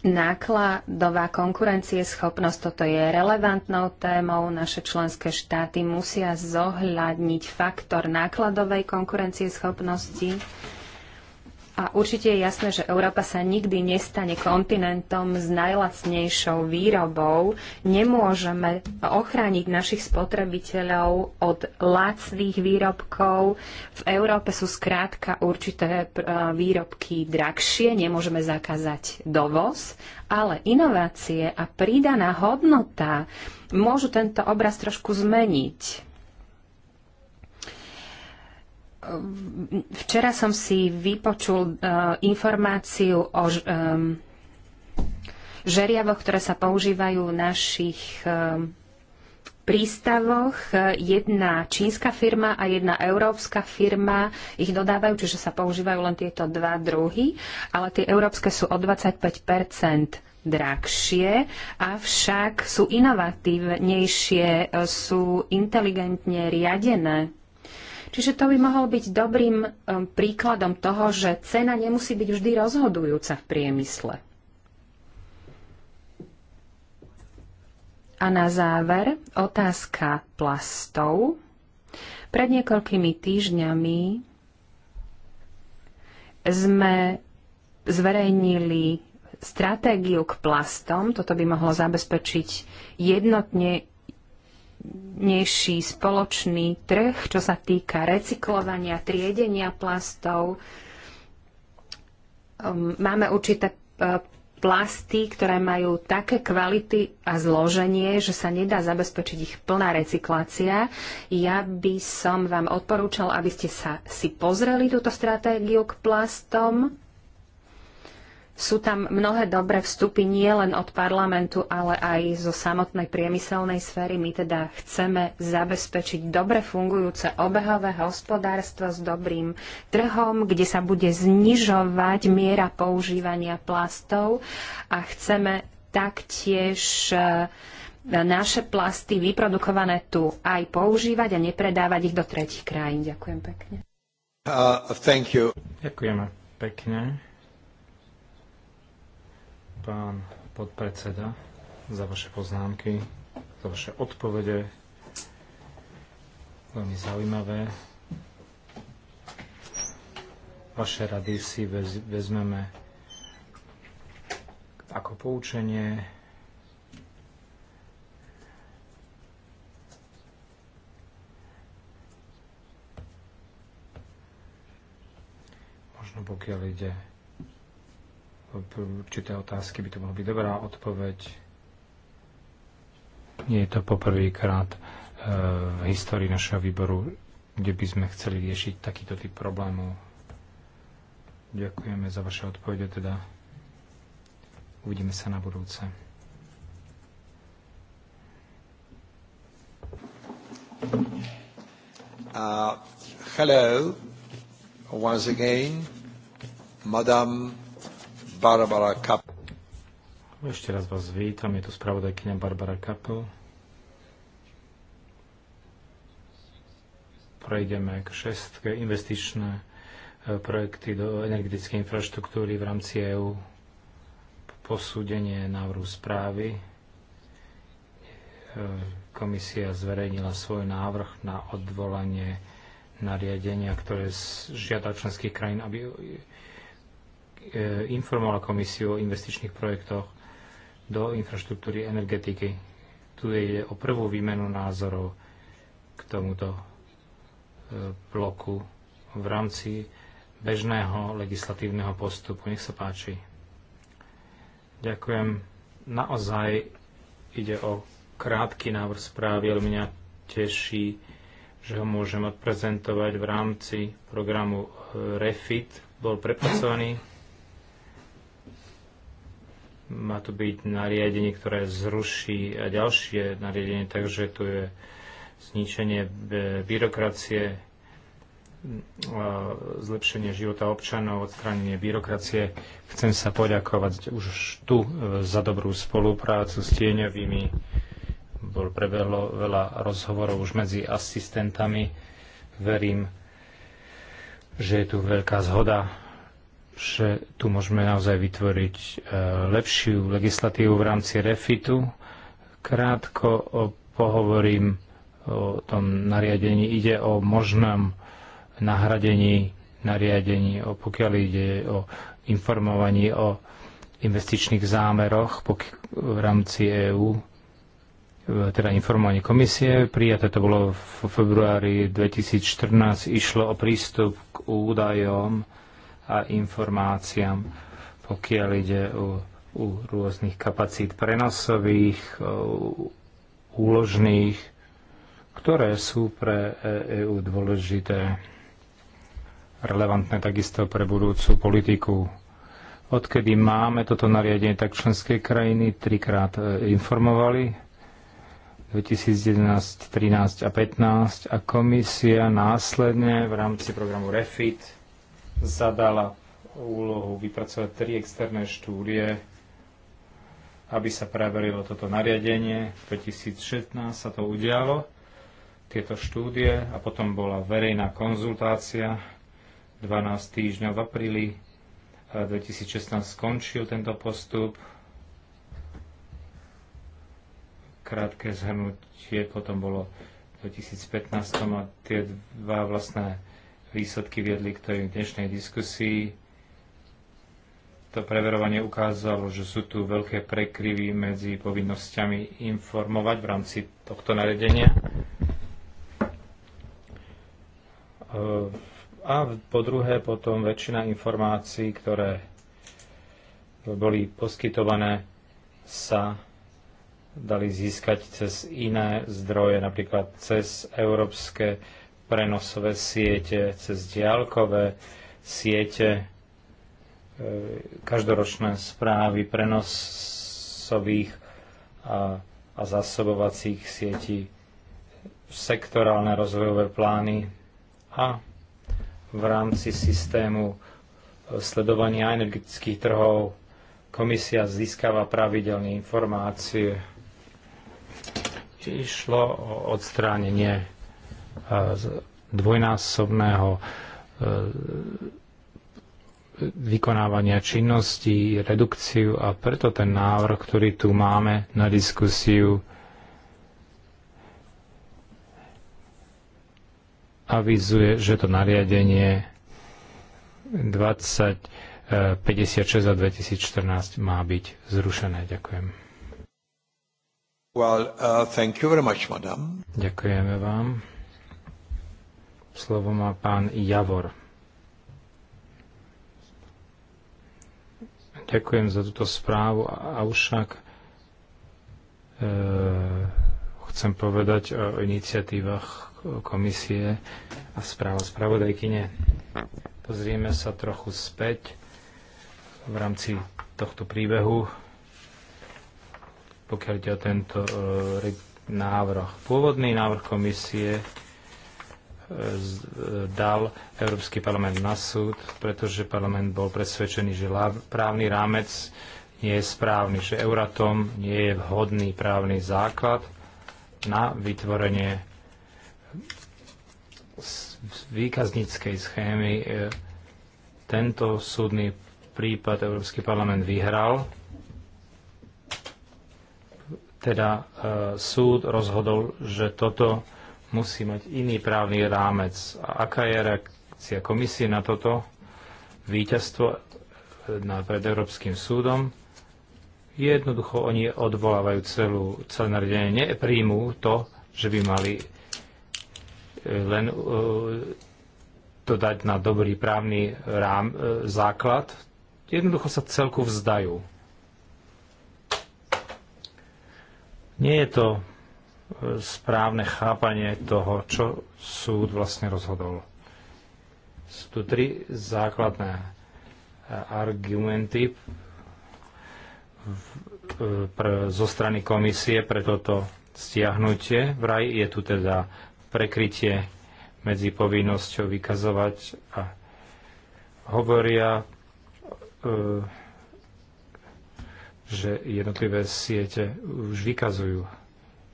Nákladová konkurencieschopnosť, toto je relevantnou témou. Naše členské štáty musia zohľadniť faktor nákladovej konkurencieschopnosti schopnosti a určite je jasné, že Európa sa nikdy nestane kontinentom s najlacnejšou výrobou. Nemôžeme ochrániť našich spotrebiteľov od lacných výrobkov. V Európe sú skrátka určité e, výrobky drahšie, nemôžeme zakázať dovoz, ale inovácie a pridaná hodnota môžu tento obraz trošku zmeniť včera som si vypočul e, informáciu o žeriavoch, ktoré sa používajú v našich prístavoch. Jedna čínska firma a jedna európska firma ich dodávajú, čiže sa používajú len tieto dva druhy, ale tie európske sú o 25 drahšie, avšak sú inovatívnejšie, e, sú inteligentne riadené. Čiže to by mohol byť dobrým um, príkladom toho, že cena nemusí byť vždy rozhodujúca v priemysle. A na záver otázka plastov. Pred niekoľkými týždňami sme zverejnili stratégiu k plastom. Toto by mohlo zabezpečiť jednotne najefektívnejší spoločný trh, čo sa týka recyklovania, triedenia plastov. Um, máme určité e, plasty, ktoré majú také kvality a zloženie, že sa nedá zabezpečiť ich plná recyklácia. Ja by som vám odporúčal, aby ste sa si pozreli túto stratégiu k plastom sú tam mnohé dobré vstupy nie len od parlamentu, ale aj zo samotnej priemyselnej sféry. My teda chceme zabezpečiť dobre fungujúce obehové hospodárstvo s dobrým trhom, kde sa bude znižovať miera používania plastov a chceme taktiež eh, naše plasty vyprodukované tu aj používať a nepredávať ich do tretich krajín. Ďakujem pekne. Uh, Ďakujeme pekne pán podpredseda, za vaše poznámky, za vaše odpovede. Veľmi zaujímavé. Vaše rady si vez, vezmeme ako poučenie. Možno pokiaľ ide určité otázky by to mohla byť dobrá odpoveď. Nie je to poprvýkrát e, v histórii našeho výboru, kde by sme chceli riešiť takýto typ problémov. Ďakujeme za vaše odpovede teda. Uvidíme sa na budúce. Uh, hello, once again, Madame Barbara Kappel. Ešte raz vás vítam, je tu spravodajkynia Barbara Kappel. Prejdeme k šestke investičné e, projekty do energetickej infraštruktúry v rámci EÚ. Posúdenie návrhu správy. E, komisia zverejnila svoj návrh na odvolanie nariadenia, ktoré žiada členských krajín, aby E, informovala komisiu o investičných projektoch do infraštruktúry energetiky. Tu je o prvú výmenu názorov k tomuto e, bloku v rámci bežného legislatívneho postupu. Nech sa páči. Ďakujem. Naozaj ide o krátky návrh správy, ale mňa teší, že ho môžem odprezentovať v rámci programu e, REFIT. Bol prepracovaný má to byť nariadenie, ktoré zruší ďalšie nariadenie, takže tu je zničenie e, byrokracie, zlepšenie života občanov, odstránenie byrokracie. Chcem sa poďakovať už tu e, za dobrú spoluprácu s tieňovými. Bol prebehlo veľa rozhovorov už medzi asistentami. Verím, že je tu veľká zhoda že tu môžeme naozaj vytvoriť e, lepšiu legislatívu v rámci refitu. Krátko pohovorím o tom nariadení. Ide o možnom nahradení nariadení, o pokiaľ ide o informovaní o investičných zámeroch v rámci EÚ, e, teda informovanie komisie. Prijaté to bolo v februári 2014. Išlo o prístup k údajom a informáciám, pokiaľ ide o, o rôznych kapacít prenosových, o, úložných, ktoré sú pre EÚ dôležité, relevantné takisto pre budúcu politiku. Odkedy máme toto nariadenie, tak členské krajiny trikrát e, informovali 2011, 2013 a 15 a komisia následne v rámci programu REFIT zadala úlohu vypracovať tri externé štúdie, aby sa preverilo toto nariadenie. V 2016 sa to udialo, tieto štúdie, a potom bola verejná konzultácia 12 týždňov v apríli 2016 skončil tento postup. Krátke zhrnutie potom bolo v 2015 a tie dva vlastné výsledky viedli k tej dnešnej diskusii. To preverovanie ukázalo, že sú tu veľké prekryvy medzi povinnosťami informovať v rámci tohto naredenia a po druhé potom väčšina informácií, ktoré boli poskytované, sa dali získať cez iné zdroje, napríklad cez európske prenosové siete, cez diálkové siete, e, každoročné správy prenosových a, a zásobovacích sietí, sektorálne rozvojové plány a v rámci systému e, sledovania energetických trhov komisia získava pravidelné informácie. Išlo o odstránenie dvojnásobného e, vykonávania činností, redukciu a preto ten návrh, ktorý tu máme na diskusiu, avizuje, že to nariadenie 2056 e, a 2014 má byť zrušené. Ďakujem. Well, uh, thank you very much, madam. Ďakujeme vám. Slovo má pán Javor. Ďakujem za túto správu a už však e, chcem povedať o iniciatívach komisie a správa spravodajkyne. Pozrieme sa trochu späť v rámci tohto príbehu, pokiaľ ide o tento e, návrh. Pôvodný návrh komisie dal Európsky parlament na súd, pretože parlament bol presvedčený, že právny rámec nie je správny, že Euratom nie je vhodný právny základ na vytvorenie výkazníckej schémy. E, tento súdny prípad Európsky parlament vyhral. Teda e, súd rozhodol, že toto musí mať iný právny rámec. A aká je reakcia komisie na toto víťazstvo pred Európskym súdom? Jednoducho oni odvolávajú celú celé nariadenie, nepríjmú to, že by mali e, len e, to dať na dobrý právny rám, e, základ. Jednoducho sa celku vzdajú. Nie je to správne chápanie toho, čo súd vlastne rozhodol. Sú tu tri základné e, argumenty e, zo strany komisie pre toto stiahnutie. Vraj je tu teda prekrytie medzi povinnosťou vykazovať a hovoria, e, že jednotlivé siete už vykazujú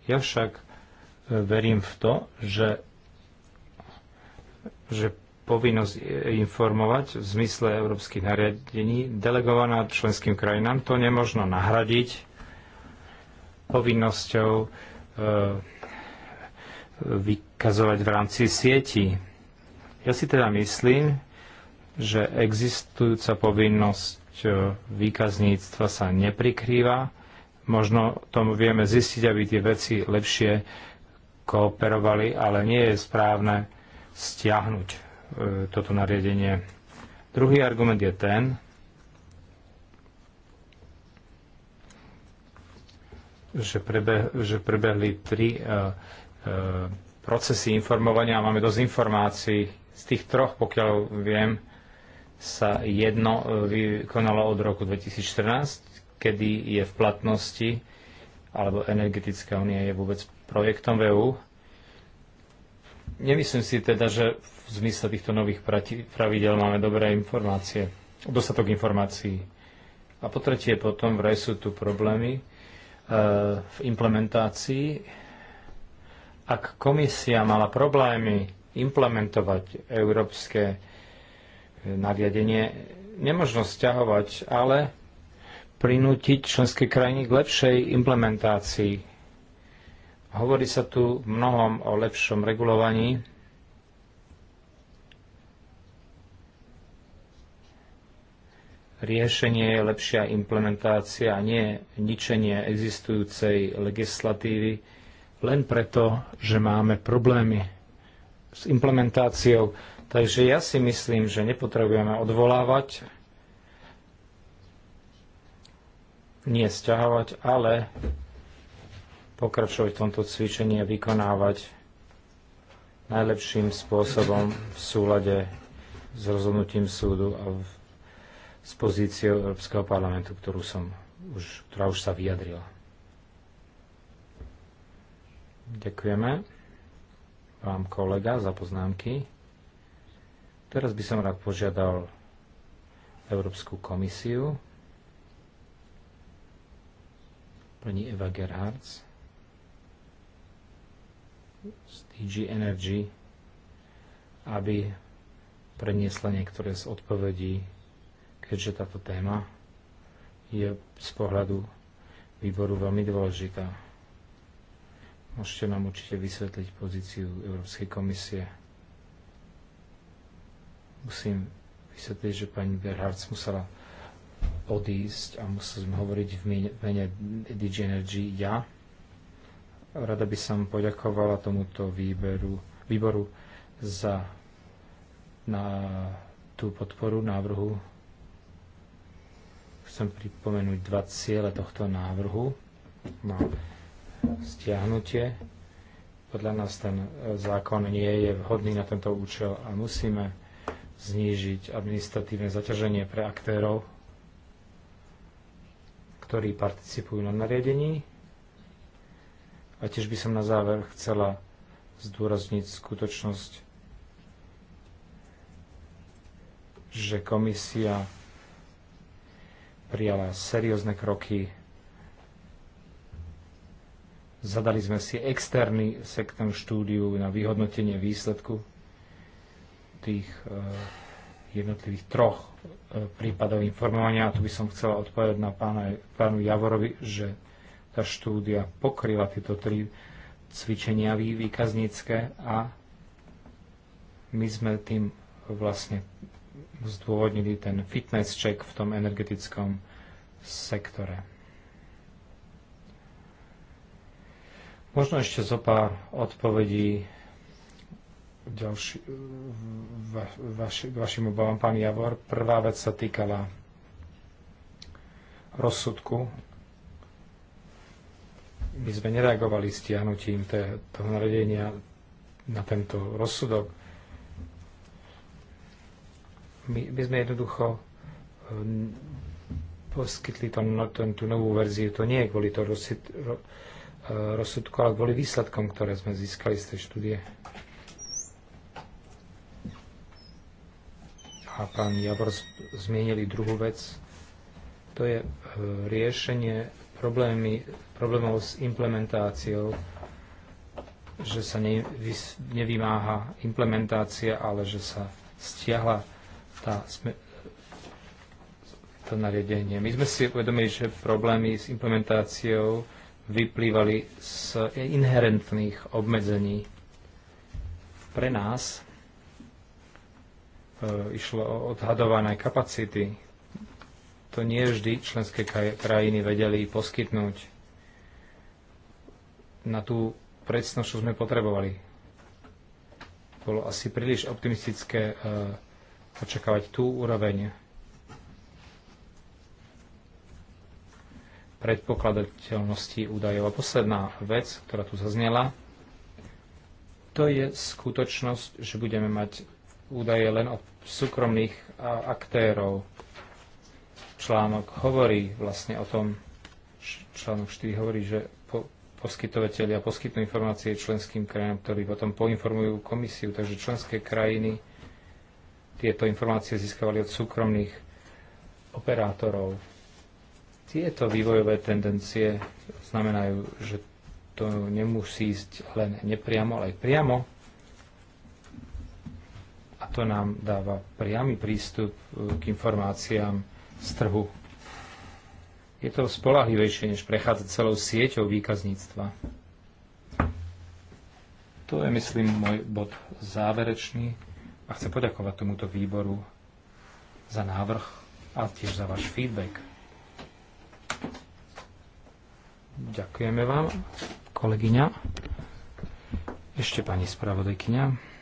ja však e, verím v to, že, že povinnosť e, informovať v zmysle európskych nariadení delegovaná členským krajinám, to nemožno nahradiť povinnosťou e, vykazovať v rámci sieti. Ja si teda myslím, že existujúca povinnosť e, výkazníctva sa neprikrýva Možno tomu vieme zistiť, aby tie veci lepšie kooperovali, ale nie je správne stiahnuť e, toto nariadenie. Druhý argument je ten, že, prebe, že prebehli tri e, e, procesy informovania a máme dosť informácií. Z tých troch, pokiaľ viem, sa jedno e, vykonalo od roku 2014, kedy je v platnosti, alebo energetická únia je vôbec projektom VÚ. E Nemyslím si teda, že v zmysle týchto nových pravidel máme dobré informácie, dostatok informácií. A po tretie potom vraj sú tu problémy e, v implementácii. Ak komisia mala problémy implementovať európske e, nariadenie, nemožno stiahovať, ale prinútiť členské krajiny k lepšej implementácii. Hovorí sa tu mnohom o lepšom regulovaní. Riešenie je lepšia implementácia, nie ničenie existujúcej legislatívy len preto, že máme problémy s implementáciou. Takže ja si myslím, že nepotrebujeme odvolávať nie stiahovať, ale pokračovať v tomto cvičení a vykonávať najlepším spôsobom v súlade s rozhodnutím súdu a v, s pozíciou Európskeho parlamentu, ktorú som už, ktorá už sa vyjadrila. Ďakujeme vám kolega za poznámky. Teraz by som rád požiadal Európsku komisiu, pani Eva Gerhards z DG Energy, aby preniesla niektoré z odpovedí, keďže táto téma je z pohľadu výboru veľmi dôležitá. Môžete nám určite vysvetliť pozíciu Európskej komisie. Musím vysvetliť, že pani Berhards musela odísť a musím hovoriť v mene DG Energy ja. Rada by som poďakovala tomuto výberu, výboru za na tú podporu návrhu. Chcem pripomenúť dva ciele tohto návrhu na stiahnutie. Podľa nás ten e, zákon nie je vhodný na tento účel a musíme znížiť administratívne zaťaženie pre aktérov ktorí participujú na nariadení. A tiež by som na záver chcela zdôrazniť skutočnosť, že komisia prijala seriózne kroky. Zadali sme si externý sektor štúdiu na vyhodnotenie výsledku tých eh, jednotlivých troch e, prípadov informovania. A tu by som chcela odpovedať na pána, pánu Javorovi, že tá štúdia pokryla tieto tri cvičenia výkaznícke a my sme tým vlastne zdôvodnili ten fitness check v tom energetickom sektore. Možno ešte zo pár odpovedí ďalší, eh, va, vaši, vašim obavám, pán Javor. Prvá vec sa týkala rozsudku. My sme nereagovali stiahnutím toho naredenia na tento rozsudok. My, my sme jednoducho eh, poskytli to, no, ten, tú novú verziu. To nie je kvôli to eh, rozsudku, ale kvôli výsledkom, ktoré sme získali z tej štúdie. a pán Javor zmienili druhú vec. To je e, riešenie problémy, problémov s implementáciou, že sa nevymáha implementácia, ale že sa stiahla tá, to nariadenie. My sme si uvedomili, že problémy s implementáciou vyplývali z inherentných obmedzení. Pre nás E, išlo o odhadované kapacity. To nie vždy členské krajiny vedeli poskytnúť na tú presnosť, čo sme potrebovali. Bolo asi príliš optimistické e, očakávať tú úroveň predpokladateľnosti údajov. A posledná vec, ktorá tu zaznela, to je skutočnosť, že budeme mať údaje len od súkromných aktérov. Článok hovorí vlastne o tom, článok 4 hovorí, že po, poskytovateľia poskytnú informácie členským krajinám, ktorí potom poinformujú komisiu. Takže členské krajiny tieto informácie získavali od súkromných operátorov. Tieto vývojové tendencie znamenajú, že to nemusí ísť len nepriamo, ale aj priamo a to nám dáva priamy prístup e, k informáciám z trhu. Je to spolahlivejšie, než prechádzať celou sieťou výkazníctva. To je, myslím, môj bod záverečný a chcem poďakovať tomuto výboru za návrh a tiež za váš feedback. Ďakujeme vám, kolegyňa. Ešte pani spravodajkyňa.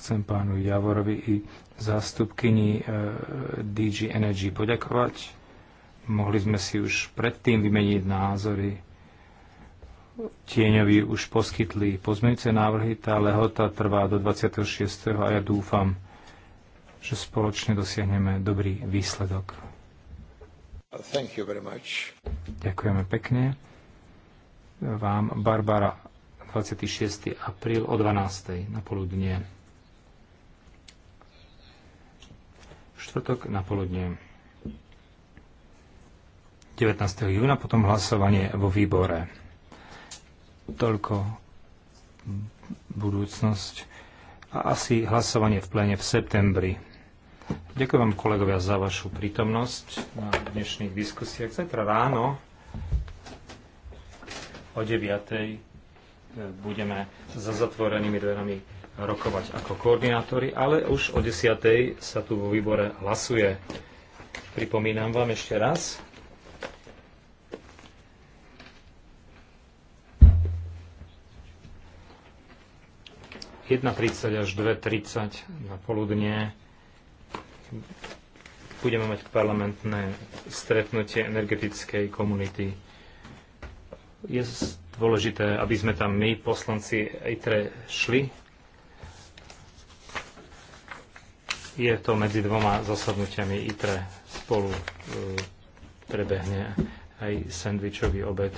chcem pánu Javorovi i zástupkyni e, DG Energy poďakovať. Mohli sme si už predtým vymeniť názory. Tieňovi už poskytli pozmeňujúce návrhy. Tá lehota trvá do 26. a ja dúfam, že spoločne dosiahneme dobrý výsledok. Ďakujeme pekne. Vám Barbara 26. apríl o 12. na poludnie. štvrtok na poludne 19. júna, potom hlasovanie vo výbore. Toľko budúcnosť a asi hlasovanie v plene v septembri. Ďakujem vám, kolegovia, za vašu prítomnosť na dnešných diskusiách. Zajtra ráno o 9. Eh, budeme za zatvorenými dverami rokovať ako koordinátori, ale už o 10. sa tu vo výbore hlasuje. Pripomínam vám ešte raz, Jedna 1.30 až 2.30 na poludne budeme mať parlamentné stretnutie energetickej komunity. Je dôležité, aby sme tam my, poslanci ITRE, šli. je to medzi dvoma zasadnutiami ITRE spolu e, prebehne aj sandvičový obed.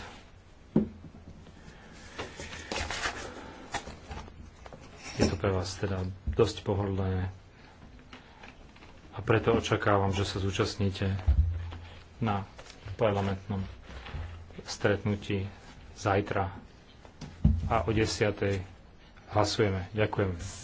Je to pre vás teda dosť pohodlné a preto očakávam, že sa zúčastníte na parlamentnom stretnutí zajtra a o 10.00 hlasujeme. Ďakujem.